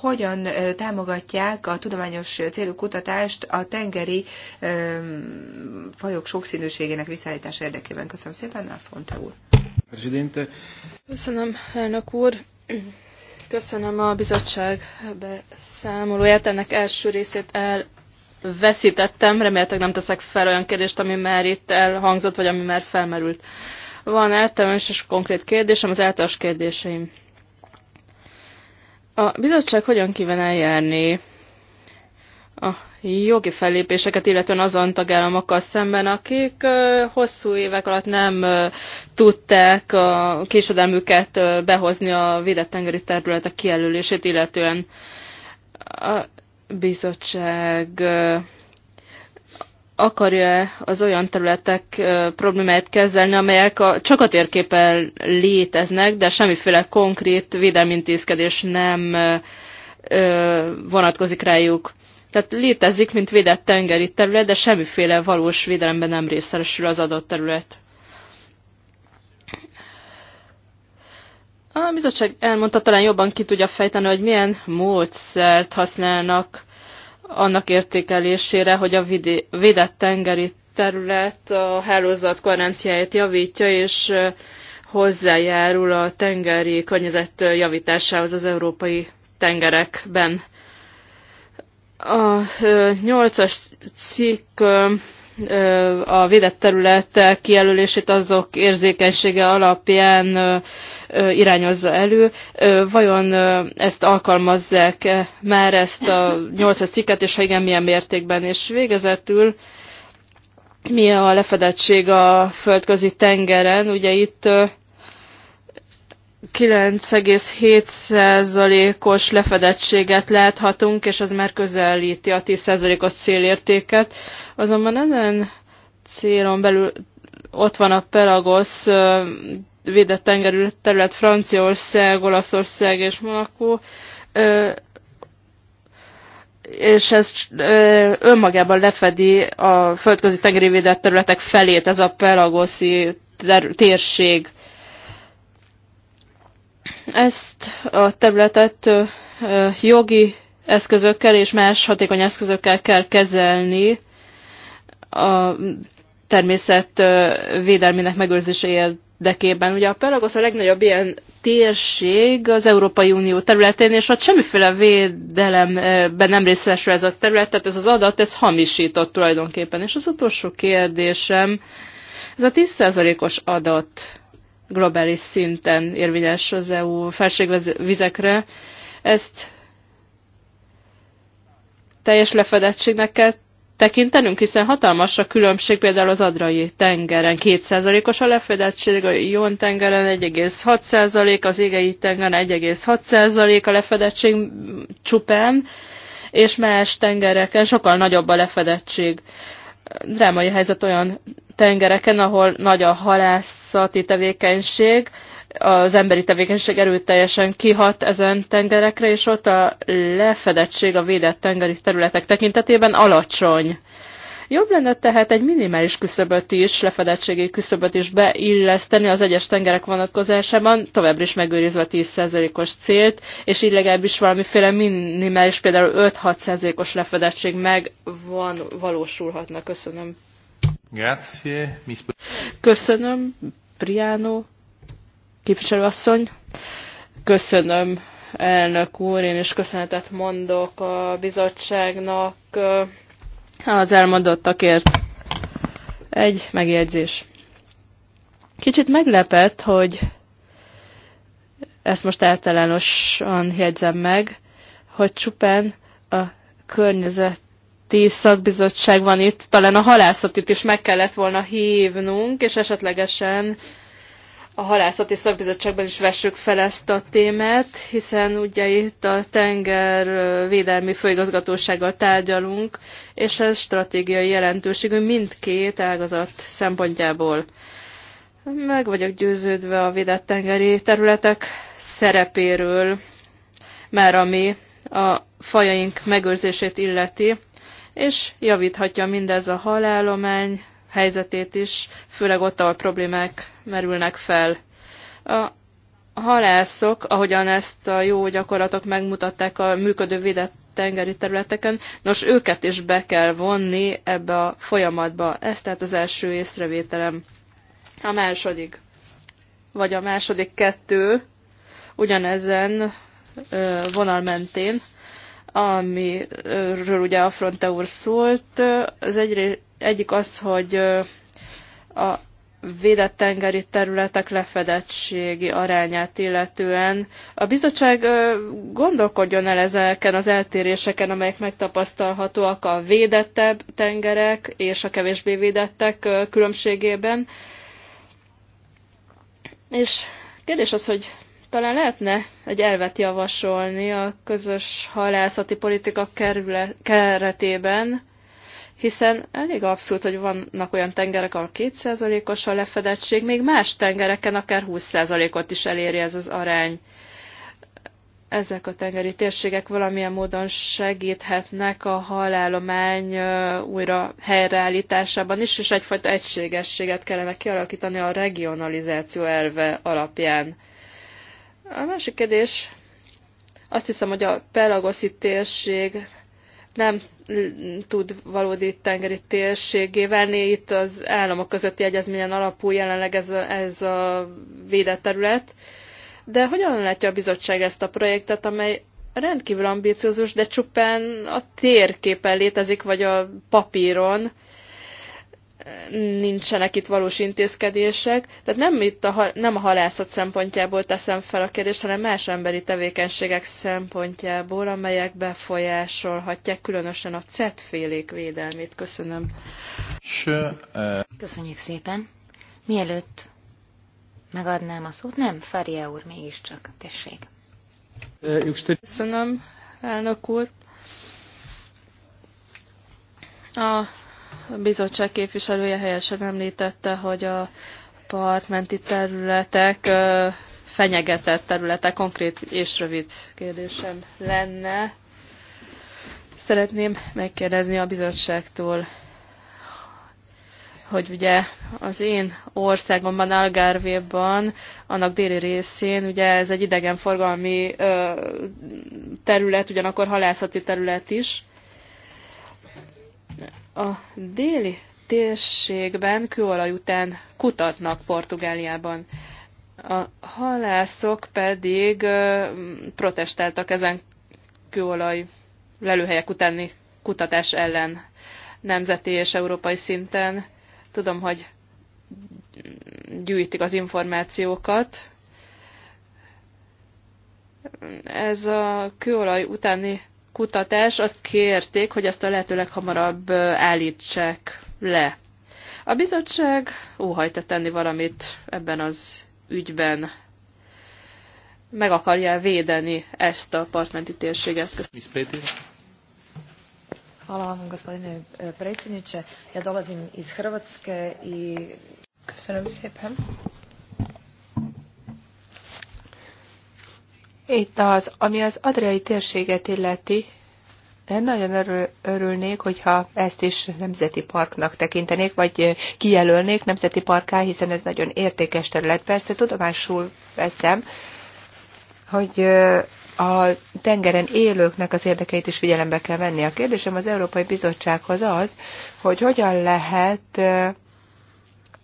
hogyan támogatják a tudományos célú kutatást a tengeri fajok sokszínűségének visszaállítása érdekében. Köszönöm szépen, Alfonta úr. Köszönöm, elnök úr. Köszönöm a bizottság beszámolóját. Ennek első részét elveszítettem. reméltek nem teszek fel olyan kérdést, ami már itt elhangzott, vagy ami már felmerült. Van eltemes és konkrét kérdésem, az általános kérdéseim. A bizottság hogyan kíván eljárni a jogi fellépéseket, illetve azon tagállamokkal szemben, akik hosszú évek alatt nem tudták a késedelmüket behozni a védett tengeri területek kijelölését, illetően a bizottság akarja az olyan területek problémáját kezelni, amelyek a, csak a térképen léteznek, de semmiféle konkrét védelmi intézkedés nem vonatkozik rájuk. Tehát létezik, mint védett tengeri terület, de semmiféle valós védelemben nem részesül az adott terület. A bizottság elmondta, talán jobban ki tudja fejteni, hogy milyen módszert használnak annak értékelésére, hogy a védett tengeri terület a hálózat koherenciáját javítja, és hozzájárul a tengeri környezet javításához az európai tengerekben. A nyolcas cikk a védett területek kijelölését azok érzékenysége alapján irányozza elő. Vajon ezt alkalmazzák -e már ezt a nyolcas cikket, és ha igen, milyen mértékben? És végezetül mi a lefedettség a földközi tengeren? Ugye itt 9,7%-os lefedettséget láthatunk, és ez már közelíti a 10%-os célértéket. Azonban ezen célon belül ott van a Pelagos védett tengerű terület Franciaország, Olaszország és Monaco, és ez önmagában lefedi a földközi tengeri védett területek felét, ez a pelagoszi térség. Ezt a területet jogi eszközökkel és más hatékony eszközökkel kell kezelni a természet védelmének megőrzése érdekében. Ugye a Pelagos a legnagyobb ilyen térség az Európai Unió területén, és ott semmiféle védelemben nem részesül ez a terület, tehát ez az adat, ez hamisított tulajdonképpen. És az utolsó kérdésem, ez a 10%-os adat, globális szinten érvényes az EU felségvizekre. Ezt teljes lefedettségnek kell tekintenünk, hiszen hatalmas a különbség például az Adrai tengeren 2%-os a lefedettség, a Jón tengeren 1,6%, az Égei tengeren 1,6% a lefedettség csupán, és más tengereken sokkal nagyobb a lefedettség drámai helyzet olyan tengereken, ahol nagy a halászati tevékenység, az emberi tevékenység erőteljesen kihat ezen tengerekre, és ott a lefedettség a védett tengeri területek tekintetében alacsony. Jobb lenne tehát egy minimális küszöböt is, lefedettségi küszöböt is beilleszteni az egyes tengerek vonatkozásában, továbbra is megőrizve 10%-os célt, és így legalábbis valamiféle minimális, például 5-6%-os lefedettség meg van, valósulhatna. Köszönöm. Grazie. Köszönöm, Priano képviselőasszony. Köszönöm, elnök úr, én is köszönetet mondok a bizottságnak az elmondottakért. Egy megjegyzés. Kicsit meglepett, hogy ezt most általánosan jegyzem meg, hogy csupán a környezeti szakbizottság van itt, talán a halászatit is meg kellett volna hívnunk, és esetlegesen a halászati szakbizottságban is vessük fel ezt a témát, hiszen ugye itt a tenger védelmi főigazgatósággal tárgyalunk, és ez stratégiai jelentőségű mindkét ágazat szempontjából. Meg vagyok győződve a védett tengeri területek szerepéről, már ami a fajaink megőrzését illeti, és javíthatja mindez a halálomány helyzetét is, főleg ott, ahol problémák merülnek fel. A halászok, ahogyan ezt a jó gyakorlatok megmutatták a működő védett tengeri területeken, nos, őket is be kell vonni ebbe a folyamatba. Ez tehát az első észrevételem. A második, vagy a második kettő ugyanezen vonal mentén, amiről ugye a Fronte úr szólt, az egyre, egyik az, hogy a védett tengeri területek lefedettségi arányát illetően. A bizottság gondolkodjon el ezeken az eltéréseken, amelyek megtapasztalhatóak a védettebb tengerek és a kevésbé védettek különbségében. És kérdés az, hogy talán lehetne egy elvet javasolni a közös halászati politika kerületében. keretében, hiszen elég abszurd, hogy vannak olyan tengerek, ahol 2%-os a lefedettség, még más tengereken akár 20%-ot is eléri ez az arány. Ezek a tengeri térségek valamilyen módon segíthetnek a halállomány újra helyreállításában is, és egyfajta egységességet kellene kialakítani a regionalizáció elve alapján. A másik kérdés, azt hiszem, hogy a pelagoszi térség nem tud valódi tengeri térségé válni. Itt az államok közötti egyezményen alapul jelenleg ez a, ez a védett terület. De hogyan látja a bizottság ezt a projektet, amely rendkívül ambiciózus, de csupán a térképen létezik, vagy a papíron, nincsenek itt valós intézkedések. Tehát nem, itt a, nem a halászat szempontjából teszem fel a kérdést, hanem más emberi tevékenységek szempontjából, amelyek befolyásolhatják különösen a cetfélék védelmét. Köszönöm. Uh, Köszönjük szépen. Mielőtt megadnám a szót, nem, Faria úr mégiscsak, tessék. Köszönöm, elnök úr. A bizottság képviselője helyesen említette, hogy a partmenti területek fenyegetett területek, konkrét és rövid kérdésem lenne. Szeretném megkérdezni a bizottságtól, hogy ugye az én országomban, Algárvéban, annak déli részén, ugye ez egy idegenforgalmi terület, ugyanakkor halászati terület is, a déli térségben kőolaj után kutatnak Portugáliában. A halászok pedig protestáltak ezen kőolaj lelőhelyek utáni kutatás ellen nemzeti és európai szinten. Tudom, hogy gyűjtik az információkat. Ez a kőolaj utáni kutatás, azt kérték, hogy ezt a lehető leghamarabb állítsák le. A bizottság óhajta tenni valamit ebben az ügyben. Meg akarja védeni ezt a partmenti térséget. Hvala vam, gospodine predsjedniče. Ja dolazim iz Hrvatske i... Köszönöm szépen. Itt az, ami az adriai térséget illeti, én nagyon örül, örülnék, hogyha ezt is nemzeti parknak tekintenék, vagy kijelölnék nemzeti parká, hiszen ez nagyon értékes terület. Persze tudomásul veszem, hogy a tengeren élőknek az érdekeit is figyelembe kell venni. A kérdésem az Európai Bizottsághoz az, hogy hogyan lehet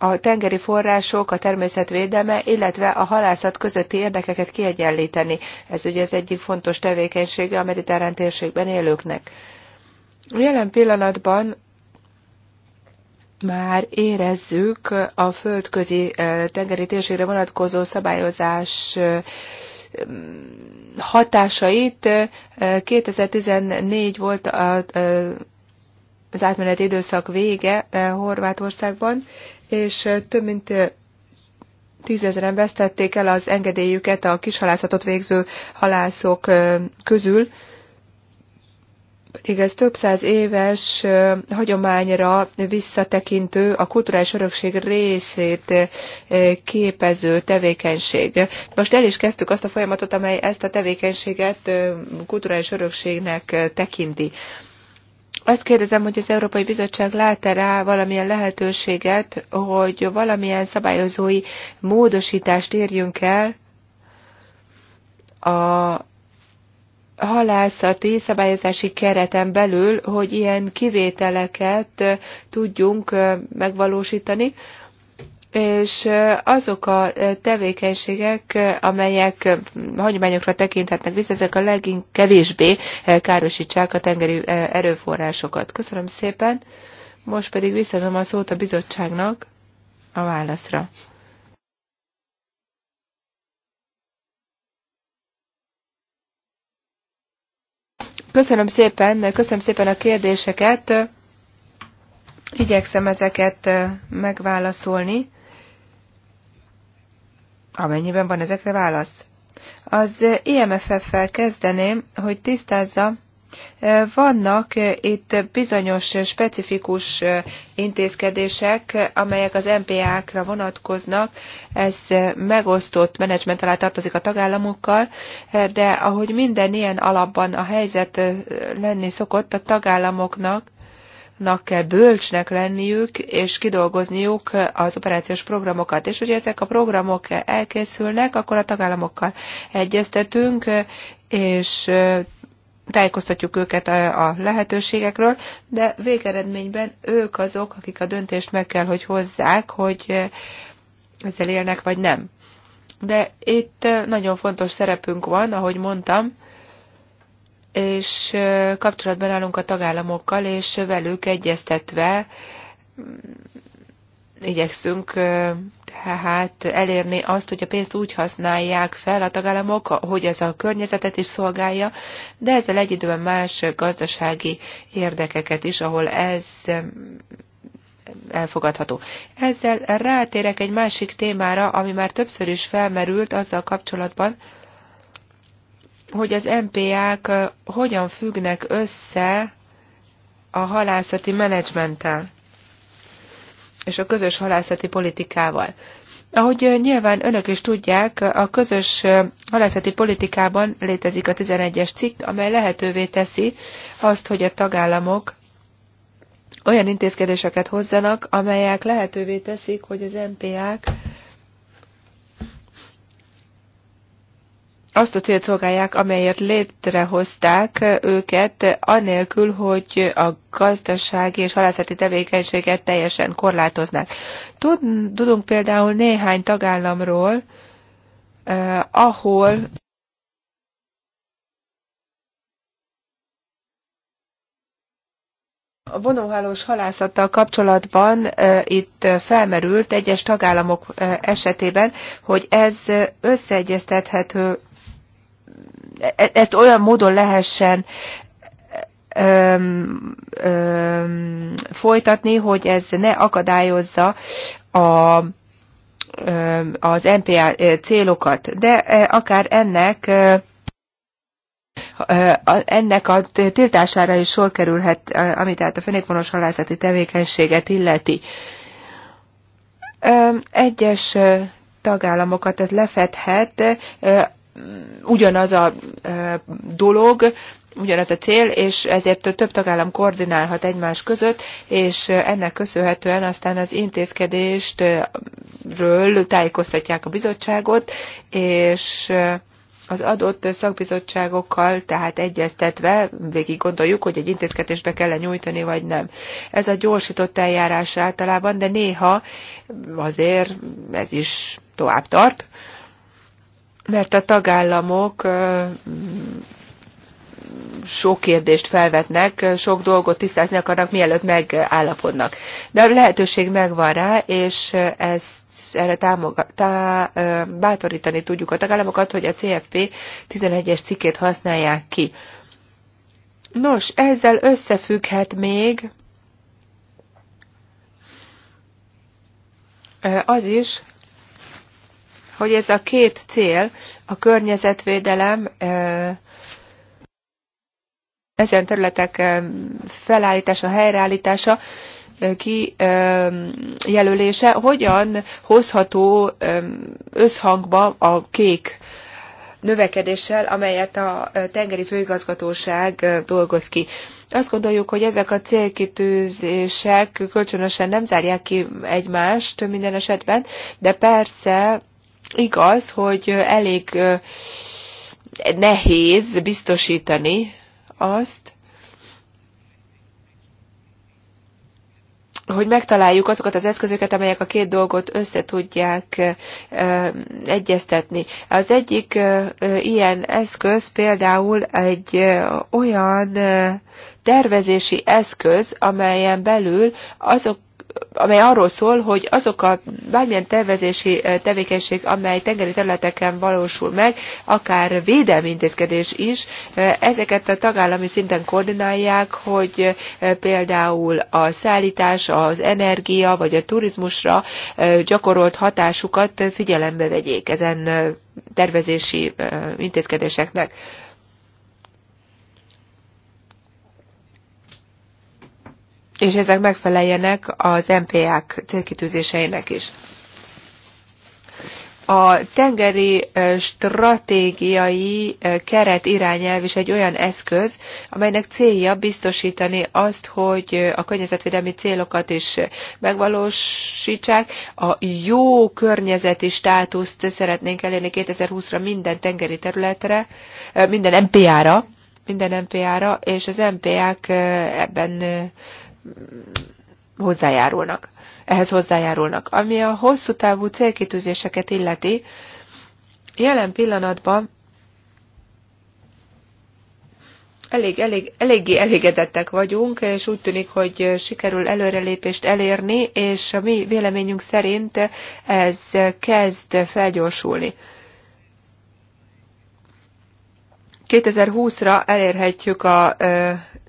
a tengeri források, a természet védelme, illetve a halászat közötti érdekeket kiegyenlíteni. Ez ugye az egyik fontos tevékenysége a mediterrán térségben élőknek. Jelen pillanatban már érezzük a földközi eh, tengeri térségre vonatkozó szabályozás eh, hatásait. 2014 eh, volt az átmeneti időszak vége Horvátországban, és több mint tízezeren vesztették el az engedélyüket a kishalászatot végző halászok közül, pedig ez több száz éves hagyományra visszatekintő, a kulturális örökség részét képező tevékenység. Most el is kezdtük azt a folyamatot, amely ezt a tevékenységet kulturális örökségnek tekinti. Azt kérdezem, hogy az Európai Bizottság lát-e rá valamilyen lehetőséget, hogy valamilyen szabályozói módosítást érjünk el a halászati szabályozási kereten belül, hogy ilyen kivételeket tudjunk megvalósítani, és azok a tevékenységek, amelyek hagyományokra tekinthetnek vissza, ezek a legkevésbé károsítsák a tengeri erőforrásokat. Köszönöm szépen, most pedig visszadom a szót a bizottságnak a válaszra. Köszönöm szépen, köszönöm szépen a kérdéseket. Igyekszem ezeket megválaszolni amennyiben van ezekre válasz. Az IMFF-fel kezdeném, hogy tisztázza, eh, vannak eh, itt bizonyos eh, specifikus intézkedések, amelyek az MPA-kra vonatkoznak. Ez megosztott menedzsment alá tartozik a tagállamokkal, de ahogy minden ilyen alapban a helyzet lenni szokott, a tagállamoknak nak kell bölcsnek lenniük, és kidolgozniuk az operációs programokat. És ugye ezek a programok elkészülnek, akkor a tagállamokkal egyeztetünk, és tájékoztatjuk őket a, a lehetőségekről, de végeredményben ők azok, akik a döntést meg kell, hogy hozzák, hogy ezzel élnek vagy nem. De itt nagyon fontos szerepünk van, ahogy mondtam, és kapcsolatban állunk a tagállamokkal, és velük egyeztetve mm, igyekszünk tehát elérni azt, hogy a pénzt úgy használják fel a tagállamok, hogy ez a környezetet is szolgálja, de ezzel egy időben más gazdasági érdekeket is, ahol ez elfogadható. Ezzel rátérek egy másik témára, ami már többször is felmerült azzal kapcsolatban, hogy az MPA-k hogyan függnek össze a halászati menedzsmenttel és a közös halászati politikával. Ahogy nyilván önök is tudják, a közös halászati politikában létezik a 11-es cikk, amely lehetővé teszi azt, hogy a tagállamok olyan intézkedéseket hozzanak, amelyek lehetővé teszik, hogy az MPA-k azt a célt szolgálják, amelyet létrehozták őket, anélkül, hogy a gazdasági és halászati tevékenységet teljesen korlátoznák. Tudunk például néhány tagállamról, eh, ahol A vonóhálós halászattal kapcsolatban eh, itt felmerült egyes tagállamok eh, esetében, hogy ez összeegyeztethető E-, ezt olyan módon lehessen öm, öm, folytatni, hogy ez ne akadályozza a öm, az MPA célokat, de akár ennek ennek a tiltására is sor kerülhet, ami tehát a fenékvonos halászati tevékenységet illeti. Egyes tagállamokat ez lefedhet, ugyanaz a dolog, ugyanaz a cél, és ezért több tagállam koordinálhat egymás között, és ennek köszönhetően aztán az intézkedést ről tájékoztatják a bizottságot, és az adott szakbizottságokkal, tehát egyeztetve végig gondoljuk, hogy egy intézkedésbe kell -e nyújtani, vagy nem. Ez a gyorsított eljárás általában, de néha azért ez is tovább tart mert a tagállamok sok kérdést felvetnek, sok dolgot tisztázni akarnak, mielőtt megállapodnak. De a lehetőség megvan rá, és ezt erre támoga, tá, bátorítani tudjuk a tagállamokat, hogy a CFP 11-es cikkét használják ki. Nos, ezzel összefügghet még az is, hogy ez a két cél, a környezetvédelem, ezen területek felállítása, helyreállítása, kijelölése hogyan hozható összhangba a kék növekedéssel, amelyet a tengeri főigazgatóság dolgoz ki. Azt gondoljuk, hogy ezek a célkitűzések kölcsönösen nem zárják ki egymást minden esetben, de persze Igaz, hogy elég nehéz biztosítani azt, hogy megtaláljuk azokat az eszközöket, amelyek a két dolgot összetudják egyeztetni. Az egyik ilyen eszköz például egy olyan tervezési eszköz, amelyen belül azok amely arról szól, hogy azok a bármilyen tervezési tevékenység, amely tengeri területeken valósul meg, akár védelmi intézkedés is, ezeket a tagállami szinten koordinálják, hogy például a szállítás, az energia vagy a turizmusra gyakorolt hatásukat figyelembe vegyék ezen tervezési intézkedéseknek. és ezek megfeleljenek az MPA-k célkitűzéseinek is. A tengeri stratégiai keret irányelv is egy olyan eszköz, amelynek célja biztosítani azt, hogy a környezetvédelmi célokat is megvalósítsák. A jó környezeti státuszt szeretnénk elérni 2020-ra minden tengeri területre, minden MPA-ra, minden MPA-ra, és az MPA-k ebben hozzájárulnak. Ehhez hozzájárulnak. Ami a hosszú távú célkitűzéseket illeti, jelen pillanatban elég, elég, eléggé elégedettek vagyunk, és úgy tűnik, hogy sikerül előrelépést elérni, és a mi véleményünk szerint ez kezd felgyorsulni. 2020-ra elérhetjük a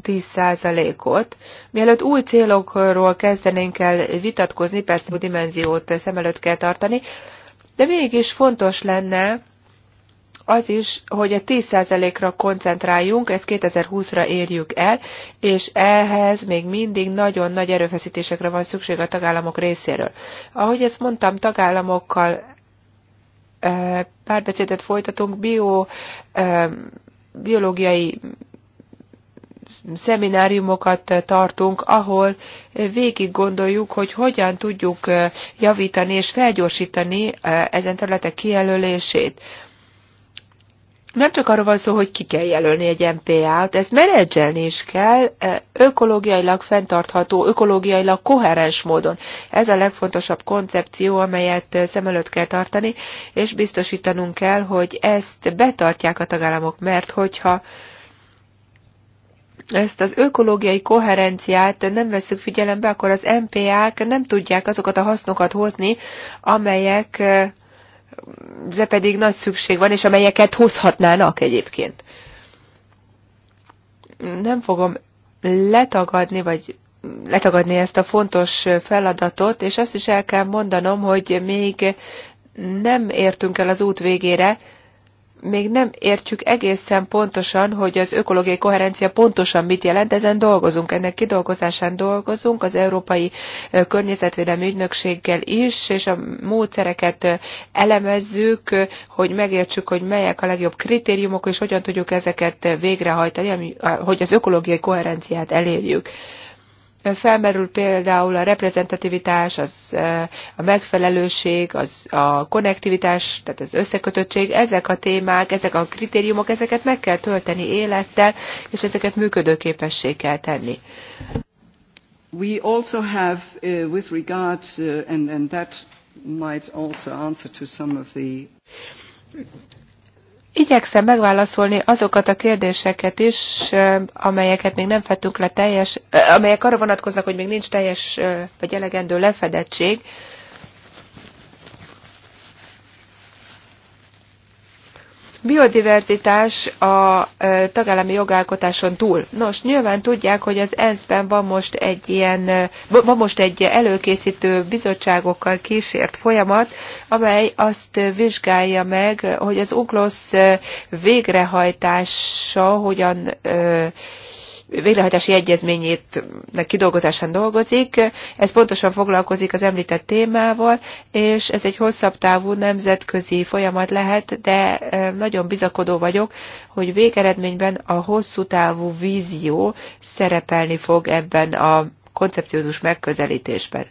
10%-ot. Mielőtt új célokról kezdenénk el vitatkozni, persze a dimenziót szem előtt kell tartani, de mégis fontos lenne az is, hogy a 10%-ra koncentráljunk, ezt 2020-ra érjük el, és ehhez még mindig nagyon nagy erőfeszítésekre van szükség a tagállamok részéről. Ahogy ezt mondtam, tagállamokkal párbeszédet folytatunk, bio biológiai szemináriumokat tartunk, ahol végig gondoljuk, hogy hogyan tudjuk javítani és felgyorsítani eh, ezen területek kijelölését nem csak arról van szó, hogy ki kell jelölni egy MPA-t, ezt menedzselni is kell e, ökológiailag fenntartható, ökológiailag koherens módon. Ez a legfontosabb koncepció, amelyet e, szem előtt kell tartani, és biztosítanunk kell, hogy ezt betartják a tagállamok, mert hogyha ezt az ökológiai koherenciát nem veszük figyelembe, akkor az MPA-k nem tudják azokat a hasznokat hozni, amelyek e, amelyekre pedig nagy szükség van, és amelyeket hozhatnának egyébként. Nem fogom letagadni, vagy letagadni ezt a fontos feladatot, és azt is el kell mondanom, hogy még nem értünk el az út végére, még nem értjük egészen pontosan, hogy az ökológiai koherencia pontosan mit jelent, ezen dolgozunk, ennek kidolgozásán dolgozunk, az Európai Környezetvédelmi Ügynökséggel is, és a módszereket elemezzük, hogy megértsük, hogy melyek a legjobb kritériumok, és hogyan tudjuk ezeket végrehajtani, hogy az ökológiai koherenciát elérjük. Felmerül például a reprezentativitás, az, a megfelelőség, az, a konnektivitás, tehát az összekötöttség, ezek a témák, ezek a kritériumok, ezeket meg kell tölteni élettel, és ezeket működőképessé kell tenni. We also have, uh, with regard, uh, and, and that might also answer to some of the Igyekszem megválaszolni azokat a kérdéseket is, amelyeket még nem fettünk le teljes, amelyek arra vonatkoznak, hogy még nincs teljes vagy elegendő lefedettség Biodiverzitás a tagállami jogalkotáson túl. Nos, nyilván tudják, hogy az ENSZ-ben van most egy ilyen, van most egy előkészítő bizottságokkal kísért folyamat, amely azt vizsgálja meg, hogy az UGLOSZ végrehajtása hogyan végrehajtási egyezményét kidolgozásán dolgozik. Ez pontosan foglalkozik az említett témával, és ez egy hosszabb távú nemzetközi folyamat lehet, de e, nagyon bizakodó vagyok, hogy végeredményben a hosszú távú vízió szerepelni fog ebben a koncepciózus megközelítésben.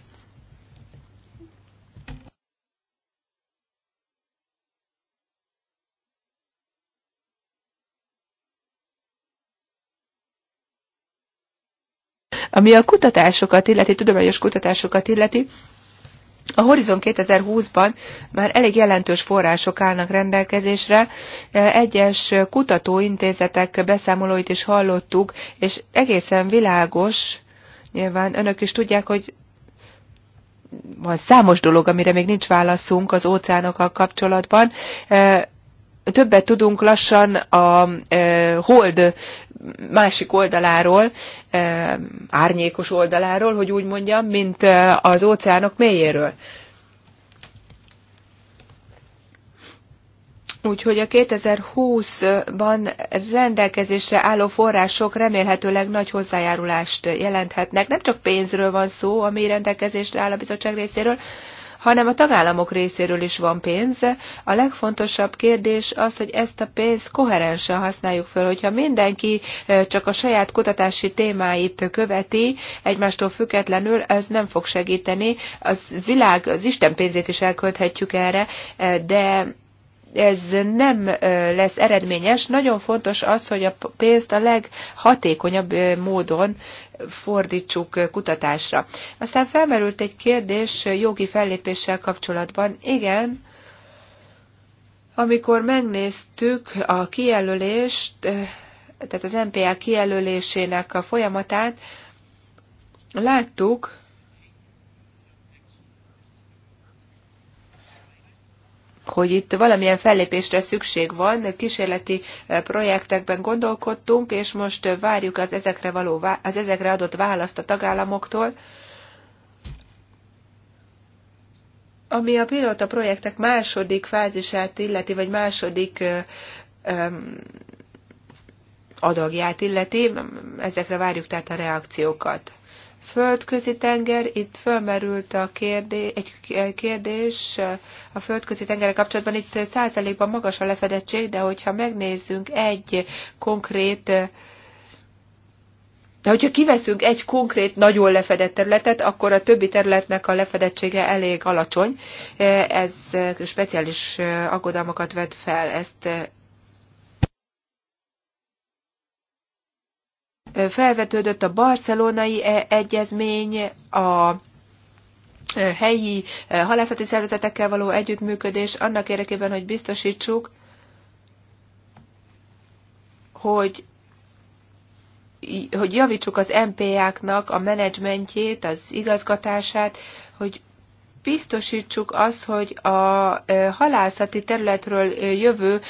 Ami a kutatásokat illeti, tudományos kutatásokat illeti, a Horizon 2020-ban már elég jelentős források állnak rendelkezésre, egyes kutatóintézetek beszámolóit is hallottuk, és egészen világos, nyilván önök is tudják, hogy van számos dolog, amire még nincs válaszunk az óceánokkal kapcsolatban többet tudunk lassan a e, hold másik oldaláról, e, árnyékos oldaláról, hogy úgy mondjam, mint e, az óceánok mélyéről. Úgyhogy a 2020-ban rendelkezésre álló források remélhetőleg nagy hozzájárulást jelenthetnek. Nem csak pénzről van szó, ami rendelkezésre áll a bizottság részéről, hanem a tagállamok részéről is van pénz. A legfontosabb kérdés az, hogy ezt a pénzt koherensen használjuk fel, Hogyha mindenki csak a saját kutatási témáit követi, egymástól függetlenül, ez nem fog segíteni. Az világ, az Isten pénzét is elkölthetjük erre, de ez nem lesz eredményes. Nagyon fontos az, hogy a pénzt a leghatékonyabb módon fordítsuk kutatásra. Aztán felmerült egy kérdés jogi fellépéssel kapcsolatban. Igen, amikor megnéztük a kijelölést, tehát az MPA kijelölésének a folyamatát, láttuk, hogy itt valamilyen fellépésre szükség van, kísérleti eh, projektekben gondolkodtunk, és most eh, várjuk az ezekre, való, az ezekre adott választ a tagállamoktól. Ami a pilóta projektek második fázisát illeti, vagy második eh, adagját illeti, ezekre várjuk tehát a reakciókat földközi tenger, itt fölmerült a kérdés, egy kérdés a földközi tengerre kapcsolatban, itt százalékban magas a lefedettség, de hogyha megnézzünk egy konkrét de hogyha kiveszünk egy konkrét, nagyon lefedett területet, akkor a többi területnek a lefedettsége elég alacsony. Ez speciális aggodalmakat vet fel, ezt felvetődött a barcelonai e, egyezmény, a helyi halászati szervezetekkel való együttműködés annak érdekében, hogy biztosítsuk, hogy hogy javítsuk az MPA-knak a menedzsmentjét, az igazgatását, hogy biztosítsuk azt, hogy a halászati területről jövő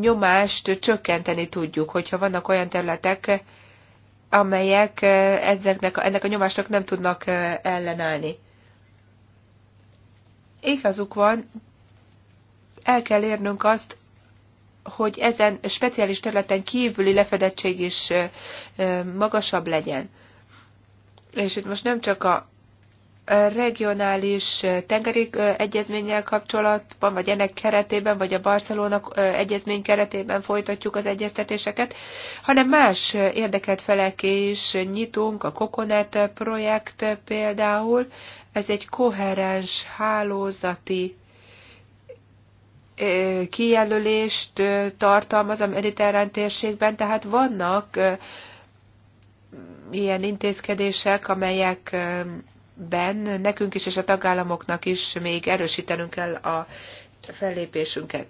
nyomást csökkenteni tudjuk, hogyha vannak olyan területek, amelyek ezeknek, ennek a nyomásnak nem tudnak ellenállni. Igazuk van, el kell érnünk azt, hogy ezen speciális területen kívüli lefedettség is magasabb legyen. És itt most nem csak a regionális tengeri egyezménnyel kapcsolatban, vagy ennek keretében, vagy a Barcelona egyezmény keretében folytatjuk az egyeztetéseket, hanem más érdekelt felek is nyitunk, a Coconut projekt például, ez egy koherens hálózati kijelölést tartalmaz a mediterrán térségben, tehát vannak ilyen intézkedések, amelyek ben nekünk is és a tagállamoknak is még erősítenünk kell a fellépésünket.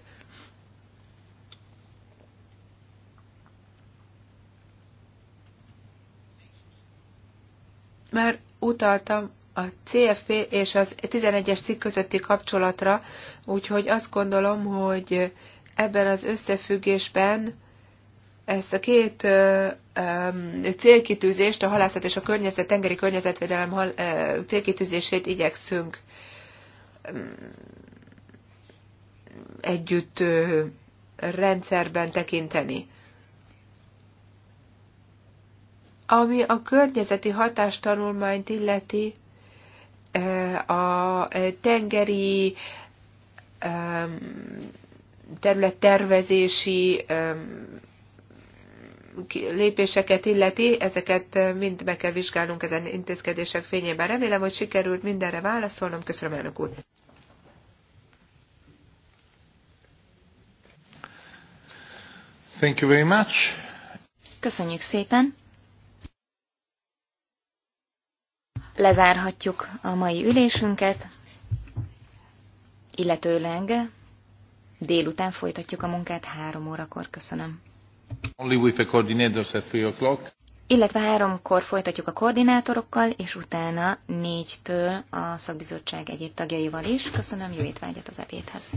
Már utaltam a CFP és az 11-es cikk közötti kapcsolatra, úgyhogy azt gondolom, hogy ebben az összefüggésben ezt a két célkitűzést, a halászat és a környezet, tengeri környezetvédelem hal, célkitűzését igyekszünk együtt rendszerben tekinteni. Ami a környezeti hatástanulmányt illeti, a tengeri területtervezési lépéseket illeti, ezeket mind meg kell vizsgálnunk ezen intézkedések fényében. Remélem, hogy sikerült mindenre válaszolnom. Köszönöm, elnök úr! Thank you very much. Köszönjük szépen! Lezárhatjuk a mai ülésünket, illetőleg délután folytatjuk a munkát három órakor. Köszönöm. Illetve háromkor folytatjuk a koordinátorokkal, és utána négytől a szakbizottság egyéb tagjaival is. Köszönöm jó étvágyat az ebédhez.